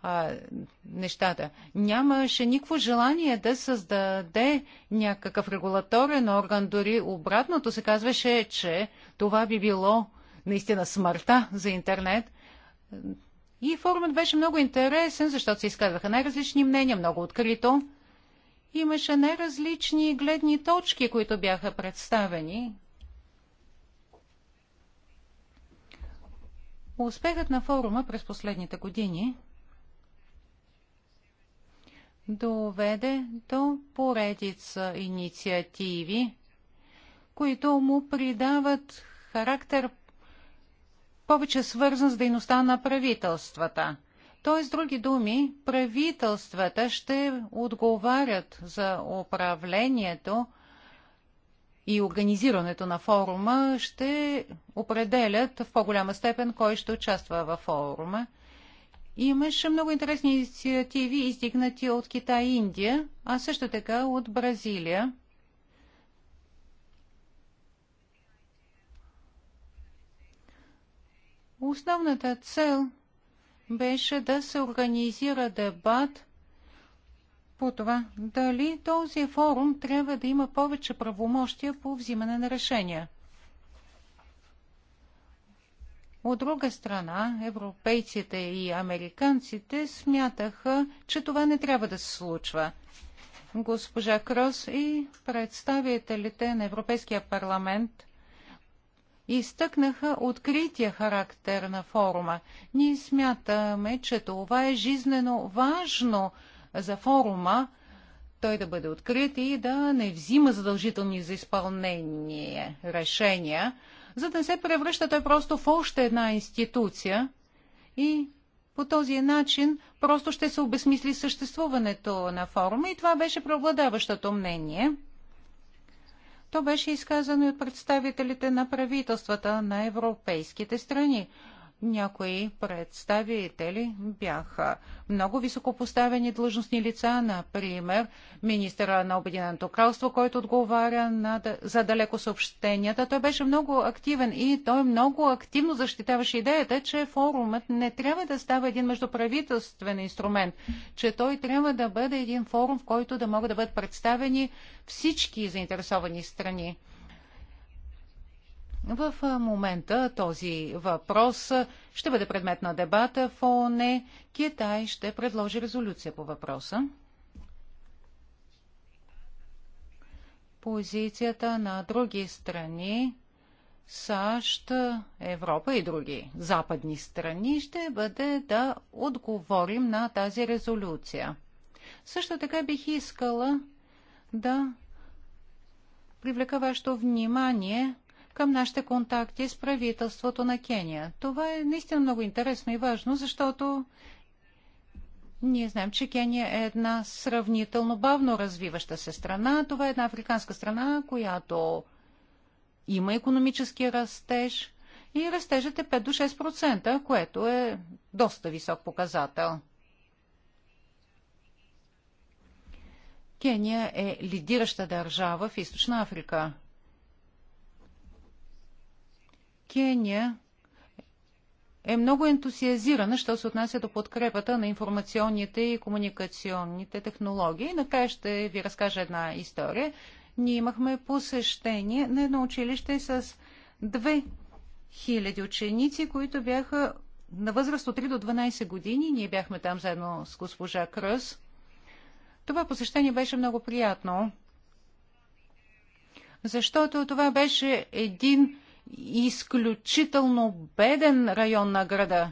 а, нещата. Нямаше никакво желание да създаде някакъв регулаторен орган, дори обратното се казваше, че това би било наистина смъртта за интернет. И форумът беше много интересен, защото се изказваха най-различни мнения, много открито. Имаше най-различни гледни точки, които бяха представени. Успехът на форума през последните години доведе до поредица инициативи, които му придават характер повече свързан с дейността на правителствата. Т.е. с други думи, правителствата ще отговарят за управлението и организирането на форума, ще определят в по-голяма степен кой ще участва във форума. Имаше много интересни инициативи, издигнати от Китай и Индия, а също така от Бразилия – Основната цел беше да се организира дебат по това дали този форум трябва да има повече правомощия по взимане на решения. От друга страна, европейците и американците смятаха, че това не трябва да се случва. Госпожа Крос и представителите на Европейския парламент изтъкнаха открития характер на форума. Ние смятаме, че това е жизнено важно за форума, той да бъде открит и да не взима задължителни за изпълнение решения, за да не се превръща той просто в още една институция и по този начин просто ще се обесмисли съществуването на форума и това беше преобладаващото мнение – то беше изказано и от представителите на правителствата на европейските страни някои представители бяха много високопоставени длъжностни лица, например министъра на Обединеното кралство, който отговаря на, за далеко съобщенията. Той беше много активен и той много активно защитаваше идеята, че форумът не трябва да става един междуправителствен инструмент, че той трябва да бъде един форум, в който да могат да бъдат представени всички заинтересовани страни. В момента този въпрос ще бъде предмет на дебата в ООН. Китай ще предложи резолюция по въпроса. Позицията на други страни, САЩ, Европа и други западни страни, ще бъде да отговорим на тази резолюция. Също така бих искала да привлека вашето внимание към нашите контакти с правителството на Кения. Това е наистина много интересно и важно, защото ние знаем, че Кения е една сравнително бавно развиваща се страна. Това е една африканска страна, която има економически растеж и растежът е 5 до 6%, което е доста висок показател. Кения е лидираща държава в Източна Африка. Кения е много ентусиазирана, що се отнася до подкрепата на информационните и комуникационните технологии. Накрая ще ви разкажа една история. Ние имахме посещение на едно училище с 2000 ученици, които бяха на възраст от 3 до 12 години. Ние бяхме там заедно с госпожа Кръс. Това посещение беше много приятно, защото това беше един изключително беден район на града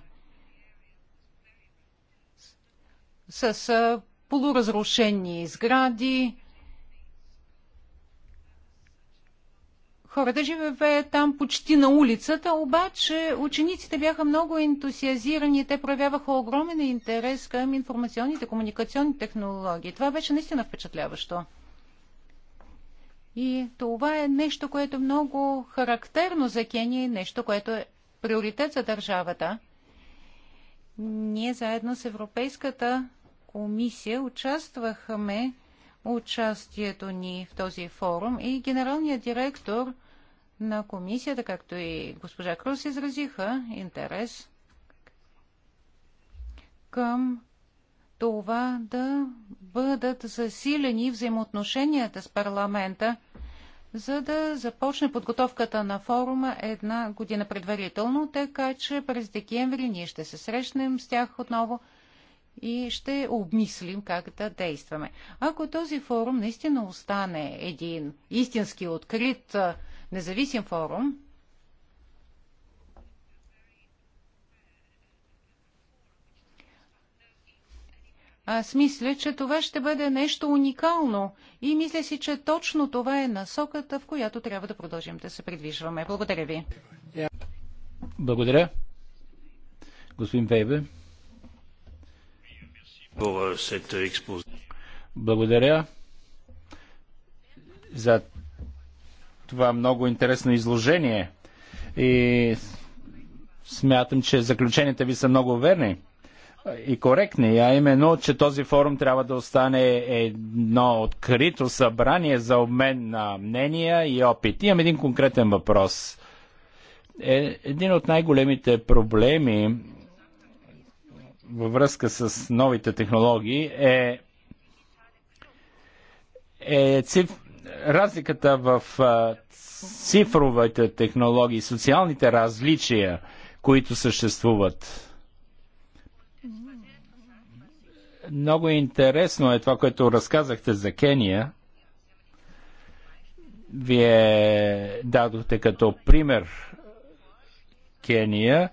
с полуразрушени сгради. Хората живеят там почти на улицата, обаче учениците бяха много ентусиазирани. Те проявяваха огромен интерес към информационните, комуникационни технологии. Това беше наистина впечатляващо. И това е нещо, което е много характерно за Кения, нещо, което е приоритет за държавата. Ние заедно с Европейската комисия участвахме участието ни в този форум и генералният директор на комисията, както и госпожа Крус, изразиха интерес към това да бъдат засилени взаимоотношенията с парламента за да започне подготовката на форума една година предварително, така че през декември ние ще се срещнем с тях отново и ще обмислим как да действаме. Ако този форум наистина остане един истински открит, независим форум, Аз мисля, че това ще бъде нещо уникално и мисля си, че точно това е насоката, в която трябва да продължим да се придвижваме. Благодаря ви. Благодаря. Господин Вейбе. Благодаря за това много интересно изложение и смятам, че заключенията ви са много верни и коректни, а именно, че този форум трябва да остане едно открито събрание за обмен на мнения и опит. Имам един конкретен въпрос. Е, един от най-големите проблеми във връзка с новите технологии е, е циф... разликата в цифровите технологии, социалните различия, които съществуват Много интересно е това, което разказахте за Кения. Вие дадохте като пример Кения.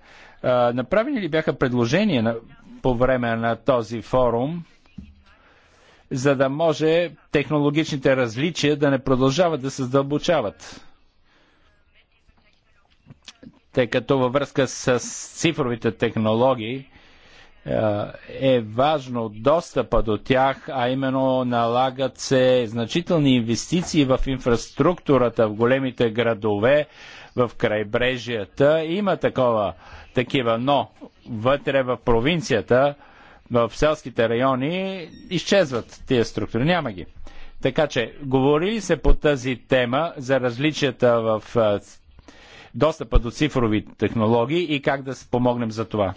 Направени ли бяха предложения по време на този форум, за да може технологичните различия да не продължават да се задълбочават? Тъй като във връзка с цифровите технологии, е важно достъпа до тях, а именно налагат се значителни инвестиции в инфраструктурата в големите градове, в крайбрежията. Има такова, такива, но вътре в провинцията, в селските райони, изчезват тези структури. Няма ги. Така че, говорили се по тази тема за различията в достъпа до цифрови технологии и как да се помогнем за това.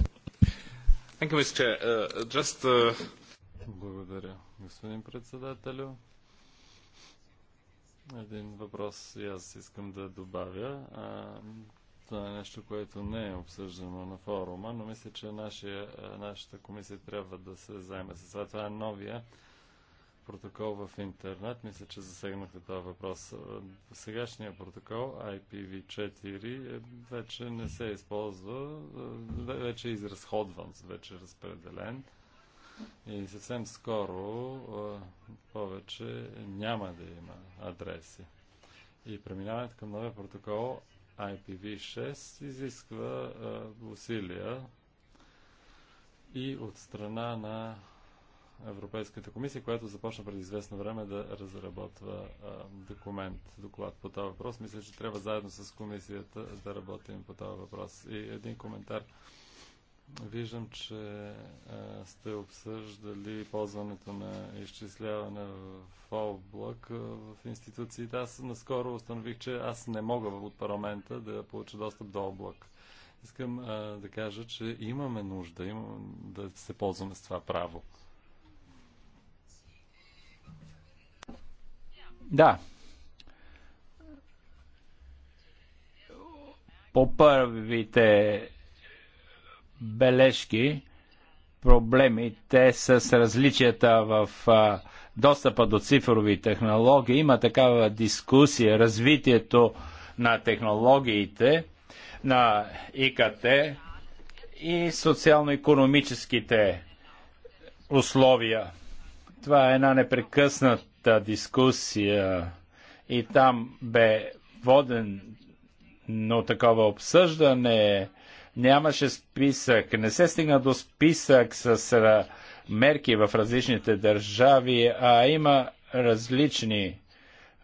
Uh, uh, Благодаря, господин председателю. Един въпрос и аз искам да добавя. А, това е нещо, което не е обсъждано на форума, но мисля, че нашия, нашата комисия трябва да се заеме с това. Това е новия протокол в интернет. Мисля, че засегнахте този въпрос. Е, сегашният протокол IPv4 е, вече не се използва, е, вече е изразходван, вече е разпределен. И съвсем скоро повече няма да има адреси. И преминаването към новия протокол IPv6 изисква усилия и от страна на Европейската комисия, която започна преди известно време да разработва документ, доклад по този въпрос. Мисля, че трябва заедно с комисията да работим по този въпрос. И един коментар. Виждам, че сте обсъждали ползването на изчисляване в облак в институциите. Аз наскоро установих, че аз не мога от парламента да получа достъп до облак. Искам а, да кажа, че имаме нужда имам, да се ползваме с това право. Да. По първите бележки, проблемите с различията в а, достъпа до цифрови технологии. Има такава дискусия, развитието на технологиите, на ИКТ и социално-економическите условия. Това е една непрекъснат дискусия и там бе воден но такова обсъждане нямаше списък, не се стигна до списък с мерки в различните държави, а има различни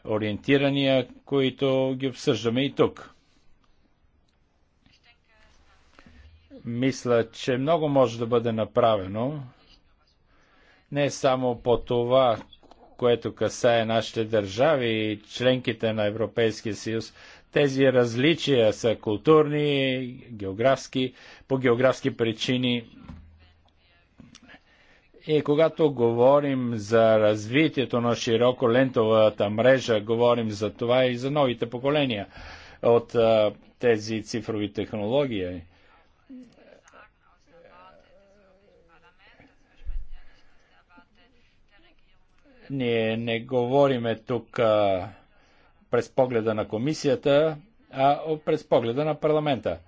ориентирания, които ги обсъждаме и тук. Мисля, че много може да бъде направено не само по това, което касае нашите държави и членките на Европейския съюз, тези различия са културни, географски, по географски причини. И когато говорим за развитието на широко лентовата мрежа, говорим за това и за новите поколения от тези цифрови технологии. Ние не говориме тук а, през погледа на комисията, а през погледа на парламента.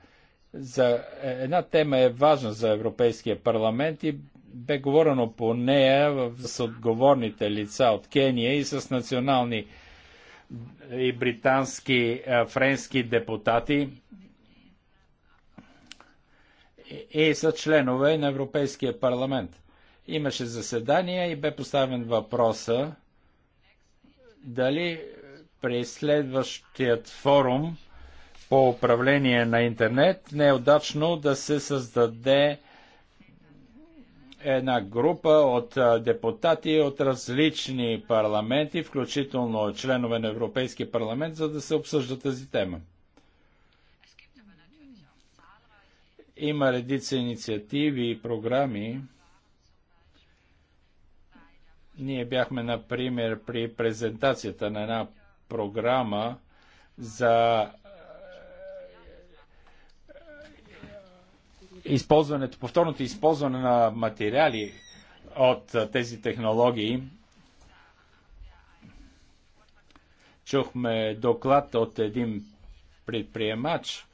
За е, една тема е важна за Европейския парламент и бе говорено по нея с отговорните лица от Кения и с национални и британски, френски депутати и с членове на Европейския парламент. Имаше заседание и бе поставен въпроса дали при следващият форум по управление на интернет не е удачно да се създаде една група от депутати от различни парламенти, включително членове на Европейския парламент, за да се обсъжда тази тема. Има редица инициативи и програми, ние бяхме, например, при презентацията на една програма за е, използването, повторното използване на материали от е, тези технологии. Чухме доклад от един предприемач,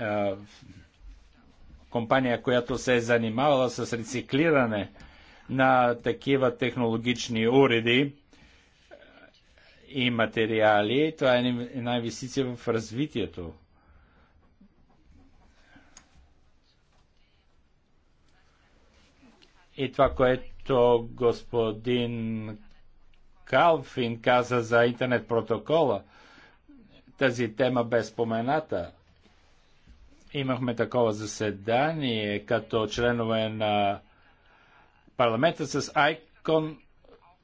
е, компания, която се е занимавала с рециклиране на такива технологични уреди и материали. Това е една инвестиция в развитието. И това, което господин Калфин каза за интернет протокола, тази тема бе спомената. Имахме такова заседание като членове на парламента с Айкон,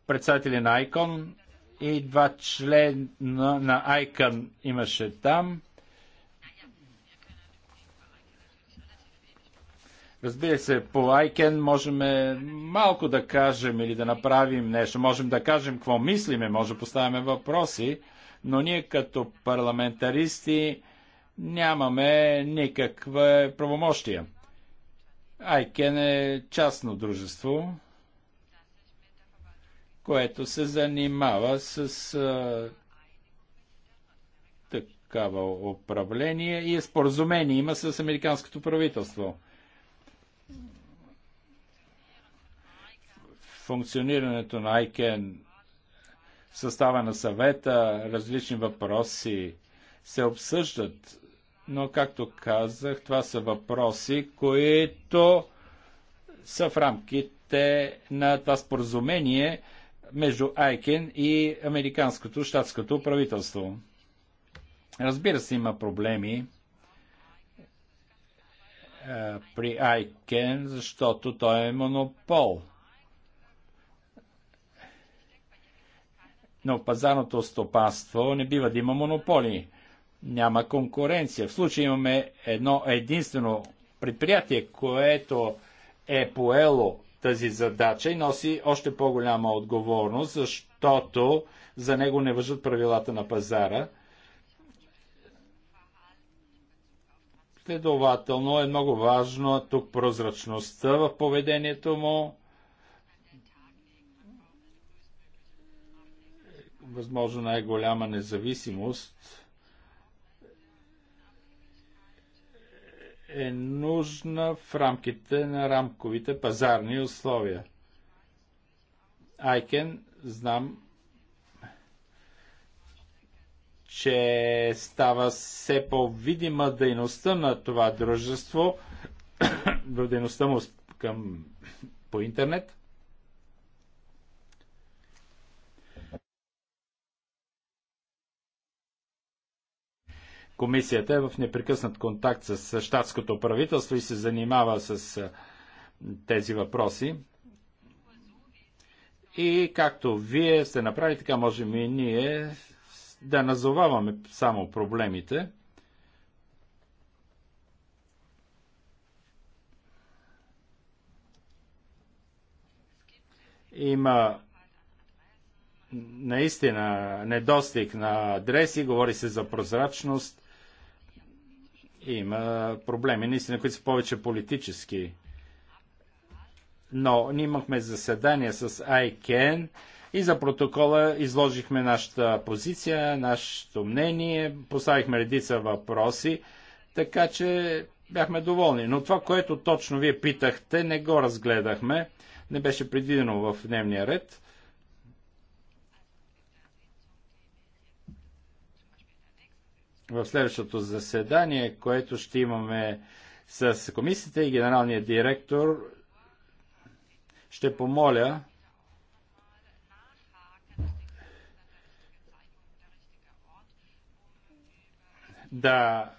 председатели на Айкон и два члена на Айкон имаше там. Разбира се, по Айкен можем малко да кажем или да направим нещо. Можем да кажем какво мислиме, може да поставяме въпроси, но ние като парламентаристи нямаме никаква правомощия. Айкен е частно дружество, което се занимава с а, такава управление и е споразумение има с американското правителство. Функционирането на Айкен, състава на съвета, различни въпроси се обсъждат но както казах, това са въпроси, които са в рамките на това споразумение между Айкен и американското щатското правителство. Разбира се, има проблеми е, при Айкен, защото той е монопол. Но пазарното стопанство не бива да има монополи няма конкуренция. В случая имаме едно единствено предприятие, което е поело тази задача и носи още по-голяма отговорност, защото за него не въжат правилата на пазара. Следователно е много важно тук прозрачността в поведението му, възможно най-голяма независимост – е нужна в рамките на рамковите пазарни условия. Айкен, знам, че става все по-видима дейността на това дружество, дейността му към, по интернет – Комисията е в непрекъснат контакт с щатското правителство и се занимава с тези въпроси. И както вие сте направили, така можем и ние да назоваваме само проблемите. Има наистина недостиг на адреси, говори се за прозрачност, има проблеми, наистина, които са повече политически. Но ние имахме заседание с ICANN и за протокола изложихме нашата позиция, нашето мнение, поставихме редица въпроси, така че бяхме доволни. Но това, което точно вие питахте, не го разгледахме, не беше предвидено в дневния ред. в следващото заседание, което ще имаме с комисията и генералния директор, ще помоля да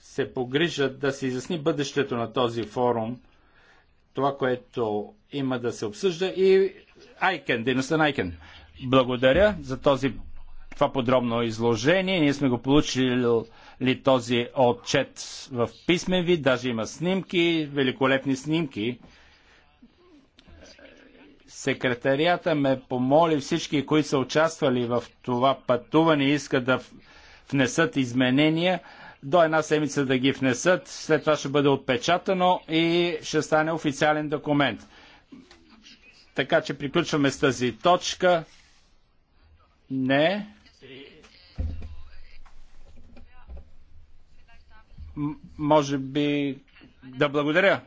се погрижат да се изясни бъдещето на този форум, това, което има да се обсъжда и Айкен, дейността на Айкен благодаря за този, това подробно изложение. Ние сме го получили този отчет в писмен вид, даже има снимки, великолепни снимки. Секретарията ме помоли всички, които са участвали в това пътуване и искат да внесат изменения, до една седмица да ги внесат, след това ще бъде отпечатано и ще стане официален документ. Така че приключваме с тази точка. Не. Може би да благодаря.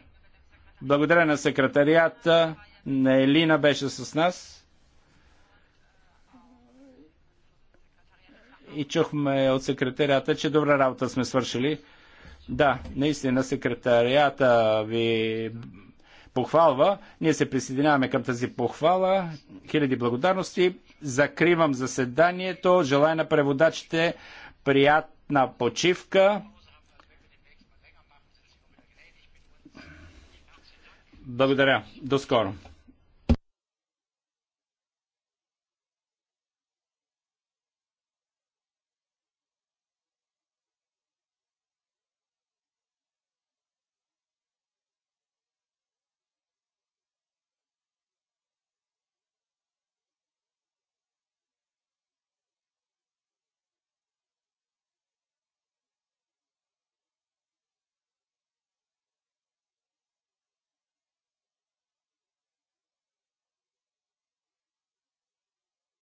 Благодаря на секретарията. На Елина беше с нас. И чухме от секретарията, че добра работа сме свършили. Да, наистина секретарията ви похвалва. Ние се присъединяваме към тази похвала. Хиляди благодарности. Закривам заседанието. Желая на преводачите приятна почивка. Благодаря. До скоро.